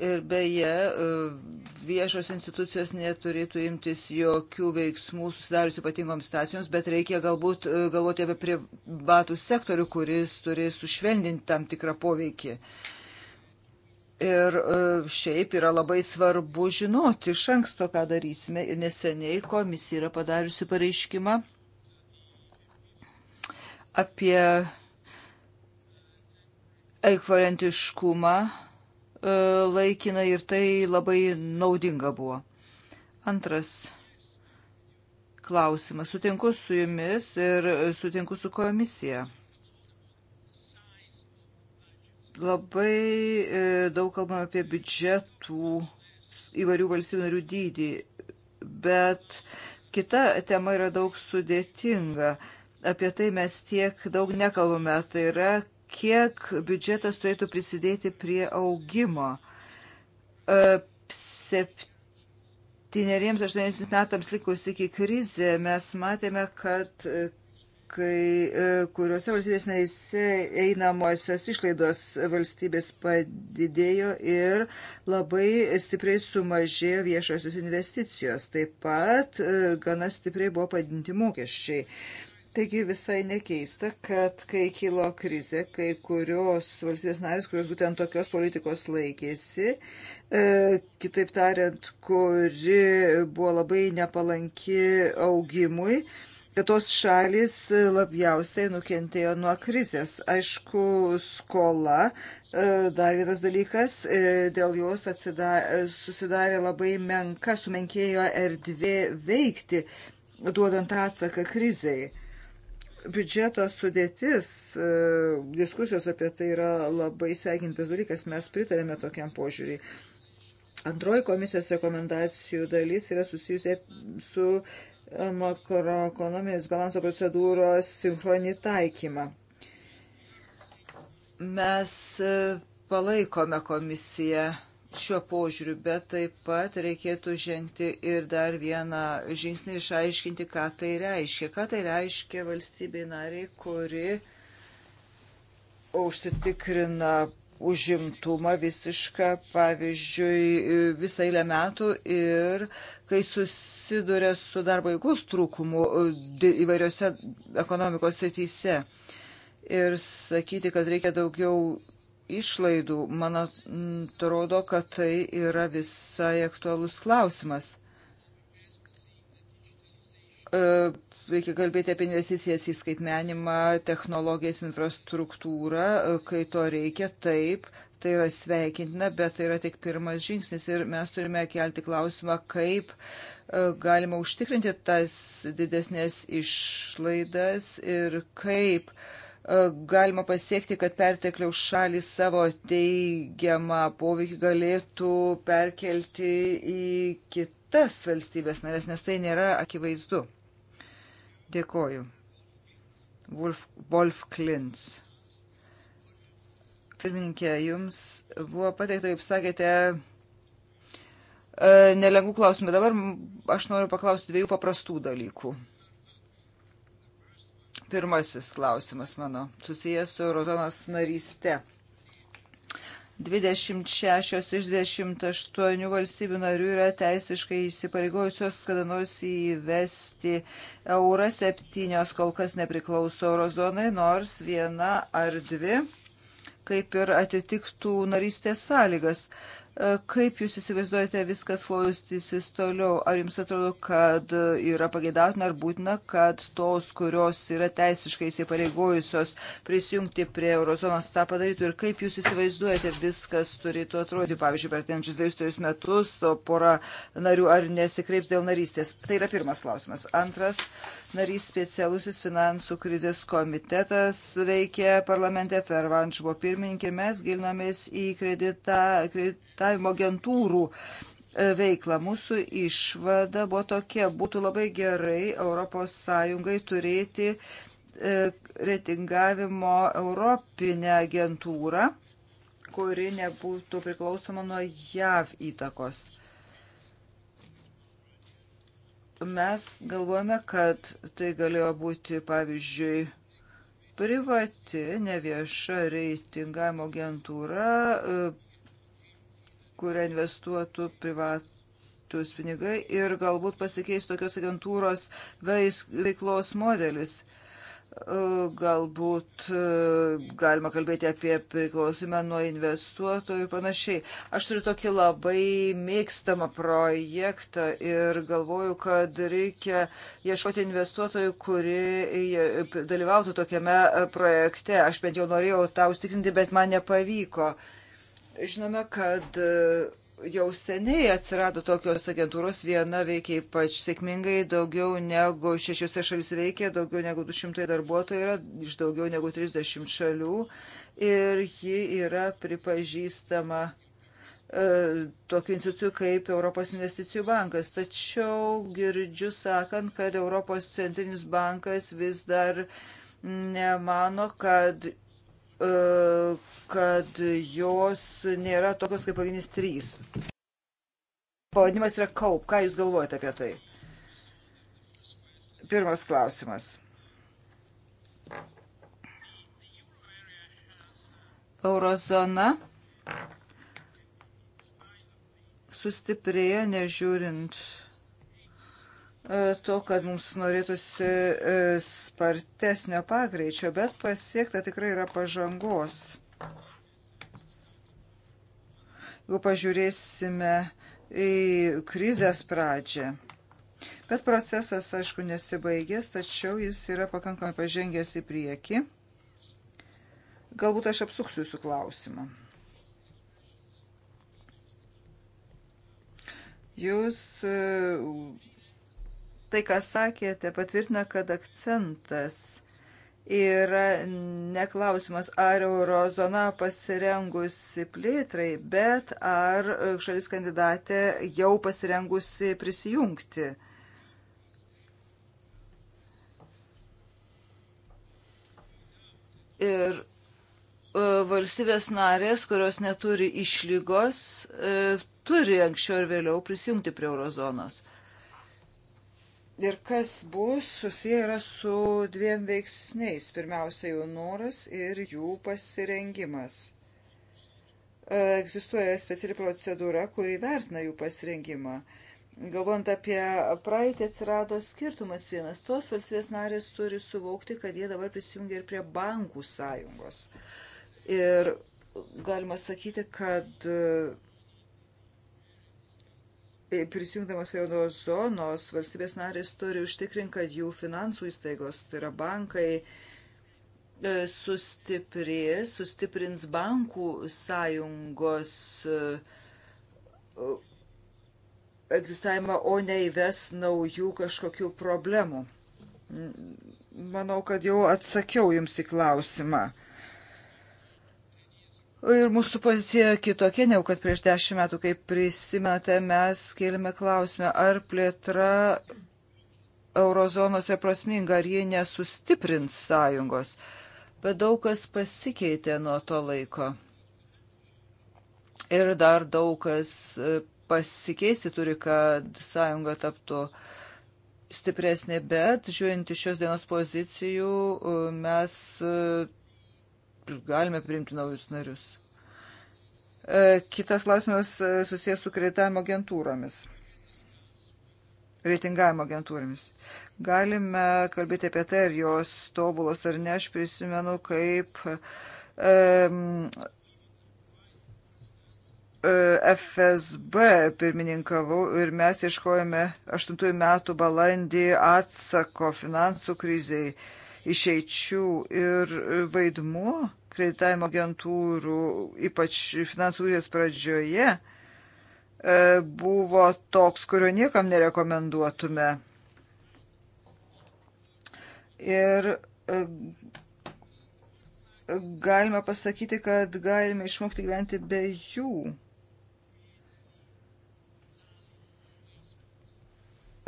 Ir beje, e, viešos institucijos neturėtų imtis jokių veiksmų susidarius ypatingoms stacijoms, bet reikia galbūt e, galvoti apie privatų sektorių, kuris turi sušvelninti tam tikrą poveikį. Ir e, šiaip yra labai svarbu žinoti iš anksto, ką darysime. Ir neseniai komisija yra padariusi pareiškimą apie ekvarentiškumą E, laikinai ir tai labai naudinga buvo. Antras klausimas. Sutinku su jumis ir sutinku su komisija. Labai e, daug kalbame apie biudžetų įvairių valstybių narių dydį, bet kita tema yra daug sudėtinga. Apie tai mes tiek daug nekalbame. Tai yra, kiek biudžetas turėtų prisidėti prie augimo. E, septyneriems, aštuoniems metams likus iki krizė, mes matėme, kad e, kai e, kuriuose valstybės narise einamosios išlaidos valstybės padidėjo ir labai stipriai sumažėjo viešosios investicijos. Taip pat gana stipriai buvo padinti mokesčiai. Uh, Taigi visai nekeista, kad kai kilo krizė, kai kurios valstybės narės, kurios būtent tokios politikos laikėsi, e, kitaip tariant, kuri buvo labai nepalanki augimui, kad tos šalis labiausiai nukentėjo nuo krizės. Aišku, skola, e, dar vienas dalykas, e, dėl jos atsida, susidarė labai menka, sumenkėjo erdvė veikti, duodant atsaką kriziai biudžeto sudėtis, e, diskusijos apie tai yra labai sveikintas dalykas, mes pritarėme tokiam požiūriui. Antroji komisijos rekomendacijų dalis yra susijusi su e, makroekonomijos balanso procedūros sinchroninį taikymą. Mes e, palaikome komisiją šiuo požiūriu, bet taip pat reikėtų žengti ir dar vieną žingsnį išaiškinti, ką tai reiškia. Ką tai reiškia valstybei nariai, kuri užsitikrina užimtumą visišką, pavyzdžiui, visą eilę metų ir kai susiduria su darbo jėgos trūkumu e, įvairiose ekonomikos srityse. Ir sakyti, kad reikia daugiau išlaidų, man atrodo, kad tai yra visai aktualus klausimas. E, reikia kalbėti apie investicijas į skaitmenimą, technologijas, infrastruktūrą, e, kai to reikia, taip, tai yra sveikintina, bet tai yra tik pirmas žingsnis ir mes turime kelti klausimą, kaip e, galima užtikrinti tas didesnės išlaidas ir kaip uh, E, galima pasiekti, kad pertekliaus šalis savo teigiamą poveikį galėtų perkelti į kitas valstybės narės, nes tai nėra akivaizdu. Dėkoju. Wolf, Wolf Klins. Pirmininkė, jums buvo pateikta, kaip sakėte, e, nelengvų klausimų. Dabar aš noriu paklausti dviejų paprastų dalykų. Pirmasis klausimas mano susijęs su Eurozonos naryste. 26 iš 28 valstybių narių yra teisiškai įsipareigojusios kada nors įvesti eurą, septynios kol kas nepriklauso eurozonai, nors viena ar dvi kaip ir atitiktų narystės sąlygas. E, kaip Jūs įsivaizduojate, viskas klostysis toliau? Ar Jums atrodo, kad yra pageidautina ar būtina, kad tos, kurios yra teisiškai įsipareigojusios prisijungti prie eurozonos, tą padarytų? Ir kaip Jūs įsivaizduojate, viskas turėtų atrodyti, pavyzdžiui, per tenčius dviejus trejus metus, o pora narių ar nesikreips dėl narystės? Tai yra pirmas klausimas. Antras. Uh, narys specialusis finansų krizės komitetas veikė parlamente, Fervanč buvo pirmininkė ir mes gilinomės į kredita, kreditavimo agentūrų e, veiklą. Mūsų išvada buvo tokia, būtų labai gerai ES turėti e, reitingavimo Europinę agentūrą, kuri nebūtų priklausoma nuo JAV įtakos. Mes galvojame, kad tai galėjo būti, pavyzdžiui, privati, nevieša reitingavimo agentūra, e, kurią investuotų privatus pinigai ir galbūt pasikeis tokios agentūros veiklos modelis – galbūt e, galima kalbėti apie priklausimą nuo investuotojų ir panašiai. Aš turiu tokį labai mėgstamą projektą ir galvoju, kad reikia ieškoti investuotojų, kuri e, dalyvautų tokiame e, projekte. Aš bent jau norėjau tą užtikrinti, bet man nepavyko. Žinome, kad jau seniai atsirado tokios agentūros, viena veikia ypač sėkmingai, daugiau negu šešiose šalis veikia, daugiau negu 200 darbuotojų yra iš daugiau negu 30 šalių ir ji yra pripažįstama e, tokių institucijų kaip Europos investicijų bankas. Tačiau girdžiu sakant, kad Europos centrinis bankas vis dar nemano, kad E, kad jos nėra tokios kaip pagrindinis trys. Pavadinimas yra kaup. Ką Jūs galvojate apie tai? Pirmas klausimas. Eurozona sustiprėjo nežiūrint E, to, kad mums norėtųsi e, spartesnio pagreičio, bet pasiekta tikrai yra pažangos. Jeigu pažiūrėsime į krizės pradžią. Bet procesas, aišku, nesibaigęs, tačiau jis yra pakankamai pažengęs į priekį. Galbūt aš apsuksiu jūsų klausimą. Jūs e, tai, ką sakėte, patvirtina, kad akcentas yra neklausimas, ar eurozona pasirengusi plėtrai, bet ar šalis kandidatė jau pasirengusi prisijungti. Ir e, valstybės narės, kurios neturi išlygos, e, turi anksčiau ir vėliau prisijungti prie eurozonos. Ir kas bus susiję yra su dviem veiksniais. Pirmiausia, jų noras ir jų pasirengimas. E, egzistuoja speciali procedūra, kuri vertina jų pasirengimą. Galvojant apie praeitį, atsirado skirtumas vienas. Tos valstybės narės turi suvokti, kad jie dabar prisijungia ir prie bankų sąjungos. Ir galima sakyti, kad E, prisijungdamas prie euro zonos, valstybės narės turi užtikrinti, kad jų finansų įstaigos, tai yra bankai, e, sustiprės, sustiprins bankų sąjungos e, egzistavimą, o neįves naujų kažkokių problemų. Manau, kad jau atsakiau jums į klausimą. Ir mūsų pozicija kitokia, negu kad prieš dešimt metų, kaip prisimenate, mes kėlėme klausimą, ar plėtra eurozonos yra prasminga, ar ji nesustiprins sąjungos. Bet daug kas pasikeitė nuo to laiko. Ir dar daug kas e, pasikeisti turi, kad sąjunga taptų stipresnė, bet žiūrint iš šios dienos pozicijų, e, mes e, galime priimti naujus narius. E, kitas klausimas e, susijęs su kreditavimo agentūromis. Reitingavimo agentūromis. Galime kalbėti apie tai, ar jos tobulos ar ne. Aš prisimenu, kaip um, e, FSB pirmininkavau ir mes ieškojame 8 metų balandį atsako finansų kriziai išeičių ir vaidmuo kreditavimo agentūrų, ypač finansų krizės pradžioje, e, buvo toks, kurio niekam nerekomenduotume. Ir e, galime pasakyti, kad galime išmokti gyventi be jų.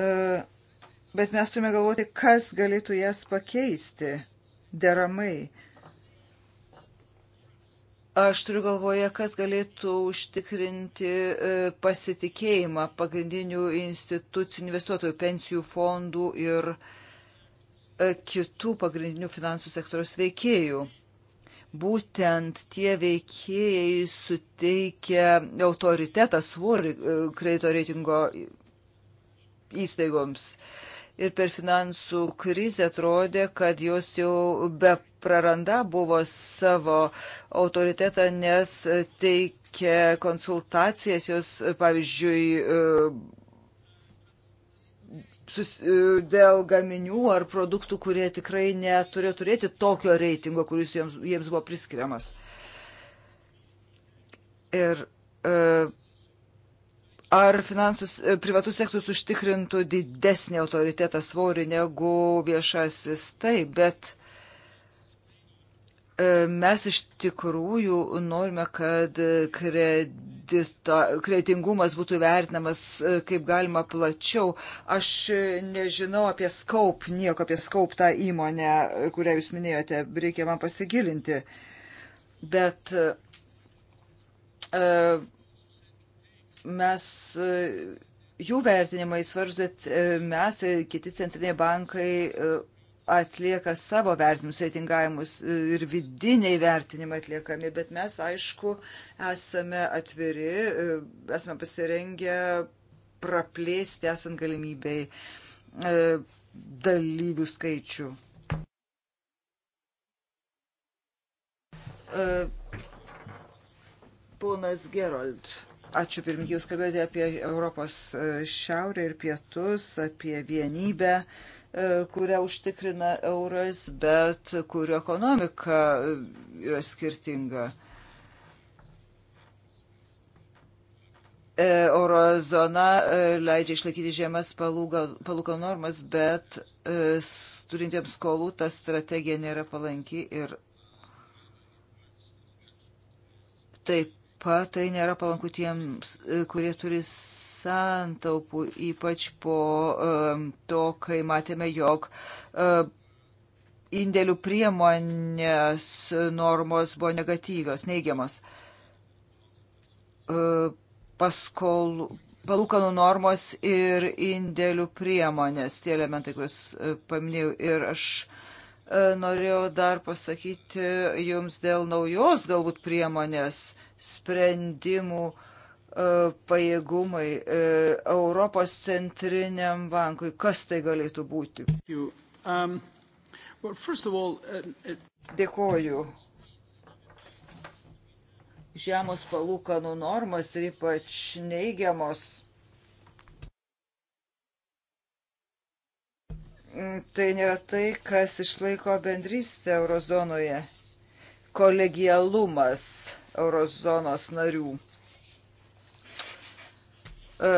E, bet mes turime galvoti, kas galėtų jas pakeisti deramai. Aš turiu galvoje, kas galėtų užtikrinti e, pasitikėjimą pagrindinių institucijų, investuotojų, pensijų fondų ir e, kitų pagrindinių finansų sektoriaus veikėjų. Būtent tie veikėjai suteikia autoritetą svorį e, kredito reitingo įstaigoms. Uh, ir per finansų krizę atrodė, kad jos jau be praranda buvo savo autoritetą, nes teikia konsultacijas, jos, pavyzdžiui, e, sus, e, dėl gaminių ar produktų, kurie tikrai neturėjo turėti tokio reitingo, kuris jiems, jiems buvo priskiriamas. Ir e, Ar finansus, e, privatus sektorius užtikrintų didesnį autoritetą svorį negu viešasis? Taip, bet e, mes iš tikrųjų norime, kad kredito, kreditingumas būtų vertinamas e, kaip galima plačiau. Aš nežinau apie skaup, nieko apie skaup tą įmonę, kurią jūs minėjote, reikia man pasigilinti. Bet uh, mes e, jų vertinimai svarstot, e, mes ir kiti centriniai bankai e, atlieka savo vertinimus, reitingavimus ir vidiniai vertinimai atliekami, bet mes aišku esame atviri, esame pasirengę praplėsti esant galimybei dalyvių skaičių. Ponas Gerold. Ačiū pirmininkai, jūs kalbėjote apie Europos e, šiaurę ir pietus, apie vienybę, e, kurią užtikrina euras, bet kurio ekonomika e, yra skirtinga. Eurozona leidžia išlaikyti žemas palūkanų normas, bet turintiems skolų ta strategija nėra palanki ir taip pat tai nėra palanku tiems, e, kurie turi santaupų, ypač po e, to, kai matėme, jog e, indėlių priemonės normos buvo negatyvios, neigiamos. Paskolų, palūkanų normos ir indėlių priemonės, tie elementai, kuriuos paminėjau. Ir aš E, norėjau dar pasakyti jums dėl naujos galbūt priemonės sprendimų e, pajėgumai e, Europos centriniam bankui. Kas tai galėtų būti? Um, uh, Dėkoju. Žemos palūkanų normas ir ypač neigiamos Mm, tai nėra tai, kas išlaiko bendrystę eurozonoje. Kolegialumas eurozonos narių. E,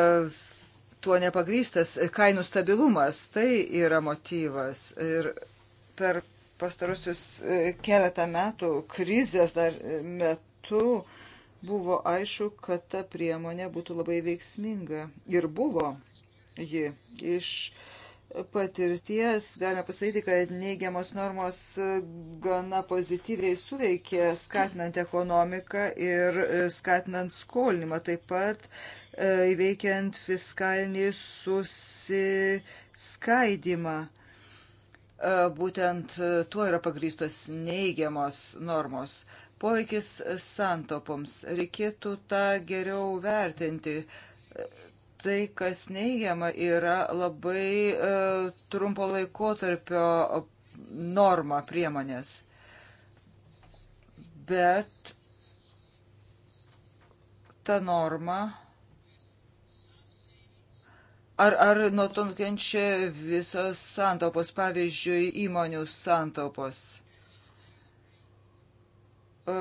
tuo nepagrystas kainų stabilumas, tai yra motyvas. Ir per pastarusius e, keletą metų krizės dar e, metu buvo aišku, kad ta priemonė būtų labai veiksminga. Ir buvo ji iš patirties galime pasakyti, kad neigiamos normos gana pozityviai suveikė skatinant ekonomiką ir e, skatinant skolinimą, taip pat e, įveikiant fiskalinį susiskaidimą. E, būtent tuo yra pagrystos neigiamos normos. Poveikis santopoms reikėtų tą geriau vertinti tai, kas neigiama, yra labai e, trumpo laikotarpio norma priemonės. Bet ta norma. Ar, ar nuo to nukenčia visos santopos, pavyzdžiui, įmonių santopos? E,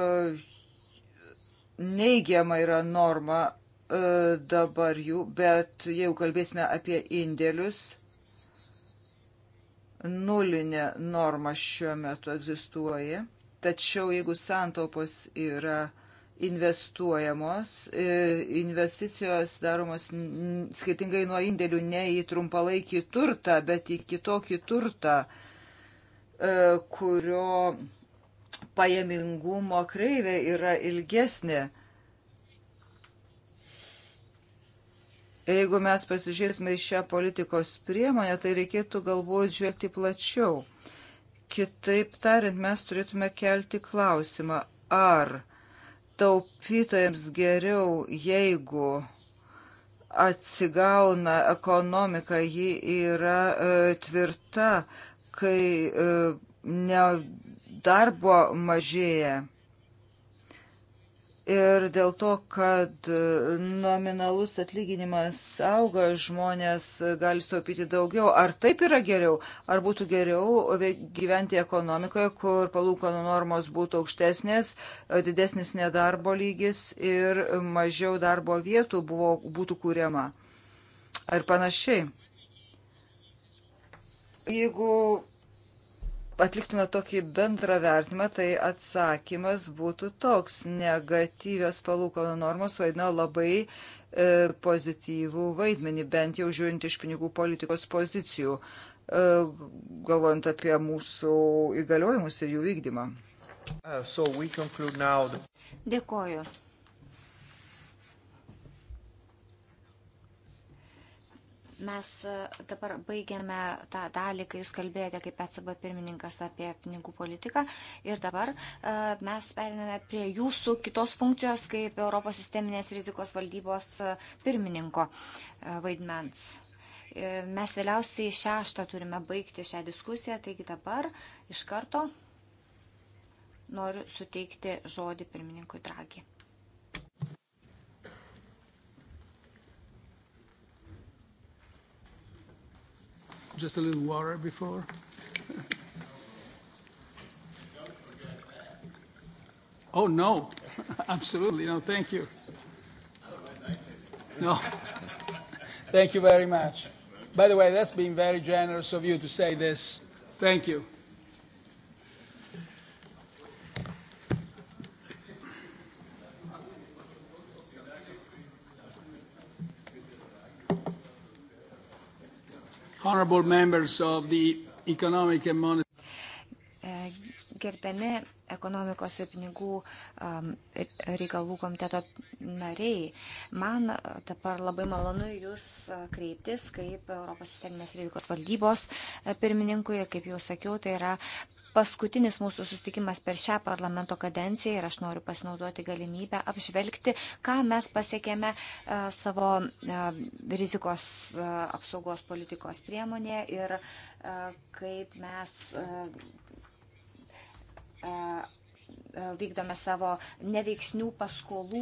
neigiama yra norma E, dabar jų, bet jeigu kalbėsime apie indėlius, nulinė norma šiuo metu egzistuoja. Tačiau jeigu santaupos yra investuojamos, e, investicijos daromos skirtingai nuo indėlių ne į trumpalaikį turtą, bet į kitokį turtą, e, kurio pajamingumo kreivė yra ilgesnė. Jeigu mes pasižiūrėtume į šią politikos priemonę, tai reikėtų galbūt žvelgti plačiau. Kitaip tariant, mes turėtume kelti klausimą, ar taupytojams geriau, jeigu atsigauna ekonomika, ji yra e, tvirta, kai e, ne darbo mažėja ir dėl to, kad nominalus atlyginimas auga, žmonės gali sutaupyti daugiau. Ar taip yra geriau? Ar būtų geriau gyventi ekonomikoje, kur palūkanų normos būtų aukštesnės, didesnis nedarbo lygis ir mažiau darbo vietų buvo, būtų kūriama? Ar panašiai? Jeigu atliktume tokį bendrą vertimą, tai atsakymas būtų toks. Negatyvios palūkanų normos vaidina labai e, pozityvų vaidmenį, bent jau žiūrint iš pinigų politikos pozicijų, e, galvojant apie mūsų įgaliojimus ir jų vykdymą. Uh, so Dėkoju. Mes e, dabar baigiame tą dalį, kai jūs kalbėjote kaip ECB pirmininkas apie pinigų politiką. Ir dabar e, mes periname prie jūsų kitos funkcijos kaip Europos sisteminės rizikos valdybos e, pirmininko vaidmens. Mes vėliausiai šeštą turime baigti šią diskusiją, taigi dabar iš karto noriu suteikti žodį pirmininkui Dragi. Just a little water before. Oh, no. (laughs) Absolutely. No, thank you. No. Thank you very much. By the way, that's been very generous of you to say this. Thank you. Honorable members of the Economic and Monetary e, gerbiami ekonomikos ir pinigų reikalų komiteto nariai, man e, dabar labai malonu Jūs e, kreiptis kaip Europos sisteminės rizikos valdybos pirmininkui ir kaip jau sakiau, tai yra paskutinis mūsų susitikimas per šią parlamento kadenciją ir aš noriu pasinaudoti galimybę apžvelgti, ką mes pasiekėme e, savo e, rizikos e, apsaugos politikos priemonėje ir kaip mes vykdome savo neveiksnių paskolų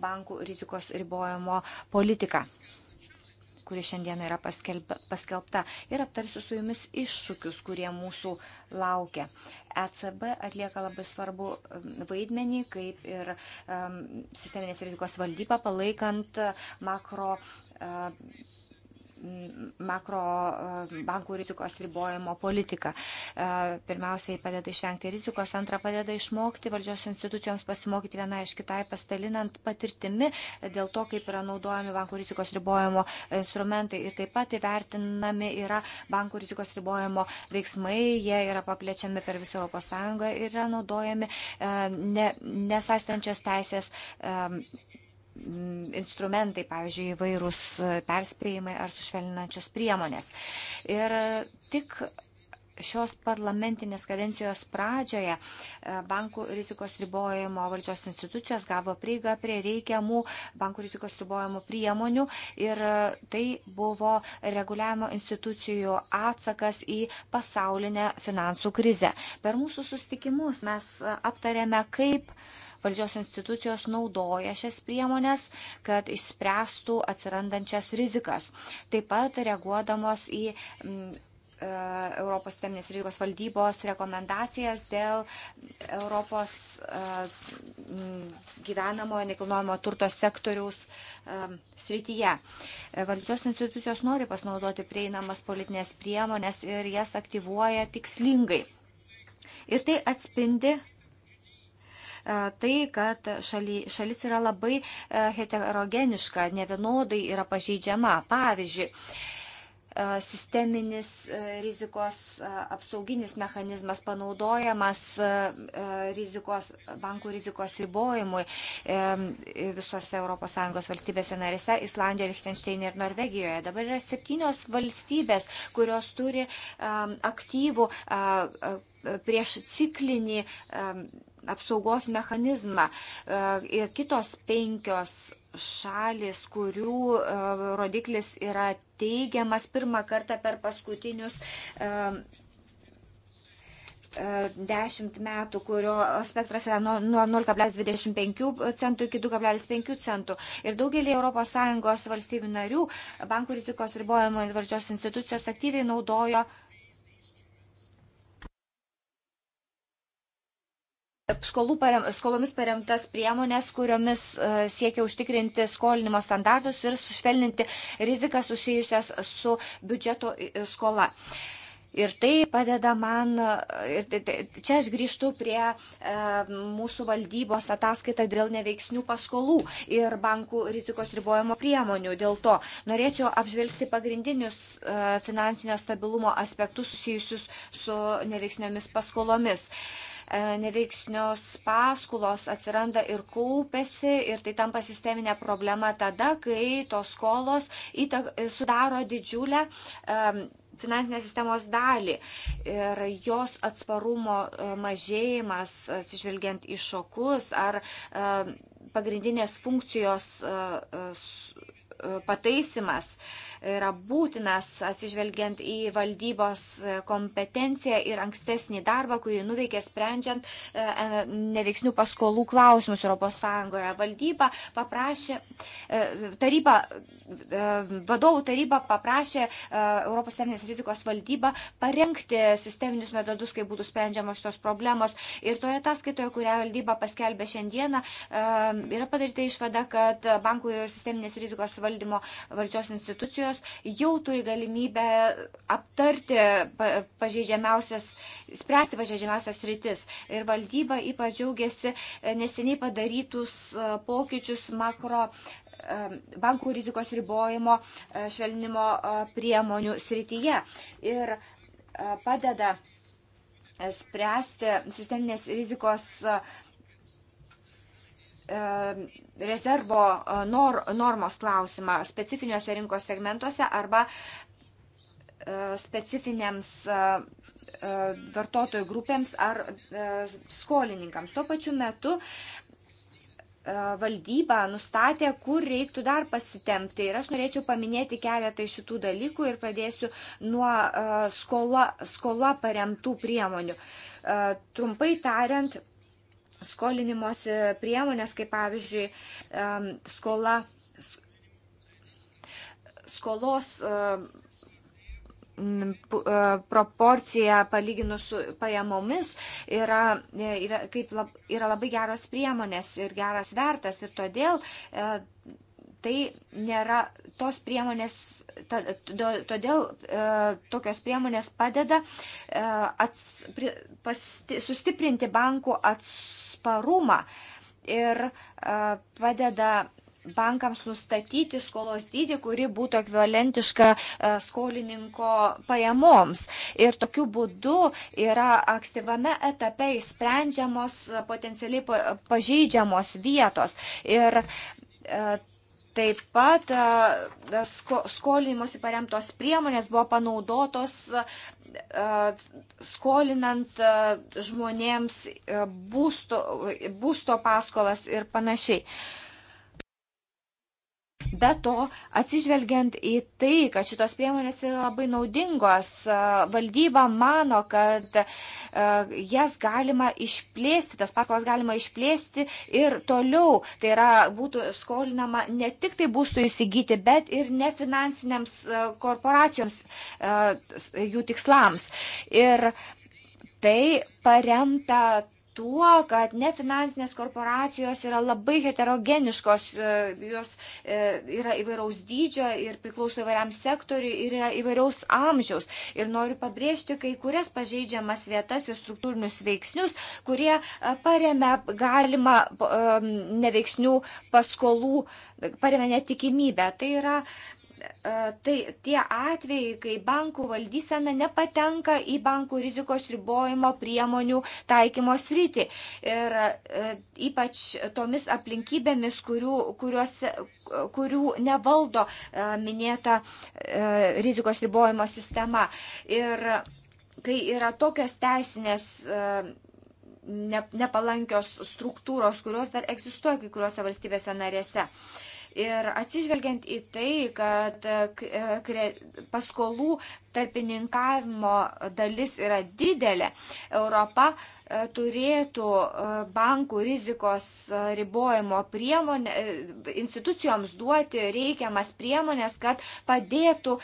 bankų rizikos ribojimo politiką kuri šiandien yra paskelbta ir aptarsiu su jumis iššūkius, kurie mūsų laukia. ECB atlieka labai svarbu um, vaidmenį, kaip ir um, sisteminės rizikos valdyba, palaikant uh, makro uh, makro e, bankų rizikos ribojimo politiką. E, pirmiausiai padeda išvengti rizikos, antra padeda išmokti valdžios institucijoms pasimokyti viena iš kitai, pastalinant patirtimi dėl to, kaip yra naudojami bankų rizikos ribojimo instrumentai ir taip pat įvertinami yra bankų rizikos ribojimo veiksmai, jie yra paplečiami per visą ES ir yra naudojami e, nesaistančios teisės Mm, instrumentai, pavyzdžiui, įvairūs perspėjimai ar sušvelninančios priemonės. Ir e, tik šios parlamentinės kadencijos pradžioje e, bankų rizikos ribojimo valdžios institucijos gavo prieigą prie reikiamų bankų rizikos ribojimo priemonių ir e, tai buvo reguliavimo institucijų atsakas į pasaulinę finansų krizę. Per mūsų sustikimus mes aptarėme, kaip uh, valdžios institucijos naudoja šias priemonės, kad išspręstų atsirandančias rizikas. Taip pat reaguodamos į. Mm, e, Europos sisteminės rizikos valdybos rekomendacijas dėl Europos e, mm, gyvenamojo nekilnojamo turto sektoriaus e, srityje. Valdžios institucijos nori pasinaudoti prieinamas politinės priemonės ir jas aktyvuoja tikslingai. Ir tai atspindi E, tai, kad šaly, šalis yra labai e, heterogeniška, nevienodai yra pažeidžiama. Pavyzdžiui, e, sisteminis rizikos apsauginis mechanizmas panaudojamas rizikos, bankų rizikos ribojimui visose ES valstybėse narėse, Islandijoje, Liechtensteinė ir Norvegijoje. Dabar yra septynios valstybės, kurios turi aktyvų prieš ciklinį apsaugos mechanizmą. Ir kitos penkios šalis, kurių rodiklis yra teigiamas pirmą kartą per paskutinius dešimt metų, kurio spektras yra nuo, nuo 0,25 centų iki 2,5 centų. Ir daugelį ES valstybių narių bankų rizikos ribojimo valdžios institucijos aktyviai naudojo uh, parem, skolomis paremtas priemonės, kuriomis e, siekia užtikrinti skolinimo standartus ir sušvelninti riziką susijusias su biudžeto skola. Ir tai padeda man, e, čia aš grįžtu prie e, mūsų valdybos ataskaitą dėl neveiksnių paskolų ir bankų rizikos ribojimo priemonių. Dėl to norėčiau apžvelgti pagrindinius e, finansinio stabilumo aspektus susijusius su neveiksniomis paskolomis. E, E, neveiksnios paskolos atsiranda ir kaupėsi ir tai tampa sisteminė problema tada, kai tos skolos sudaro didžiulę e, finansinės sistemos dalį ir jos atsparumo e, mažėjimas, atsižvelgiant į šokus ar pagrindinės funkcijos pataisimas yra būtinas atsižvelgiant į valdybos e, kompetenciją ir ankstesnį darbą, kurį nuveikė sprendžiant e, e, neveiksnių paskolų klausimus ES. Valdyba paprašė, taryba, vadovų taryba paprašė ES rizikos valdybą parengti sisteminius metodus, kaip būtų sprendžiamos šitos problemos. Ir toje ataskaitoje, kurią valdyba paskelbė šiandieną, yra padaryta išvada, kad bankų sisteminės rizikos valdymo valdžios institucijos institucijos jau turi galimybę aptarti pažeidžiamiausias, spręsti pažeidžiamiausias rytis. Ir valdyba ypač džiaugiasi e, neseniai padarytus e, pokyčius makro e, bankų rizikos ribojimo švelnimo priemonių srityje ir padeda spręsti sisteminės rizikos uh, E, rezervo e, nor, normos klausimą specifiniuose rinkos segmentuose arba e, specifinėms vartotojų grupėms ar skolininkams. Tuo pačiu metu valdyba nustatė, kur reiktų dar pasitemti. Ir aš norėčiau paminėti keletą iš šitų dalykų ir pradėsiu nuo skola, skola paremtų priemonių. Trumpai tariant, skolinimuose priemonės, kaip pavyzdžiui skola, skolos e, proporcija palyginus su pajamomis yra, e, yra, kaip, lab, yra labai geros priemonės ir geras vertas ir todėl e, tai nėra tos priemonės, ta, todėl e, tokios priemonės padeda e, ats, pri, pasti, sustiprinti bankų atstovą atsparumą ir e, padeda bankams nustatyti skolos dydį, kuri būtų ekvivalentiška e, skolininko pajamoms. Ir tokiu būdu yra ankstyvame etape įsprendžiamos e, potencialiai pažeidžiamos vietos. Ir Taip pat e, e, skolimosi paremtos priemonės buvo panaudotos e, skolinant žmonėms būsto, būsto paskolas ir panašiai. Be to, atsižvelgiant į tai, kad šitos priemonės yra labai naudingos, valdyba mano, kad jas galima išplėsti, tas paskolas galima išplėsti ir toliau. Tai yra, būtų skolinama ne tik tai būstų įsigyti, bet ir nefinansiniams korporacijoms jų tikslams. Ir tai paremta tuo, kad nefinansinės korporacijos yra labai heterogeniškos, e, jos e, yra įvairaus dydžio ir priklauso įvairiam sektoriui ir yra įvairiaus amžiaus. Ir noriu pabrėžti kai kurias pažeidžiamas vietas ir struktūrinius veiksnius, kurie e, paremia galima neveiksnių paskolų, paremia netikimybę. Tai yra E, tai tie atvejai, kai bankų valdysena nepatenka į bankų rizikos ribojimo priemonių taikymo sritį. Ir e, ypač tomis aplinkybėmis, kurių, kuriuos, kurių nevaldo e, minėta rizikos ribojimo sistema. Ir kai yra tokios teisinės nepalankios struktūros, kurios dar egzistuoja kai kuriuose valstybėse narėse. Uh, Ir atsižvelgiant į tai, kad e, paskolų tarpininkavimo dalis yra didelė. Europa e, turėtų e, bankų rizikos e, ribojimo priemonė, institucijoms duoti reikiamas priemonės, kad padėtų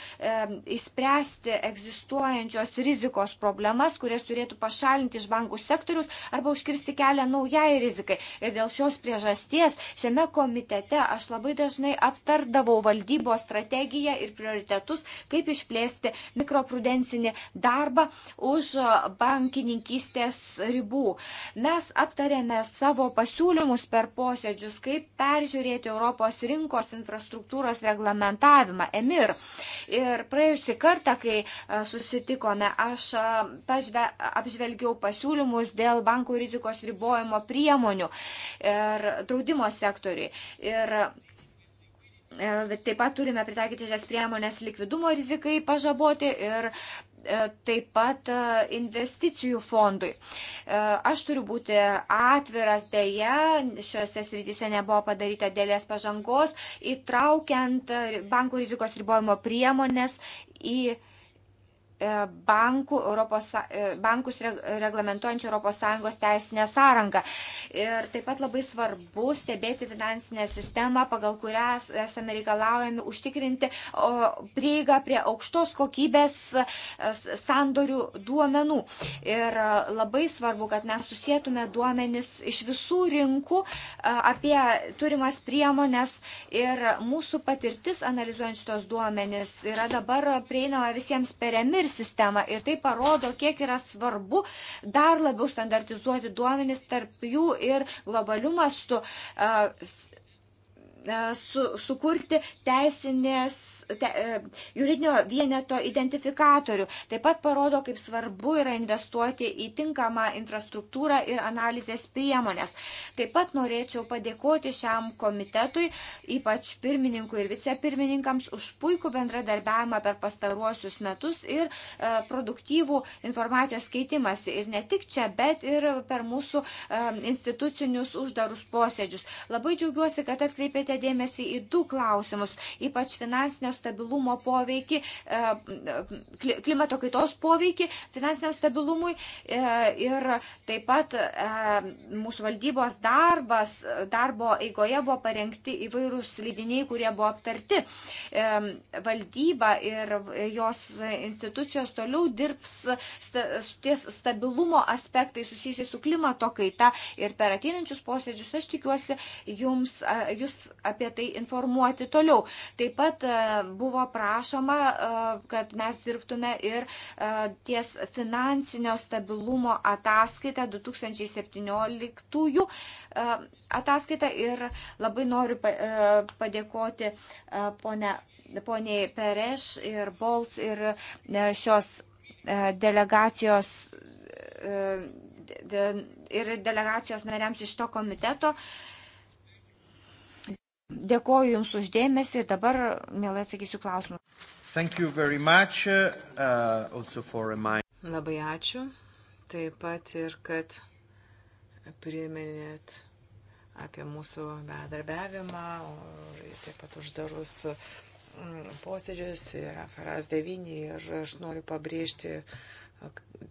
įspręsti egzistuojančios rizikos problemas, kurias turėtų pašalinti iš bankų sektorius arba užkirsti kelią naujai rizikai. Ir dėl šios priežasties šiame komitete aš labai dažnai aptardavau valdybos strategiją ir prioritetus, kaip išplėsti mikroprudencinį darbą už bankininkystės ribų. Mes aptarėme savo pasiūlymus per posėdžius, kaip peržiūrėti Europos rinkos infrastruktūros reglamentavimą, EMIR. Ir praėjusį kartą, kai e, susitikome, aš e, pažve, apžvelgiau pasiūlymus dėl bankų rizikos ribojimo priemonių ir draudimo sektoriui. Ir E, taip pat turime pritaikyti šias priemonės likvidumo rizikai pažaboti ir e, taip pat e, investicijų fondui. Aš turiu būti atviras dėja, šiuose srityse nebuvo padaryta dėlės pažangos, įtraukiant bankų rizikos ribojimo priemonės į E, bankų Europos, e, bankus reglamentuojančių ES teisinę sąrangą. Ir taip pat labai svarbu stebėti finansinę sistemą, pagal kurią esame reikalaujami užtikrinti prieigą prie aukštos kokybės e, sandorių duomenų. Ir labai svarbu, kad mes susėtume duomenis iš visų rinkų apie turimas priemonės ir mūsų patirtis analizuojant šitos duomenis yra dabar prieinama visiems per emirį sistemą ir tai parodo, kiek yra svarbu dar labiau standartizuoti duomenis tarp jų ir globalių mastų E, su, sukurti teisinės, te, e, juridinio vieneto identifikatorių. Taip pat parodo, kaip svarbu yra investuoti į tinkamą infrastruktūrą ir analizės priemonės. Taip pat norėčiau padėkoti šiam komitetui, ypač pirmininkui ir vicepirmininkams, už puikų bendradarbiavimą per pastaruosius metus ir e, produktyvų informacijos keitimąsi. Ir ne tik čia, bet ir per mūsų e, institucinius uždarus posėdžius. Labai džiaugiuosi, kad atkreipėte atkreipkite dėmesį į du klausimus, ypač finansinio stabilumo poveikį, e, klimato kaitos poveikį finansiniam stabilumui e, ir taip pat e, mūsų valdybos darbas, darbo eigoje buvo parengti įvairūs lydiniai, kurie buvo aptarti. Valdyba ir jos institucijos toliau dirbs ties stabilumo aspektai susijusiai su klimato kaita ir per ateinančius posėdžius aš tikiuosi jums, jūs apie tai informuoti toliau. Taip pat e, buvo prašoma, e, kad mes dirbtume ir e, ties finansinio stabilumo ataskaita 2017 ataskaita ir labai noriu padėkoti ponę poniai Pereš ir Bols ir šios delegacijos ir delegacijos nariams iš to komiteto. Uh, Dėkoju Jums uždėmesi ir dabar mielai atsakysiu klausimus. Uh, Labai ačiū. Taip pat ir, kad priminėt apie mūsų bedarbiavimą ir taip pat uždarus mm, posėdžius yra Faras 9 ir aš noriu pabrėžti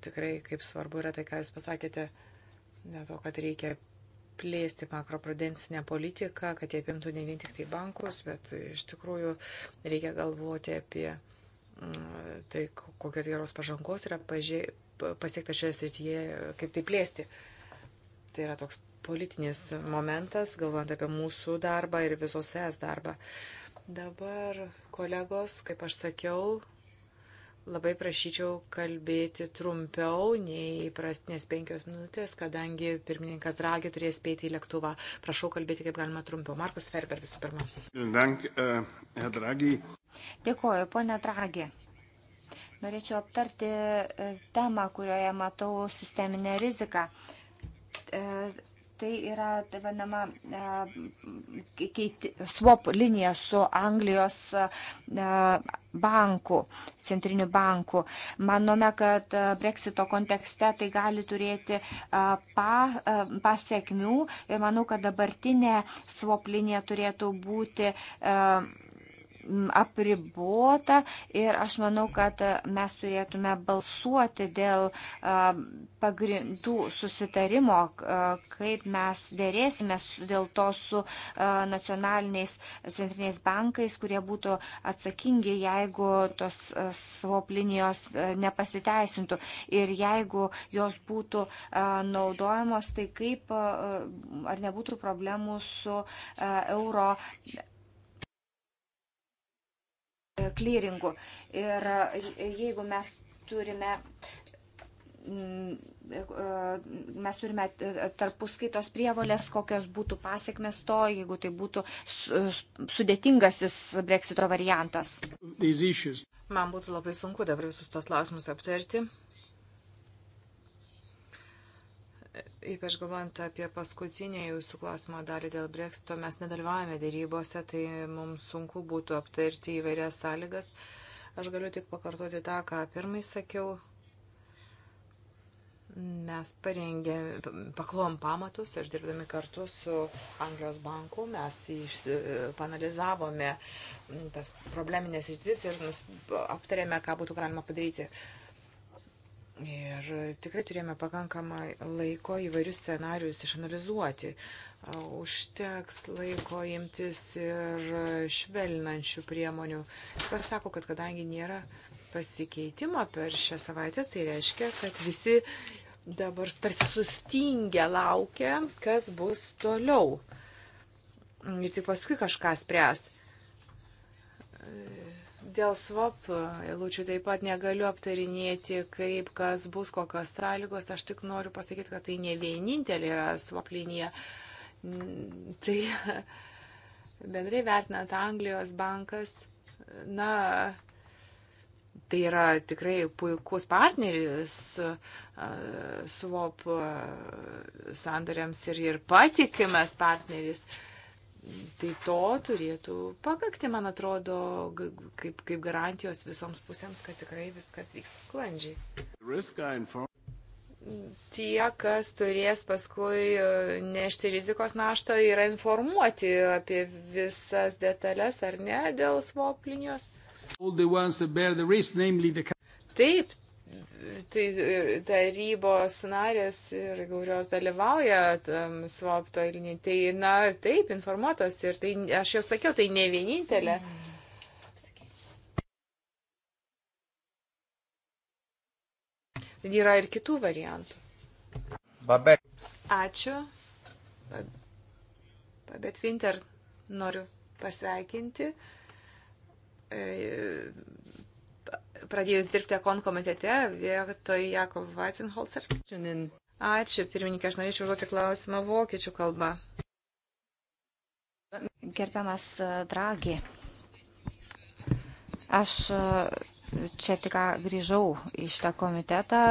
tikrai, kaip svarbu yra tai, ką Jūs pasakėte, ne to, kad reikia plėsti makroprudencinę politiką, kad jie apimtų ne vien tik tai bankus, bet iš tikrųjų reikia galvoti apie mm, tai, kokios geros pažangos yra pasiekta šioje srityje, kaip tai plėsti. Tai yra toks politinis momentas, galvojant apie mūsų darbą ir visos es darbą. Dabar, kolegos, kaip aš sakiau, Labai prašyčiau kalbėti trumpiau nei įprastinės penkios minutės, kadangi pirmininkas Dragi turės spėti į lėktuvą. Prašau kalbėti kaip galima trumpiau. Markus Ferber visų pirma. Dank, uh, e, Dragi. Dėkuoju, ponė Dragi. Norėčiau aptarti e, temą, kurioje matau sisteminę riziką. E, tai yra tai vadinama e, keiti, swap linija su Anglijos e, banku, centriniu banku. Manome, kad e, Brexito kontekste tai gali turėti pa, pasiekmių ir manau, kad dabartinė swap linija turėtų būti apribuota ir aš manau, kad e, mes turėtume balsuoti dėl e, pagrindų susitarimo, e, kaip mes dėrėsime dėl to su nacionaliniais centriniais bankais, kurie būtų atsakingi, jeigu tos svop linijos nepasiteisintų ir jeigu jos būtų naudojamos, tai kaip ar nebūtų problemų su euro E, klyringu. Ir e, jeigu mes turime mm, e, mes turime tarpuskaitos prievolės, kokios būtų pasiekmes to, jeigu tai būtų sudėtingasis breksito variantas. Man būtų labai sunku dabar visus tos klausimus aptarti, Ypač galvojant apie paskutinę jūsų klausimo dalį dėl breksito, mes nedalyvavome dėrybose, tai mums sunku būtų aptarti įvairias sąlygas. Aš galiu tik pakartoti tą, ką pirmai sakiau. Mes parengė, paklom pamatus ir dirbdami kartu su Anglijos banku mes iš, panalizavome tas probleminės rytis ir nus, aptarėme, ką būtų galima padaryti. Uh, Ir tikrai turėjome pakankamą laiko įvairius scenarius išanalizuoti. Užteks laiko imtis ir švelnančių priemonių. Kas sako, kad kadangi nėra pasikeitimo per šią savaitę, tai reiškia, kad visi dabar tarsi sustingę laukia, kas bus toliau. Ir tik paskui kažką spręs Dėl svap e, eilučių taip pat negaliu aptarinėti, kaip kas bus, kokios sąlygos. Aš tik noriu pasakyti, kad tai ne vienintelė yra svap linija. Tai (laughs) bendrai vertinant Anglijos bankas, na, tai yra tikrai puikus partneris e, swap e, sandoriams ir, ir patikimas partneris. Uh, tai to turėtų pakakti, man atrodo, kaip, kaip garantijos visoms pusėms, kad tikrai viskas vyks sklandžiai. Tie, kas turės paskui e, nešti rizikos naštą, yra informuoti apie visas detalės ar ne dėl svop linijos. Risk, namely... Taip, tai tarybos narės ir kurios dalyvauja tam swap toilinį, tai na taip, informuotos ir tai, aš jau sakiau, tai ne vienintelė. Yra ir kitų variantų. Babe. Ačiū. Babet Winter noriu pasveikinti e, pradėjus dirbti Ekon komitete vietoj Jakob Weizenholzer. Ačiū, pirmininkė, aš norėčiau užduoti klausimą vokiečių kalba. Gerbiamas e, Dragi, aš e, čia tik grįžau iš tą komitetą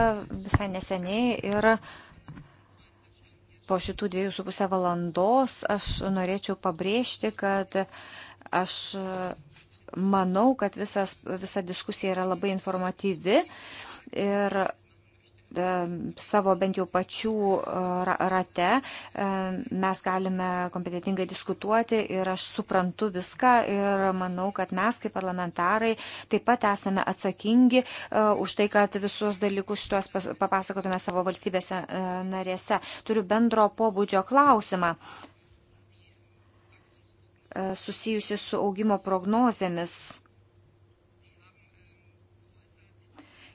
visai neseniai ir po šitų dviejų su pusę valandos aš norėčiau pabrėžti, kad aš manau, kad visas, visa diskusija yra labai informatyvi ir e, savo bent jau pačių e, rate e, mes galime kompetitingai diskutuoti ir aš suprantu viską ir manau, kad mes kaip parlamentarai taip pat esame atsakingi už tai, kad visus dalykus šitos papasakotume savo valstybėse narėse. Turiu bendro pobūdžio klausimą. E, susijusi su augimo prognozėmis.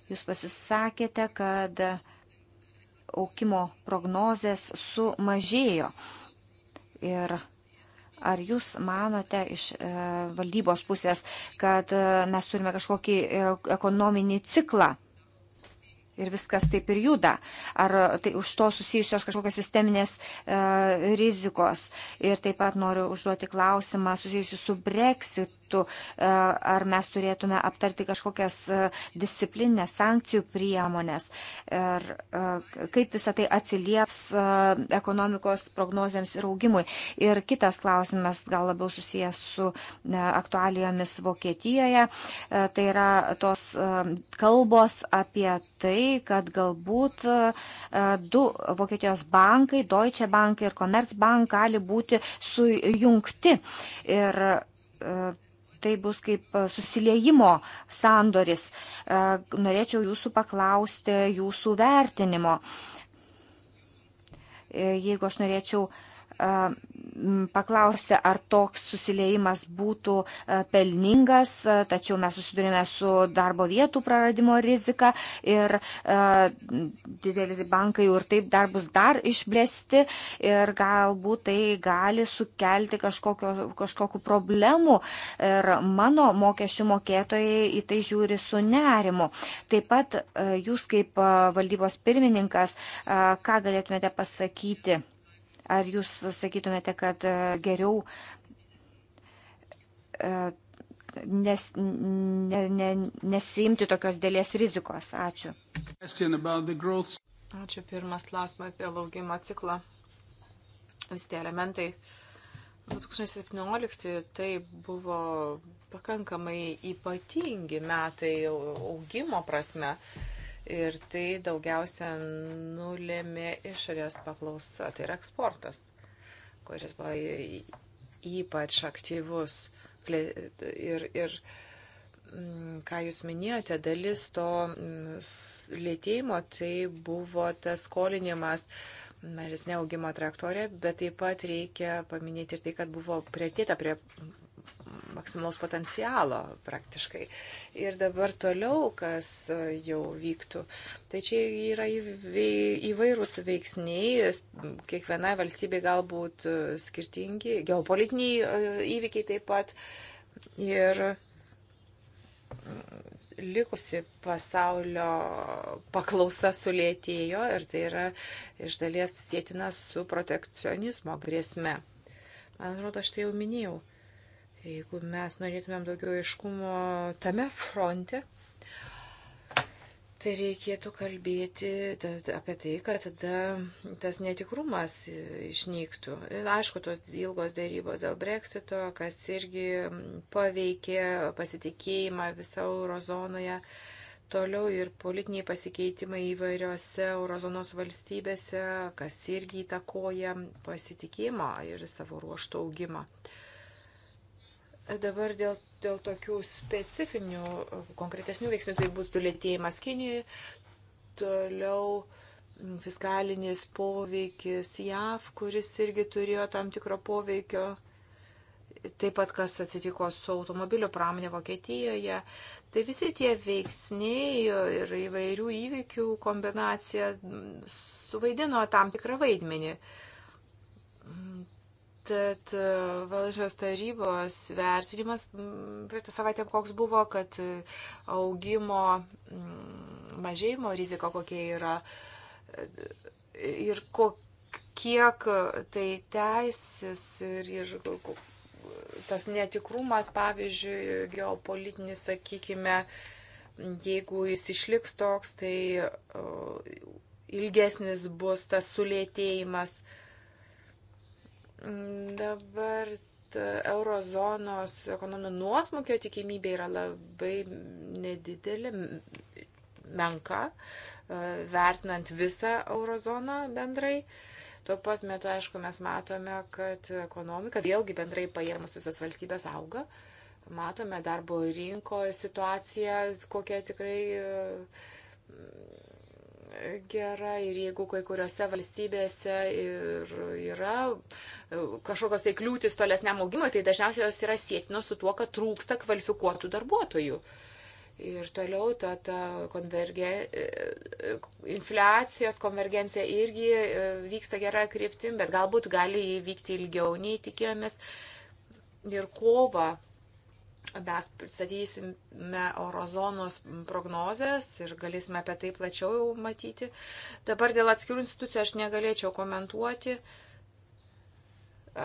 Jūs pasisakėte, kad augimo prognozės sumažėjo. Ir ar jūs manote iš e, valdybos pusės, kad e, mes turime kažkokį ekonominį ciklą? ir viskas taip ir juda. Ar tai už to susijusios kažkokios sisteminės e, rizikos. Ir taip pat noriu užduoti klausimą susijusiu su breksitu. E, ar mes turėtume aptarti kažkokias e, disciplinės sankcijų priemonės. Ir e, kaip visą tai atsilieps e, ekonomikos prognozėms ir augimui. Ir kitas klausimas gal labiau susijęs su e, aktualijomis Vokietijoje. E, tai yra tos e, kalbos apie tai, tai, kad galbūt e, du Vokietijos bankai, Deutsche Bank ir Commerzbank gali būti sujungti. Ir e, tai bus kaip susiliejimo sandoris. E, norėčiau jūsų paklausti jūsų vertinimo. Jeigu aš norėčiau uh, paklausti, ar toks susiliejimas būtų pelningas, tačiau mes susidurime su darbo vietų praradimo rizika ir dideli bankai jau ir taip dar bus dar išblėsti ir galbūt tai gali sukelti kažkokio, kažkokiu problemu ir mano mokesčių mokėtojai į tai žiūri su nerimu. Taip pat jūs kaip valdybos pirmininkas, ką galėtumėte pasakyti? Ar jūs sakytumėte, kad e, geriau e, nes, ne, ne, nesiimti tokios dėlės rizikos? Ačiū. Ačiū pirmas klausimas dėl augimo ciklo. Visi tie elementai. 2017 tai buvo pakankamai ypatingi metai augimo prasme. Uh, ir tai daugiausia nulėmė išorės paklausa, tai yra eksportas, kuris buvo ypač aktyvus. Ir, ir mm, ką jūs minėjote, dalis to mm, lėtėjimo tai buvo tas skolinimas mažesnė augimo trajektorija, bet taip pat reikia paminėti ir tai, kad buvo prieartėta prie maksimalaus potencialo praktiškai. Ir dabar toliau, kas e, jau vyktų. Tai čia yra įvairūs veiksniai, kiekviena valstybė galbūt e, skirtingi, geopolitiniai e, įvykiai taip pat. Ir mm, likusi pasaulio paklausa sulėtėjo ir tai yra iš dalies sėtina su protekcionizmo grėsme. Man atrodo, aš tai jau minėjau. Jeigu mes norėtumėm daugiau aiškumo tame fronte, tai reikėtų kalbėti apie tai, kad tada tas netikrumas išnyktų. Ir aišku, tos ilgos dėrybos dėl breksito, kas irgi paveikė pasitikėjimą visą eurozonoje. Toliau ir politiniai pasikeitimai įvairiose eurozonos valstybėse, kas irgi įtakoja pasitikėjimą ir savo ruoštų augimą. Uh, Dabar dėl, dėl tokių specifinių, konkretesnių veiksnių, tai būtų lėtėjimas Kinijoje, toliau fiskalinis poveikis JAV, kuris irgi turėjo tam tikro poveikio. Taip pat, kas atsitiko su automobilių pramonė Vokietijoje. Tai visi tie veiksniai ir įvairių įvykių kombinacija suvaidino tam tikrą vaidmenį Tad e, valdžios tarybos vertinimas praeitą savaitę koks buvo, kad e, augimo mažėjimo rizika kokia yra e, ir kok, kiek tai teisės ir, ir tas netikrumas, pavyzdžiui, geopolitinis, sakykime, jeigu jis išliks toks, tai ilgesnis bus tas sulėtėjimas Dabar eurozonos ekonominio nuosmukio tikimybė yra labai nedidelė, menka, e, vertinant visą eurozoną bendrai. Tuo pat metu, aišku, mes matome, kad ekonomika, vėlgi bendrai paėmus visas valstybės auga, matome darbo rinko situaciją, kokia tikrai e, gera ir jeigu kai kuriuose valstybėse ir yra e, kažkokios tai kliūtis tolesniam augimui, tai dažniausiai jos yra sėtinos su tuo, kad trūksta kvalifikuotų darbuotojų. Ir toliau ta, ta konverge, e, e, infliacijos konvergencija irgi vyksta gerą kryptim, bet galbūt gali įvykti ilgiau nei tikėjomės. Ir kova mes pristatysime eurozonos prognozes ir galėsime apie tai plačiau jau matyti. Dabar dėl atskirų institucijų aš negalėčiau komentuoti.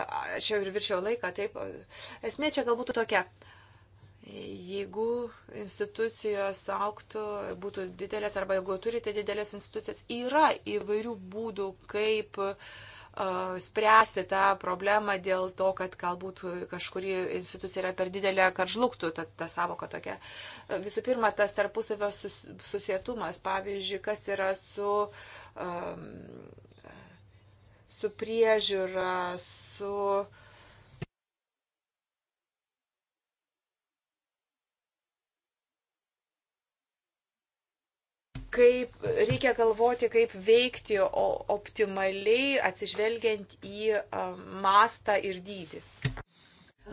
Aš jau ir viršiau laiką, taip. Esmė čia galbūt tokia. Jeigu institucijos auktų, būtų didelės, arba jeigu turite didelės institucijas, yra įvairių būdų, kaip uh, spręsti tą problemą dėl to, kad galbūt kažkuri institucija yra per didelė, kad žlugtų ta, ta savoka tokia. Visų pirma, tas tarpusavio sus, susietumas, pavyzdžiui, kas yra su, um, su priežiūra, su uh, kaip reikia galvoti, kaip veikti optimaliai atsižvelgiant į mastą ir dydį.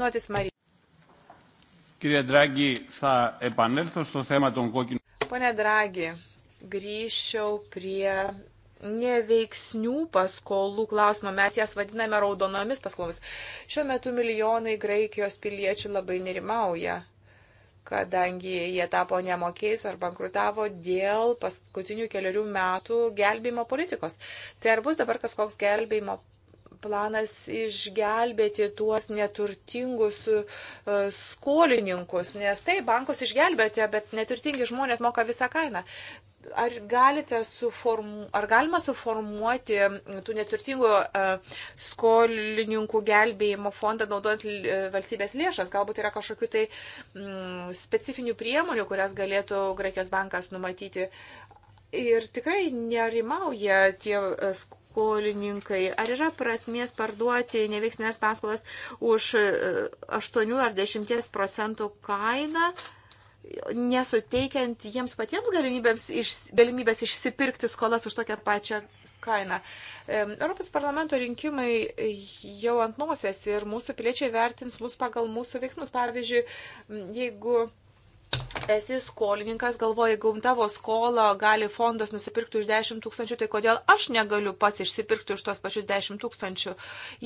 Notis Marija. Κύριε Ντράγκη, θα επανέλθω στο θέμα των κόκκινων. Pone Dragi, grįžčiau prie neveiksnių paskolų klausimą. Mes jas vadiname raudonomis paskolomis. Šiuo metu milijonai Graikijos piliečių labai nerimauja kadangi jie tapo nemokiais ar bankrutavo dėl paskutinių keliarių metų gelbėjimo politikos. Tai ar bus dabar kažkoks gelbėjimo planas išgelbėti tuos neturtingus e, skolininkus, nes tai bankus išgelbėjote, bet neturtingi žmonės moka visą kainą. Ar, suformu, ar galima suformuoti tų neturtingų e, skolininkų gelbėjimo fondą naudojant e, valstybės lėšas? Galbūt yra kažkokių tai mm, specifinių priemonių, kurias galėtų Graikijos bankas numatyti. Ir tikrai nerimauja tie e, skolininkai. Ar yra prasmės parduoti neveiksnės paskolas už 8 ar 10 procentų kainą? nesuteikiant jiems patiems galimybės, iš, galimybės išsipirkti skolas už tokią pačią kainą. Europos parlamento rinkimai jau ant nosies ir mūsų piliečiai vertins mus pagal mūsų veiksmus. Pavyzdžiui, jeigu esi skolininkas, galvoji, jeigu tavo skolą gali fondas nusipirkti už 10 tūkstančių, tai kodėl aš negaliu pats išsipirkti už tos pačius 10 tūkstančių?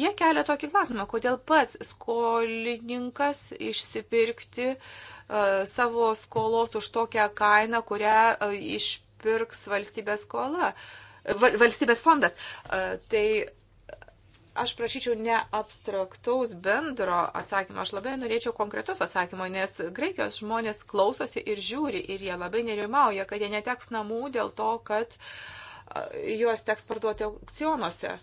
Jie kelia tokį klausimą, kodėl pats skolininkas išsipirkti uh, savo skolos už tokią kainą, kurią uh, išpirks valstybės skola. Uh, valstybės fondas. Tai aš prašyčiau ne abstraktaus bendro atsakymo, aš labai norėčiau konkretus atsakymo, nes Graikijos žmonės klausosi ir žiūri ir jie labai nerimauja, kad jie neteks namų dėl to, kad juos teks parduoti aukcionuose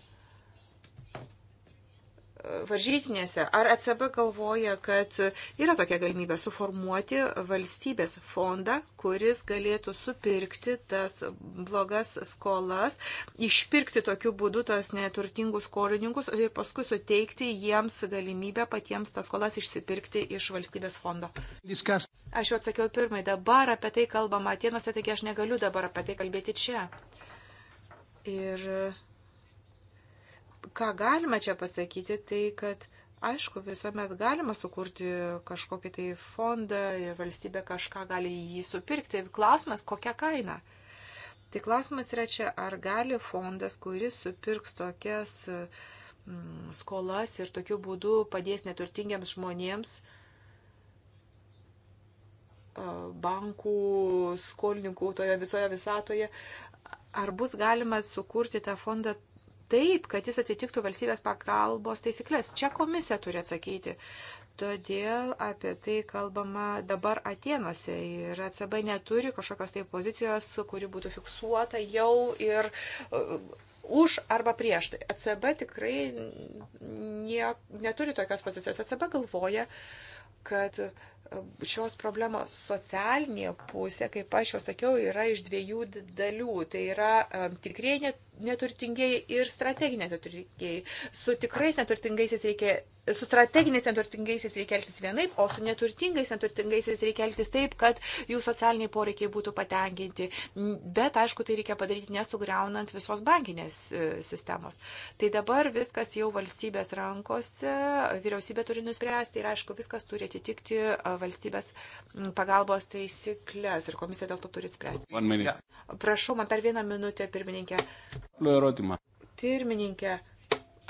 varžytinėse. Ar ECB galvoja, kad yra tokia galimybė suformuoti valstybės fondą, kuris galėtų supirkti tas blogas skolas, išpirkti tokiu būdu tas neturtingus skolininkus ir paskui suteikti jiems galimybę patiems tas skolas išsipirkti iš valstybės fondo. Discuss. Aš jau atsakiau pirmai, dabar apie tai kalbama Atenose, taigi aš negaliu dabar apie tai kalbėti čia. Ir Ką galima čia pasakyti, tai kad aišku, visuomet galima sukurti kažkokį tai fondą ir valstybė kažką gali jį supirkti. Klausimas, kokia kaina? Tai klausimas yra čia, ar gali fondas, kuris supirks tokias mm, skolas ir tokiu būdu padės neturtingiams žmonėms bankų, skolininkų toje visoje visatoje, ar bus galima sukurti tą fondą taip, kad jis atitiktų valstybės pagalbos taisyklės. Čia komisija turi atsakyti. Todėl apie tai kalbama dabar Atenose ir ECB neturi kažkokios tai pozicijos, kuri būtų fiksuota jau ir uh, už arba prieš. Tai ECB tikrai nie, neturi tokios pozicijos. ECB galvoja, kad uh, šios problemos socialinė pusė, kaip aš jau sakiau, yra iš dviejų dalių. Tai yra um, tikrieji net neturtingieji ir strateginiai neturtingieji. Su tikrais neturtingaisiais reikia, su strateginiais neturtingaisiais reikia elgtis vienaip, o su neturtingais neturtingaisiais reikia elgtis taip, kad jų socialiniai poreikiai būtų patenkinti. Bet, aišku, tai reikia padaryti nesugriaunant visos bankinės e, sistemos. Tai dabar viskas jau valstybės rankose, vyriausybė turi nuspręsti ir, aišku, viskas turi atitikti e, valstybės pagalbos taisyklės ir komisija dėl to turi spręsti. Prašau, man dar vieną minutę, pirmininkė. Erotima. Pirmininkė,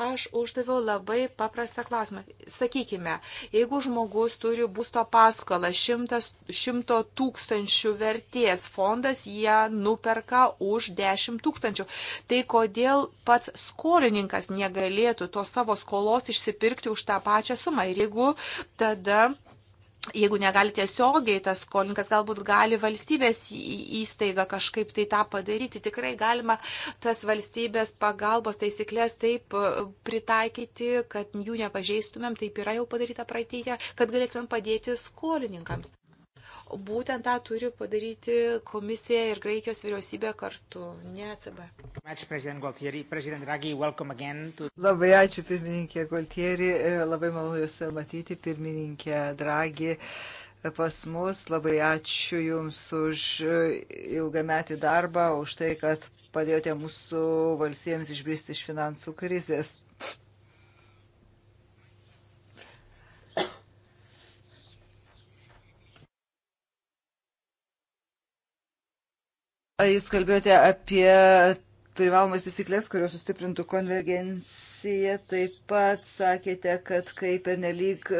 aš uždaviau labai paprastą klausimą. Sakykime, jeigu žmogus turi būsto paskolą šimtas, šimto tūkstančių vertės, fondas ją nuperka už dešimt tūkstančių, tai kodėl pats skolininkas negalėtų to savo skolos išsipirkti už tą pačią sumą? Ir jeigu tada jeigu negali tiesiogiai tas skolininkas, galbūt gali valstybės įstaiga kažkaip tai tą padaryti. Tikrai galima tas valstybės pagalbos taisyklės taip e, pritaikyti, kad jų nepažeistumėm, taip yra jau padaryta praeitėje, kad galėtumėm padėti skolininkams. Būtent tą turi padaryti komisija ir Graikijos vyriausybė kartu, ne ECB. Labai ačiū pirmininkė Gualtieri, e, labai malonu Jūs matyti, pirmininkė Dragi e, pas mus. Labai ačiū Jums už e, ilgametį darbą, už tai, kad padėjote mūsų valstybėms išbristi iš finansų krizės. Jūs kalbėjote apie privalomas taisyklės, kurios sustiprintų konvergenciją. Taip pat sakėte, kad kai pernelyg e,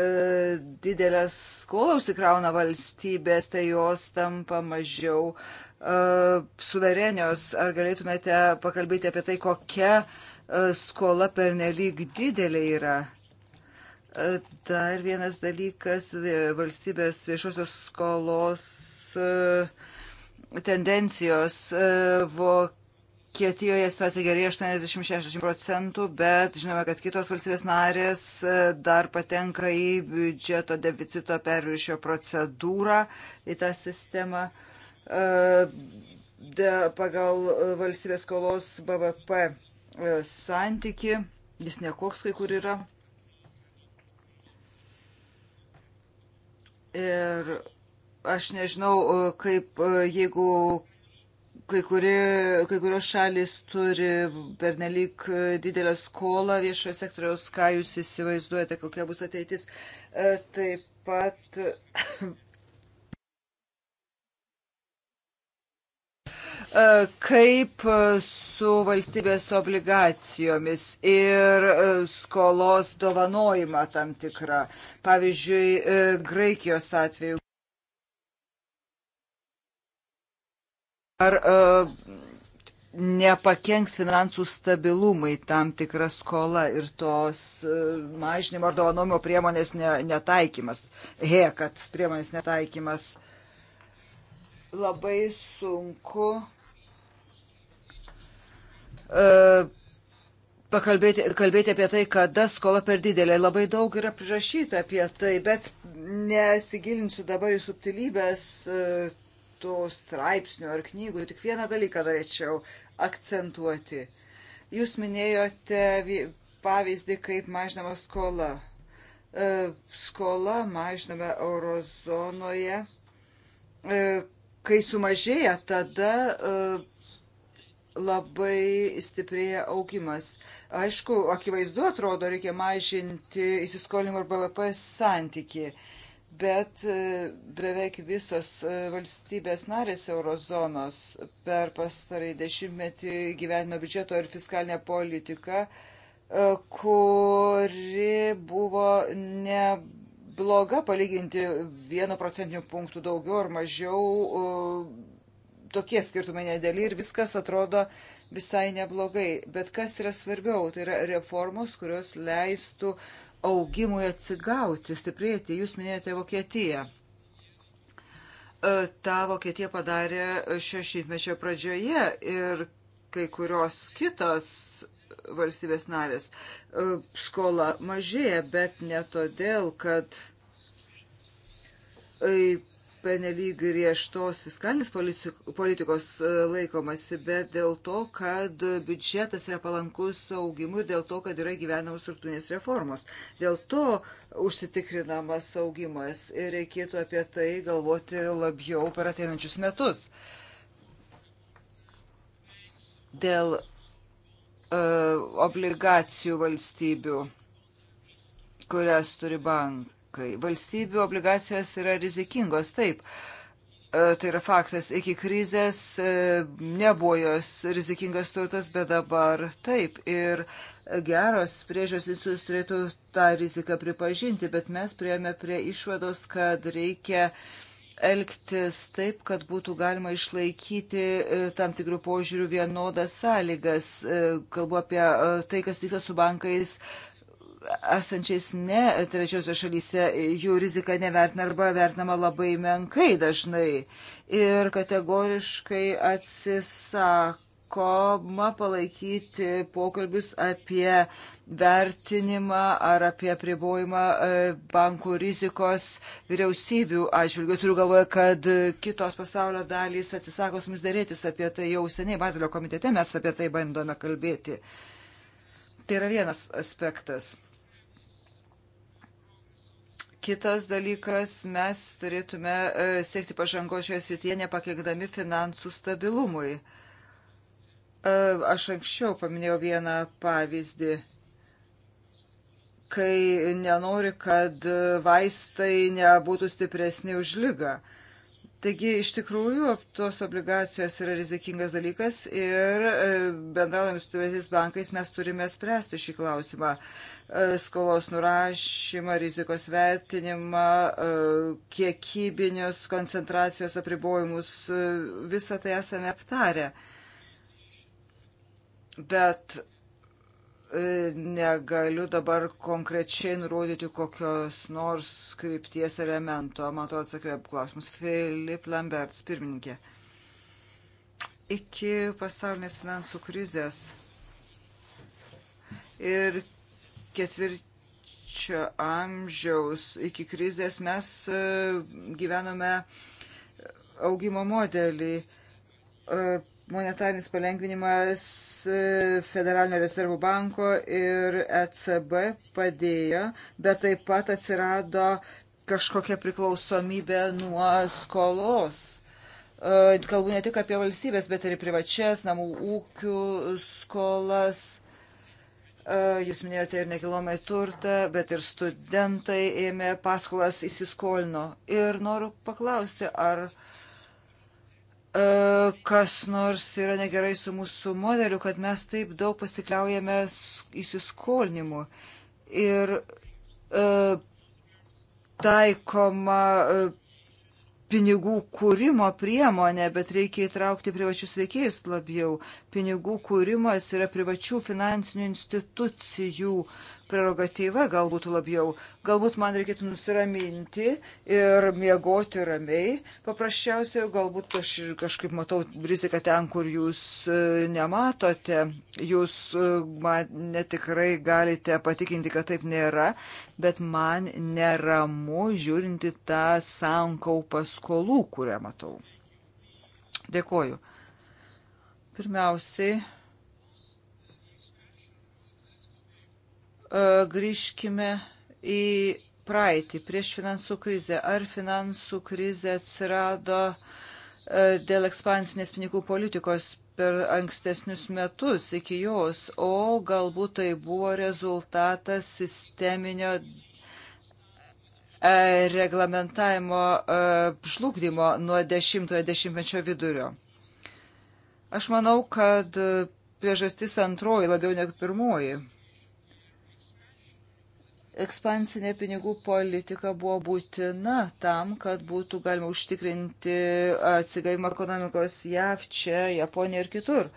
didelę skolą užsikrauna valstybės, tai jos tampa mažiau uh, suverenios. Ar galėtumėte pakalbėti apie tai, kokia uh, skola pernelyg didelė yra? Uh, dar vienas dalykas - valstybės viešosios skolos. Uh, tendencijos. E, Vokietijoje situacija gerėja 80-60 procentų, bet žinome, kad kitos valstybės narės e, dar patenka į biudžeto deficito perviršio procedūrą, į tą sistemą e, de, pagal valstybės skolos BVP santyki. Jis nekoks kai kur yra. Ir Aš nežinau, e, kaip e, jeigu kai, kuri, kai kurios šalis turi pernelyg e, didelę skolą viešojo sektoriaus, ką jūs įsivaizduojate, kokia bus ateitis. Taip pat. (coughs) Kaip su valstybės obligacijomis ir skolos dovanojimą tam tikrą. Pavyzdžiui, Graikijos atveju ar uh, nepakenks finansų stabilumai tam tikra skola ir tos uh, mažinimo ar dovanojimo priemonės ne, netaikymas, he, kad priemonės netaikymas labai sunku uh, pakalbėti kalbėti apie tai, kada skola per didelė. Labai daug yra prirašyta apie tai, bet nesigilinsiu dabar į subtilybės. Uh, metų straipsnių ar knygų. Tik vieną dalyką norėčiau akcentuoti. Jūs minėjote pavyzdį, kaip mažinama skola. E, skola mažinama eurozonoje. E, kai sumažėja, tada e, labai stiprėja augimas. Aišku, akivaizdu atrodo, reikia mažinti įsiskolinimo ir BVP santyki. Uh, bet e, beveik visos e, valstybės narės eurozonos per pastarąjį dešimtmetį gyvenimo biudžeto ir fiskalinę politiką, e, kuri buvo nebloga palyginti vieno procentinių punktų daugiau ar mažiau, tokie skirtumai nedėlį ir viskas atrodo visai neblogai. Bet kas yra svarbiau, tai yra reformos, kurios leistų uh, augimui atsigauti, stiprėti. Jūs minėjote Vokietiją. E, Ta Vokietija padarė šešimtmečio pradžioje ir kai kurios kitos valstybės narės. E, skola mažėja, bet ne todėl, kad e, penelyg griežtos fiskalinės politikos e, laikomasi, bet dėl to, kad biudžetas yra palankus augimui ir dėl to, kad yra gyvenamos struktūrinės reformos. Dėl to užsitikrinamas augimas ir reikėtų apie tai galvoti labiau per ateinančius metus. Dėl uh, obligacijų valstybių, kurias turi bankai bankai. Valstybių obligacijos yra rizikingos, taip. E, tai yra faktas, iki krizės e, nebuvo jos rizikingas turtas, bet dabar taip. Ir geros priežios institucijos turėtų tą riziką pripažinti, bet mes prieėmė prie išvados, kad reikia elgtis taip, kad būtų galima išlaikyti e, tam tikrų požiūrių vienodas sąlygas. Kalbu apie tai, kas vyksta su bankais esančiais ne trečiosios šalyse, jų rizika nevertina arba vertinama labai menkai dažnai ir kategoriškai atsisakoma palaikyti pokalbius apie vertinimą ar apie pribojimą e, bankų rizikos vyriausybių atžvilgių. Turiu galvoje, kad kitos pasaulio dalys atsisako su mumis darytis apie tai jau seniai Bazilio komitete mes apie tai bandome kalbėti. Tai yra vienas aspektas. Kitas dalykas, mes turėtume e, siekti pažangos šioje srityje, nepakeikdami finansų stabilumui. E, aš anksčiau paminėjau vieną pavyzdį, kai nenori, kad vaistai nebūtų stipresni už lygą. Taigi, iš tikrųjų, tos obligacijos yra rizikingas dalykas ir e, bendraudami su turėsiais bankais mes turime spręsti šį klausimą. E, skolos nurašymą, rizikos vertinimą, e, kiekybinius koncentracijos apribojimus, e, visą tai esame aptarę. Bet negaliu dabar konkrečiai nurodyti kokios nors krypties elemento. Man atrodo, atsakiau apklausimus. Filip Lamberts, pirmininkė. Iki pasaulinės finansų krizės ir ketvirčio amžiaus iki krizės mes e, gyvenome augimo modelį e, monetarinis palengvinimas e, Federalinio rezervų banko ir ECB padėjo, bet taip pat atsirado kažkokia priklausomybė nuo skolos. Kalbu ne tik apie valstybės, bet ir privačias namų ūkių skolas. E, jūs minėjote ir nekilomai turtą, bet ir studentai ėmė paskolas įsiskolino. Ir noriu paklausti, ar e, kas nors yra negerai su mūsų modeliu, kad mes taip daug pasikliaujame įsiskolinimu. Ir e, taikoma pinigų kūrimo priemonė, bet reikia įtraukti privačius veikėjus labiau. Pinigų kūrimas yra privačių finansinių institucijų prerogatyva galbūt labiau. Galbūt man reikėtų nusiraminti ir miegoti ramiai. Paprasčiausiai, galbūt aš kažkaip matau riziką ten, kur jūs e, nematote. Jūs e, mane tikrai galite patikinti, kad taip nėra, bet man neramu žiūrinti tą sankaupą skolų, kurią matau. Dėkoju. Pirmiausiai, E, grįžkime į praeitį, prieš finansų krizę. Ar finansų krizė atsirado e, dėl ekspansinės pinigų politikos per ankstesnius metus iki jos, o galbūt tai buvo rezultatas sisteminio e, reglamentavimo žlugdymo nuo 10-ojo dešimtmečio vidurio. Aš manau, kad priežastis antroji labiau negu pirmoji. Ekspansinė pinigų politika buvo būtina tam, kad būtų galima užtikrinti atsigavimą ekonomikos JAV, čia, Japonijoje ir kitur.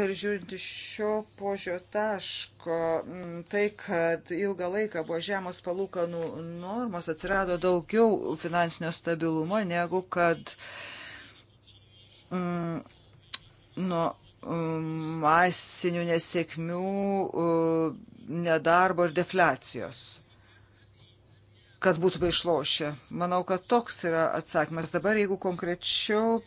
Ir žiūrint iš šio požio taško, mm, tai, kad ilgą laiką buvo žemos palūkanų normos, atsirado daugiau finansinio stabilumo negu kad mm, nuo mm, masinių nesėkmių. Mm, nedarbo ir defliacijos, kad būtume išlošę. Manau, kad toks yra atsakymas. Dabar, jeigu konkrečiau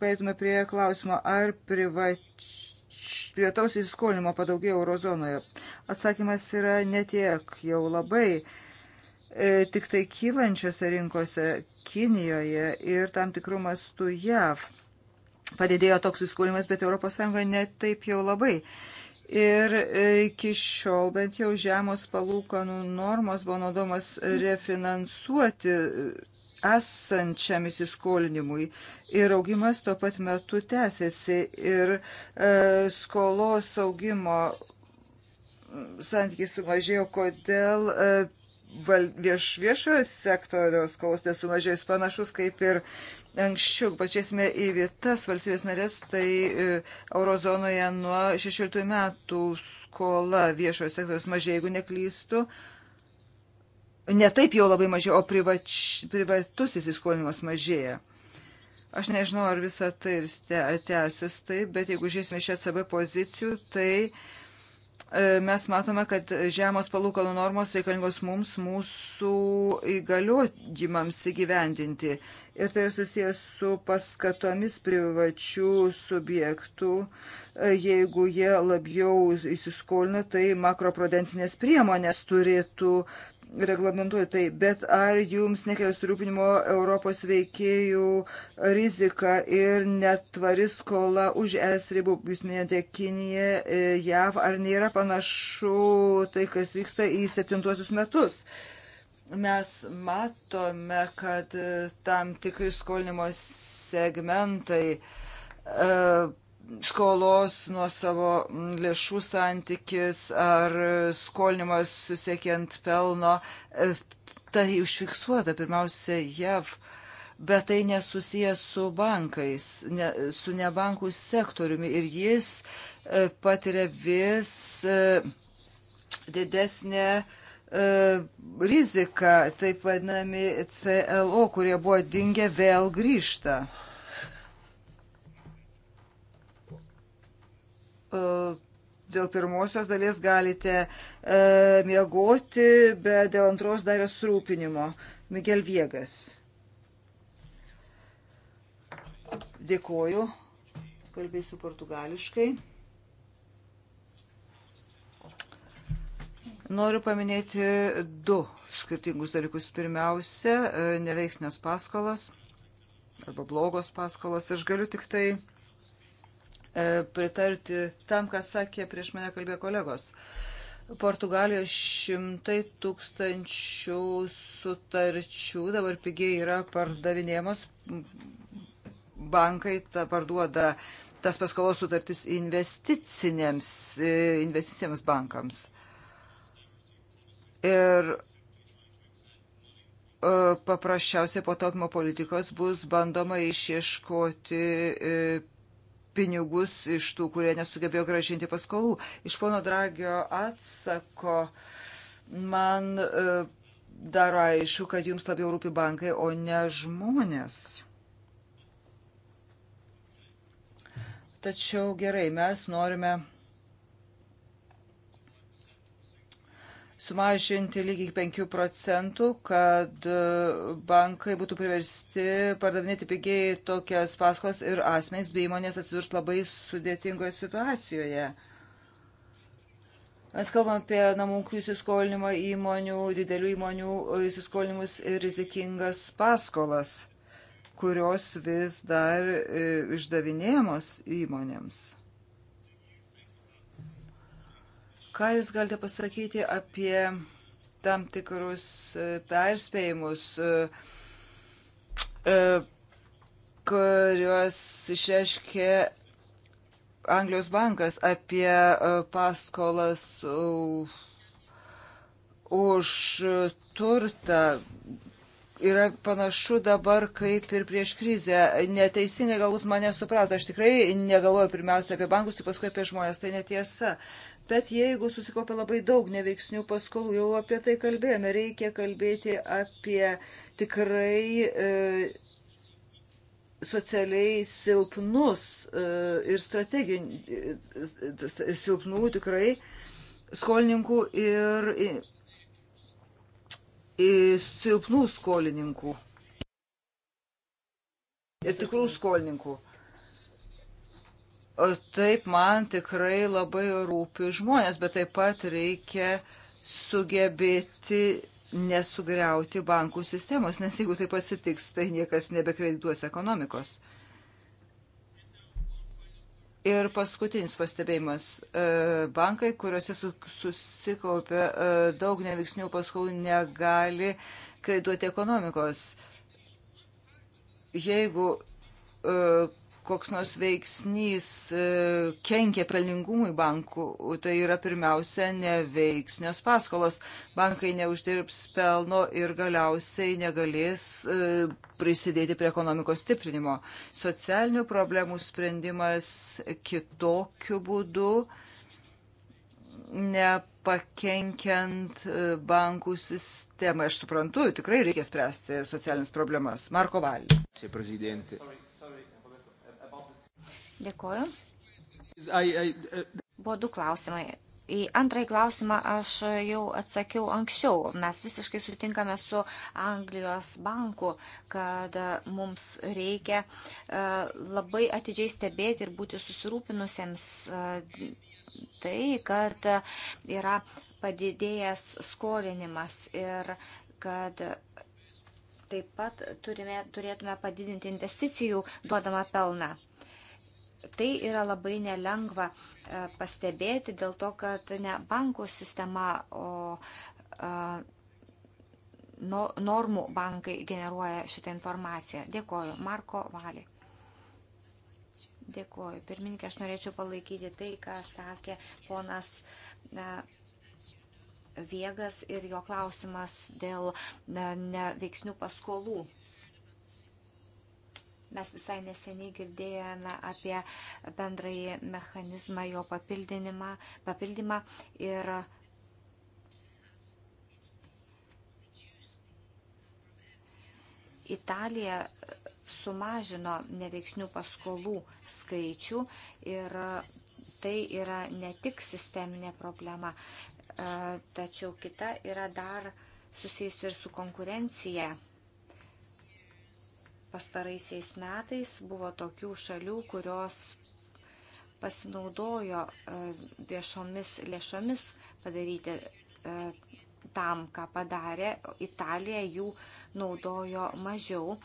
paėtume prie klausimo, ar privačiai lietaus įsiskolinimo padaugėjo eurozonoje? Atsakymas yra netiek jau labai. E, tik tai kylančiose rinkose Kinijoje ir tam tikrų mastų JAV padidėjo toks įskolimas, bet ES netaip jau labai. E, Ir e, iki šiol bent jau žemos palūkanų normos buvo naudomas refinansuoti e, esančiam įsiskolinimui. Ir augimas tuo pat metu tęsiasi. Ir e, skolos augimo santykiai sumažėjo, kodėl e, vieš, viešojo sektorio skolos nesumažėjo. Jis panašus kaip ir e, anksčiau, pažiūrėsime į vietas valstybės narės, tai e, eurozonoje nuo 16 metų skola viešojo sektoriaus mažėja, jeigu neklystų. Ne taip jau labai mažiau, o privač, privatus įsiskolinimas mažėja. Aš nežinau, ar visa tai ir tęsis taip, bet jeigu žiūrėsime šią e CB pozicijų, tai uh, E, mes matome, kad žemos palūkanų normos reikalingos mums mūsų įgaliojimams įgyvendinti. Ir tai susijęs su paskatomis privačių subjektų. E, jeigu jie labiau įsiskolina, tai makroprudencinės priemonės turėtų reglamentuoja tai, bet ar jums nekelia surūpinimo Europos veikėjų rizika ir netvari skola už es ribų, jūs minėjote Kiniją, e, JAV, ar nėra panašu tai, kas vyksta į septintuosius metus? Mes matome, kad tam tikri skolinimo segmentai uh, skolos nuo savo lėšų santykis ar skolinimas susiekiant pelno, e, tai užfiksuota pirmiausia JAV bet tai nesusijęs su bankais, ne, su nebankų sektoriumi ir jis e, patiria vis e, didesnę e, riziką, taip vadinami CLO, kurie buvo dingę, vėl grįžta. E, dėl pirmosios dalies galite e, miegoti, bet dėl antros dar yra surūpinimo. Miguel Viegas. Dėkoju. Kalbėsiu portugališkai. Noriu paminėti du skirtingus dalykus. Pirmiausia, e, neveiksnios paskolos arba blogos paskolos. Aš galiu tik tai E, pritarti tam, ką sakė prieš mane kalbėjo kolegos. Portugalijoje šimtai tūkstančių sutarčių dabar pigiai yra pardavinėjamos. Bankai ta parduoda tas paskolos sutartis investiciniams, e, investiciniams bankams. Ir e, paprasčiausiai po taupimo politikos bus bandoma išieškoti pinigus iš tų, kurie nesugebėjo gražinti paskolų. Iš pono Dragio atsako man e, daro aišku, kad jums labiau rūpi bankai, o ne žmonės. Tačiau gerai, mes norime sumažinti lygiai 5 procentų, kad e, bankai būtų priversti pardavinėti pigiai tokias paskolas ir asmenys bei įmonės atsidurs labai sudėtingoje situacijoje. Mes kalbam apie namų ūkių įsiskolinimą įmonių, didelių įmonių įsiskolinimus ir rizikingas paskolas kurios vis dar e, išdavinėjamos įmonėms. Ką Jūs galite pasakyti apie tam tikrus e, perspėjimus, e, e, kuriuos išreiškė Anglijos bankas apie paskolas už turtą yra panašu dabar kaip ir prieš krizę. Neteisingai galbūt mane suprato, aš tikrai negalvoju pirmiausia apie bankus, tik paskui apie žmonės, tai netiesa. Bet jeigu susikopia labai daug neveiksnių paskolų, jau apie tai kalbėjome, reikia kalbėti apie tikrai e, socialiai silpnus e, ir strateginių e, silpnų tikrai skolininkų ir silpnų skolininkų ir tikrų skolininkų. Taip, man tikrai labai rūpi žmonės, bet taip pat reikia sugebėti nesugriauti bankų sistemos, nes jeigu taip atsitiks, tai niekas nebekredituos ekonomikos. Ir paskutinis pastebėjimas. E, bankai, kuriuose susikaupia e, daug neveiksnių paskolų, negali kredituoti ekonomikos. Jeigu e, koks nors veiksnys e, kenkia prelingumui bankų, tai yra pirmiausia neveiksnios paskolos. Bankai neuždirbs pelno ir galiausiai negalės e, prisidėti prie ekonomikos stiprinimo. Socialinių problemų sprendimas kitokiu būdu nepakenkiant e, bankų sistemą. Aš suprantu, tikrai reikia spręsti socialinės problemas. Marko Valį. Prezidentė. Dėkuoju. Uh, Buvo du klausimai. Į antrąjį klausimą aš jau atsakiau anksčiau. Mes visiškai sutinkame su Anglijos banku, kad uh, mums reikia uh, labai atidžiai stebėti ir būti susirūpinusiems tai, kad yra padidėjęs skolinimas ir kad taip pat turime, turėtume padidinti investicijų duodamą pelną. Tai yra labai nelengva e, pastebėti dėl to, kad ne bankų sistema, o e, normų bankai generuoja šitą informaciją. Dėkoju. Marko Valį. Dėkoju. Pirmininkė, aš norėčiau palaikyti tai, ką sakė ponas e, Viegas ir jo klausimas dėl neveiksnių paskolų. Mes visai neseniai girdėjome apie bendrąjį mechanizmą, jo papildymą ir Italija sumažino neveiksnių paskolų skaičių ir tai yra ne tik sisteminė problema, e, tačiau kita yra dar susijusi ir su konkurencija pastaraisiais metais buvo tokių šalių, kurios pasinaudojo e, viešomis lėšomis padaryti e, tam, ką padarė. Italija jų naudojo mažiau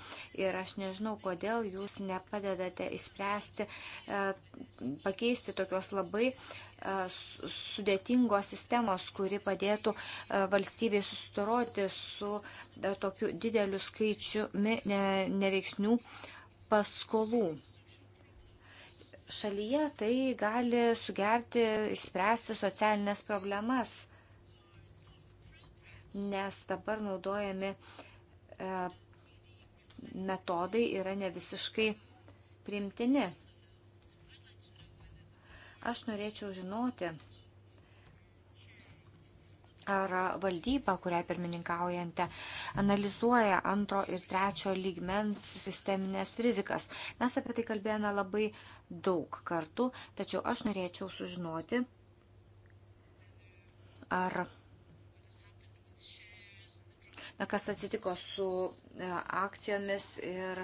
ir aš nežinau, kodėl jūs nepadedate įspręsti, e, pakeisti tokios labai e, sudėtingos sistemos, kuri padėtų e, valstybei susidoroti su tokiu dideliu skaičiumi neveiksnių paskolų. Šalyje tai gali sugerti, išspręsti socialinės problemas nes dabar naudojami e, metodai yra ne visiškai primtini. Aš norėčiau žinoti, ar valdyba, kurią pirmininkaujate, analizuoja antro ir trečio lygmens sisteminės rizikas. Mes apie tai kalbėjome labai daug kartų, tačiau aš norėčiau sužinoti, ar kas atsitiko su e, akcijomis ir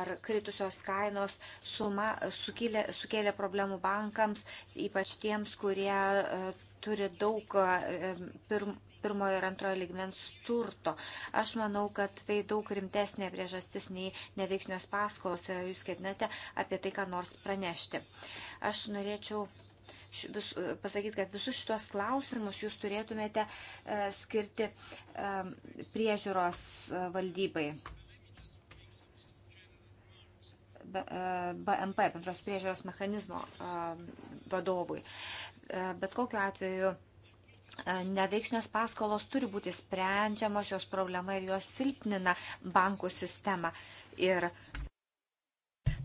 ar kritusios kainos suma sukėlė, sukėlė problemų bankams, ypač tiems, kurie e, turi daug e, pirm, pirmojo ir antrojo ligmens turto. Aš manau, kad tai daug rimtesnė priežastis nei neveiksnios paskolos ir jūs ketinate apie tai, ką nors pranešti. Aš norėčiau vis, e, pasakyti, kad visus šitos klausimus jūs turėtumėte e, skirti e, priežiūros valdybai. BMP, bendros priežiūros mechanizmo vadovui. Bet kokiu atveju neveiksnios paskolos turi būti sprendžiamos, jos problema ir jos silpnina bankų sistemą. Ir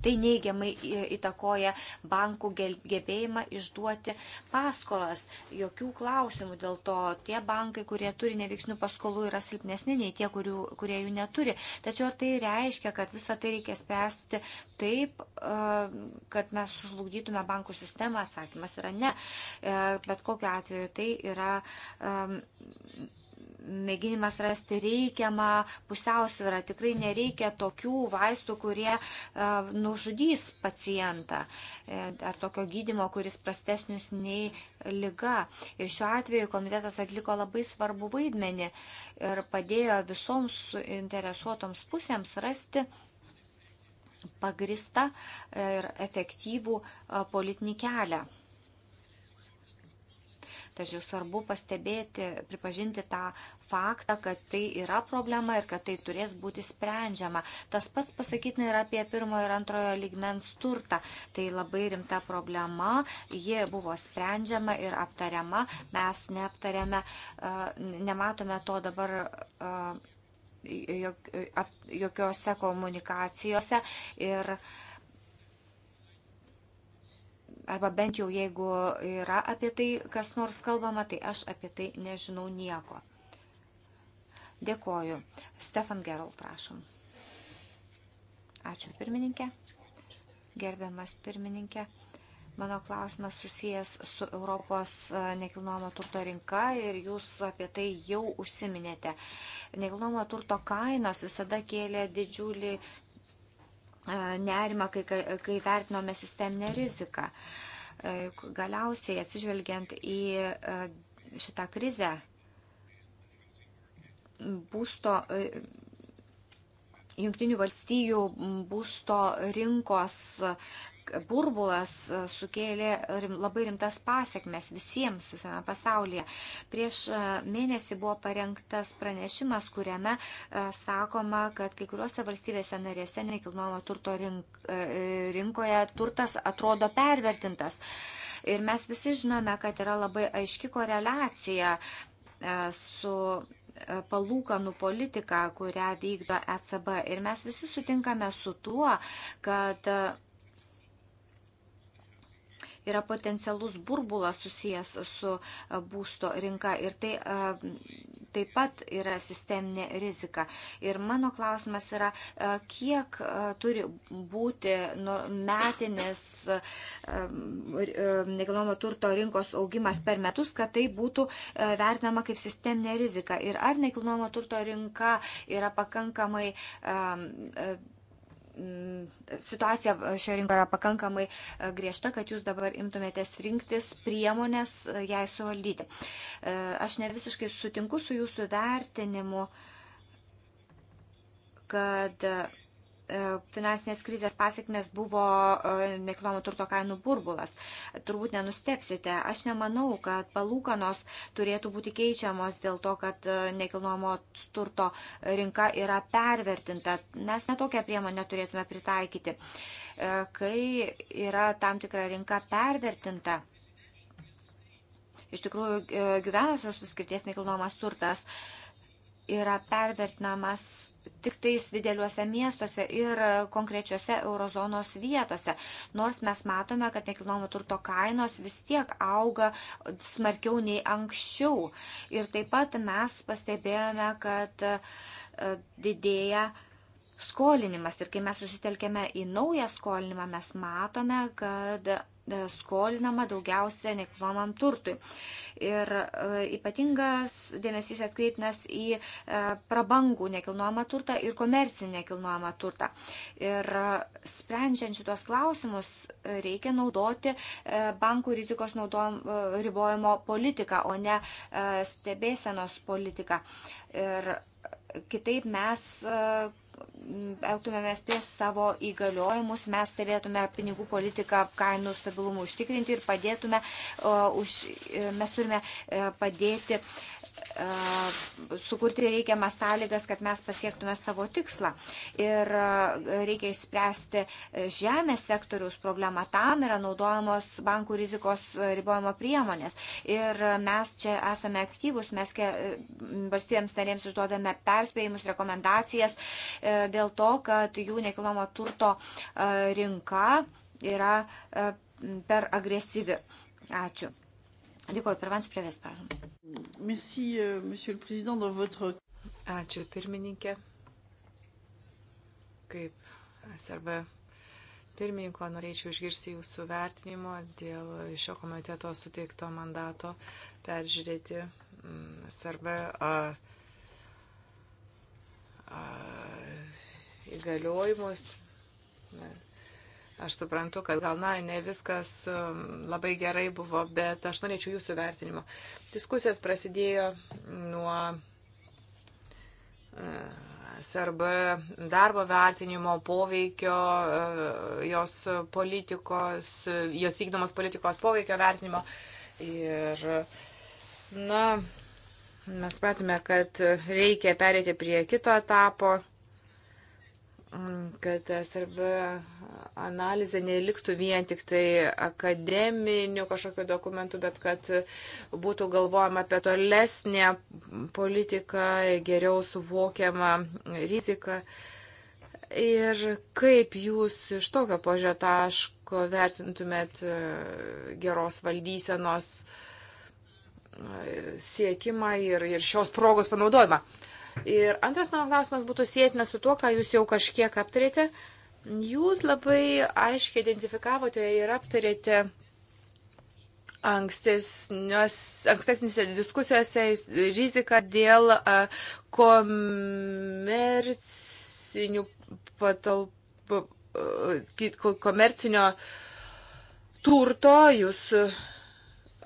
Tai neigiamai e, įtakoja bankų gebėjimą išduoti paskolas. Jokių klausimų dėl to tie bankai, kurie turi neveiksnių paskolų, yra silpnesni nei tie, kurių, kurie jų neturi. Tačiau ar tai reiškia, kad visą tai reikia spręsti taip, e, kad mes sužlugdytume bankų sistemą? Atsakymas yra ne. E, bet kokiu atveju tai yra mėginimas rasti reikiamą pusiausvyrą. Tikrai nereikia tokių vaistų, kurie uh, nužudys pacientą e, ar tokio gydimo, kuris prastesnis nei lyga. Ir šiuo atveju komitetas atliko labai svarbu vaidmenį ir padėjo visoms suinteresuotoms pusėms rasti pagristą ir efektyvų e, politinį kelią. Tačiau svarbu pastebėti, pripažinti tą faktą, kad tai yra problema ir kad tai turės būti sprendžiama. Tas pats pasakytina ir apie pirmojo ir antrojo lygmens turtą. Tai labai rimta problema, ji buvo sprendžiama ir aptariama, mes neaptariame, e, nematome to dabar e, jokiuose komunikacijose ir uh, arba bent jau jeigu yra apie tai kas nors kalbama, tai aš apie tai nežinau nieko. Dėkoju. Stefan Gerald, prašom. Ačiū pirmininkė. Gerbiamas pirmininkė. Mano klausimas susijęs su Europos e, nekilnojamo turto rinka ir jūs apie tai jau užsiminėte. Nekilnojamo turto kainos visada kėlė didžiulį nerimą, kai, kai vertinome sisteminę riziką. E, galiausiai atsižvelgiant į šitą krizę, būsto, e, jungtinių valstybių būsto rinkos burbulas e, sukėlė rim, labai rimtas pasiekmes visiems visame pasaulyje. Prieš e, mėnesį buvo parengtas pranešimas, kuriame e, sakoma, kad kai kuriuose valstybėse narėse nekilnojamo turto rink, rinkoje turtas atrodo pervertintas. Ir mes visi žinome, kad yra labai aiški koreliacija su palūkanų politiką, kurią vykdo ECB. Ir mes visi sutinkame su tuo, kad yra potencialus burbulas susijęs su e, būsto rinka ir tai e, taip pat yra sisteminė rizika. Ir mano klausimas yra, e, kiek turi būti nu, metinis nekilnojamo turto rinkos augimas per metus, kad tai būtų vertinama kaip sisteminė rizika. Ir ar nekilnojamo turto rinka yra pakankamai Mm, situacija šioje rinkoje yra pakankamai e, griežta, kad jūs dabar imtumėtės rinktis priemonės e, jai suvaldyti. E, aš ne visiškai sutinku su jūsų vertinimu, kad E, finansinės krizės pasiekmes buvo e, nekilnojamo turto kainų burbulas. Turbūt nenustepsite. Aš nemanau, kad palūkanos turėtų būti keičiamos dėl to, kad e, nekilnojamo turto rinka yra pervertinta. Mes netokią priemonę turėtume pritaikyti. Kai yra tam tikra rinka pervertinta, iš tikrųjų gyvenosios paskirties nekilnojamas turtas yra pervertinamas tik tais dideliuose miestuose ir konkrečiose eurozonos vietose. Nors mes matome, kad nekilnojamo turto kainos vis tiek auga smarkiau nei anksčiau. Ir taip pat mes pastebėjome, kad e, didėja uh, skolinimas. Ir kai mes susitelkėme į naują skolinimą, mes matome, kad e, skolinama daugiausia nekilnojamam turtui. Ir e, ypatingas dėmesys atkreiptinas į e, prabangų nekilnojamą turtą ir komercinį nekilnojamą turtą. Ir sprendžiant šitos klausimus reikia naudoti bankų rizikos naudojom, ribojimo politiką, o ne stebėsenos politiką. Ir Kitaip mes e, elgtumėmės prieš savo įgaliojimus, mes stebėtume pinigų politiką kainų stabilumų užtikrinti ir padėtume, uh, už, e, mes turime padėti uh, E, sukurti reikiamas sąlygas, kad mes pasiektume savo tikslą. Ir e, reikia išspręsti e, žemės sektoriaus problemą. Tam yra naudojamos bankų rizikos ribojimo priemonės. Ir mes čia esame aktyvus, mes valstybėms narėms išduodame perspėjimus, rekomendacijas dėl to, kad jų nekilnojamo turto rinka yra per agresyvi. Ačiū. Dėkuoju, pirmiausia, prievės, prašom. Merci, euh, monsieur le président, dans votre... Ačiū, pirmininkė. Kaip SRB pirmininko norėčiau išgirsti jūsų vertinimo dėl šio komiteto suteikto mandato peržiūrėti mm, SRB įgaliojimus. Bet Aš suprantu, kad gal, na, ne viskas um, labai gerai buvo, bet aš norėčiau jūsų vertinimo. Diskusijos prasidėjo nuo uh, SRB darbo vertinimo, poveikio, uh, jos politikos, jos vykdomos politikos poveikio vertinimo. Ir, na, mes pratome, kad reikia perėti prie kito etapo kad SRB analizė neliktų vien tik tai akademinių kažkokių dokumentų, bet kad būtų galvojama apie tolesnę politiką, geriau suvokiamą riziką. Ir kaip jūs iš tokio požiūrio taško vertintumėt e, geros valdysenos e, siekimą ir, ir šios progos panaudojimą? Ir antras mano klausimas būtų sėtinas su tuo, ką jūs jau kažkiek aptarėte. Jūs labai aiškiai identifikavote ir aptarėte ankstesnėse diskusijose riziką dėl komercinių patalpų komercinio turto, jūs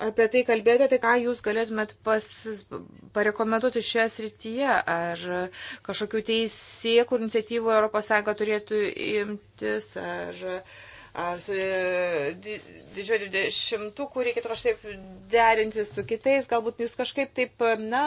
apie tai kalbėjote, tai ką jūs galėtumėt pas, parekomenduoti šioje srityje? Ar kažkokių teisėkų iniciatyvų ES turėtų imtis? Ar, ar su e, di, didžiojo dvidešimtuku reikėtų kažkaip derinti su kitais? Galbūt jūs kažkaip taip, na,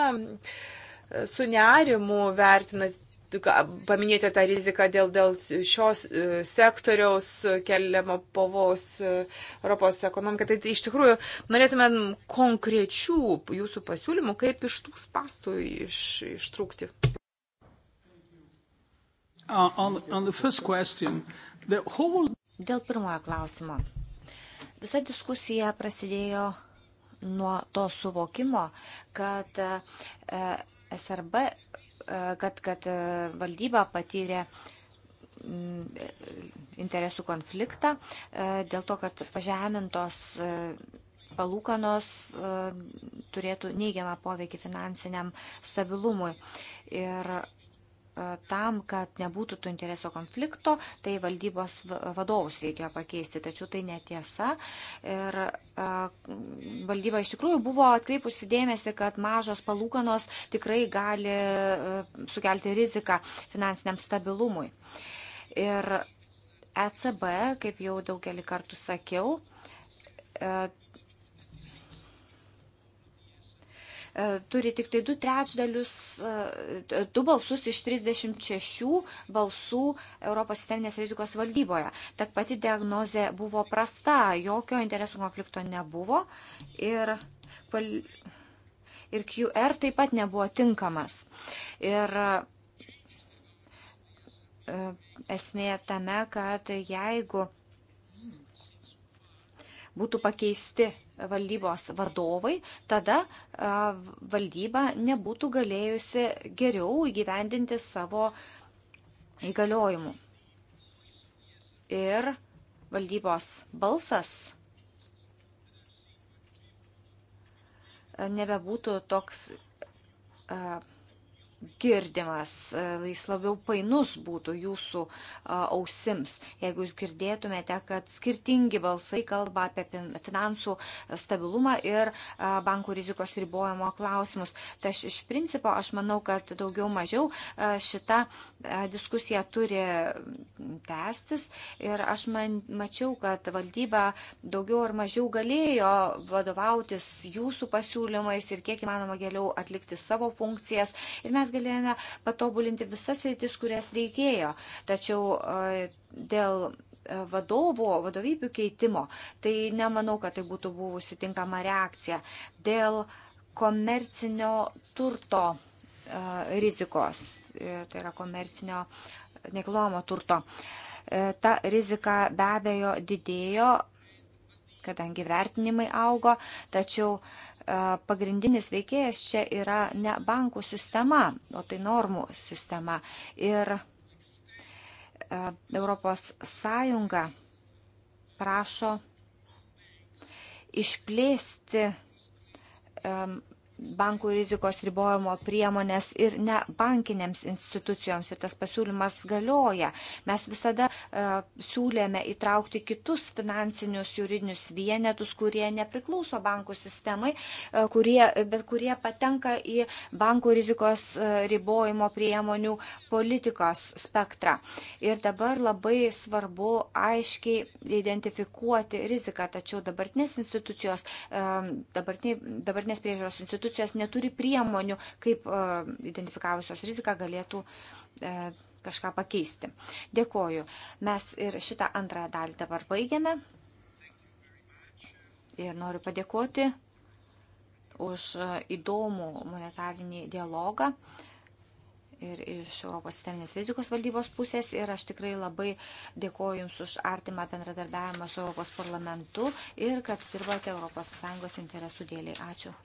su nerimu vertinat paminėti tą riziką dėl, dėl šios e, sektoriaus keliamo pavos e, Europos ekonomikai. Tai, tai iš tikrųjų norėtume konkrečių jūsų pasiūlymų, kaip iš tų spastų iš, ištrūkti. Uh, on, on question, whole... Dėl pirmojo klausimo. Visa diskusija prasidėjo nuo to suvokimo, kad e, SRB E, kad, kad e, valdyba patyrė mm, interesų konfliktą e, dėl to, kad pažemintos palūkanos turėtų neigiamą poveikį finansiniam stabilumui. Ir tam, kad nebūtų tų interesų konflikto, tai valdybos vadovus reikėjo pakeisti. Tačiau tai netiesa. Ir valdyba iš tikrųjų buvo atkreipusi dėmesį, kad mažos palūkanos tikrai gali sukelti riziką finansiniam stabilumui. Ir ECB, kaip jau daugelį kartų sakiau, E, turi tik tai 2 trečdalius, 2 e, balsus iš 36 balsų Europos sisteminės rizikos valdyboje. Tad pati diagnozė buvo prasta, jokio interesų konflikto nebuvo ir, ir QR taip pat nebuvo tinkamas. Ir e, esmė tame, kad jeigu būtų pakeisti valdybos vadovai, tada valdyba nebūtų galėjusi geriau įgyvendinti savo įgaliojimų. Ir valdybos balsas nebebūtų toks uh, girdimas, e, jis labiau painus būtų jūsų e, ausims, jeigu jūs girdėtumėte, kad skirtingi balsai kalba apie finansų e, stabilumą ir bankų rizikos ribojimo klausimus. Tai aš iš principo, aš manau, kad daugiau mažiau šita diskusija turi tęstis ir aš man, mačiau, kad valdyba daugiau ar mažiau galėjo vadovautis jūsų pasiūlymais ir kiek įmanoma geriau atlikti savo funkcijas. Ir mes galėjome patobulinti visas rytis, kurias reikėjo. Tačiau e, dėl e, vadovo, vadovybių keitimo, tai nemanau, kad tai būtų buvusi tinkama reakcija. Dėl komercinio turto e, rizikos, tai yra komercinio nekilnojamo turto. Ta rizika be abejo didėjo, kadangi vertinimai augo, tačiau uh, pagrindinis veikėjas čia yra ne bankų sistema, o tai normų sistema. Ir Europos Sąjunga prašo išplėsti bankų rizikos ribojimo priemonės ir ne bankinėms institucijoms ir tas pasiūlymas galioja. Mes visada uh, siūlėme įtraukti kitus finansinius juridinius vienetus, kurie nepriklauso bankų sistemai, uh, kurie, bet kurie patenka į bankų rizikos uh, ribojimo priemonių politikos spektrą. Ir dabar labai svarbu aiškiai identifikuoti riziką, tačiau dabartinės institucijos, dabartinės priežiūros institucijos institucijos neturi priemonių, kaip e, identifikavusios riziką galėtų e, kažką pakeisti. Dėkoju. Mes ir šitą antrąją dalį dabar baigiame. Ir noriu padėkoti už e, įdomų monetarinį dialogą ir iš Europos sisteminės rizikos valdybos pusės ir aš tikrai labai dėkoju Jums už artimą bendradarbiavimą su Europos parlamentu ir kad dirbate ES interesų dėliai. Ačiū.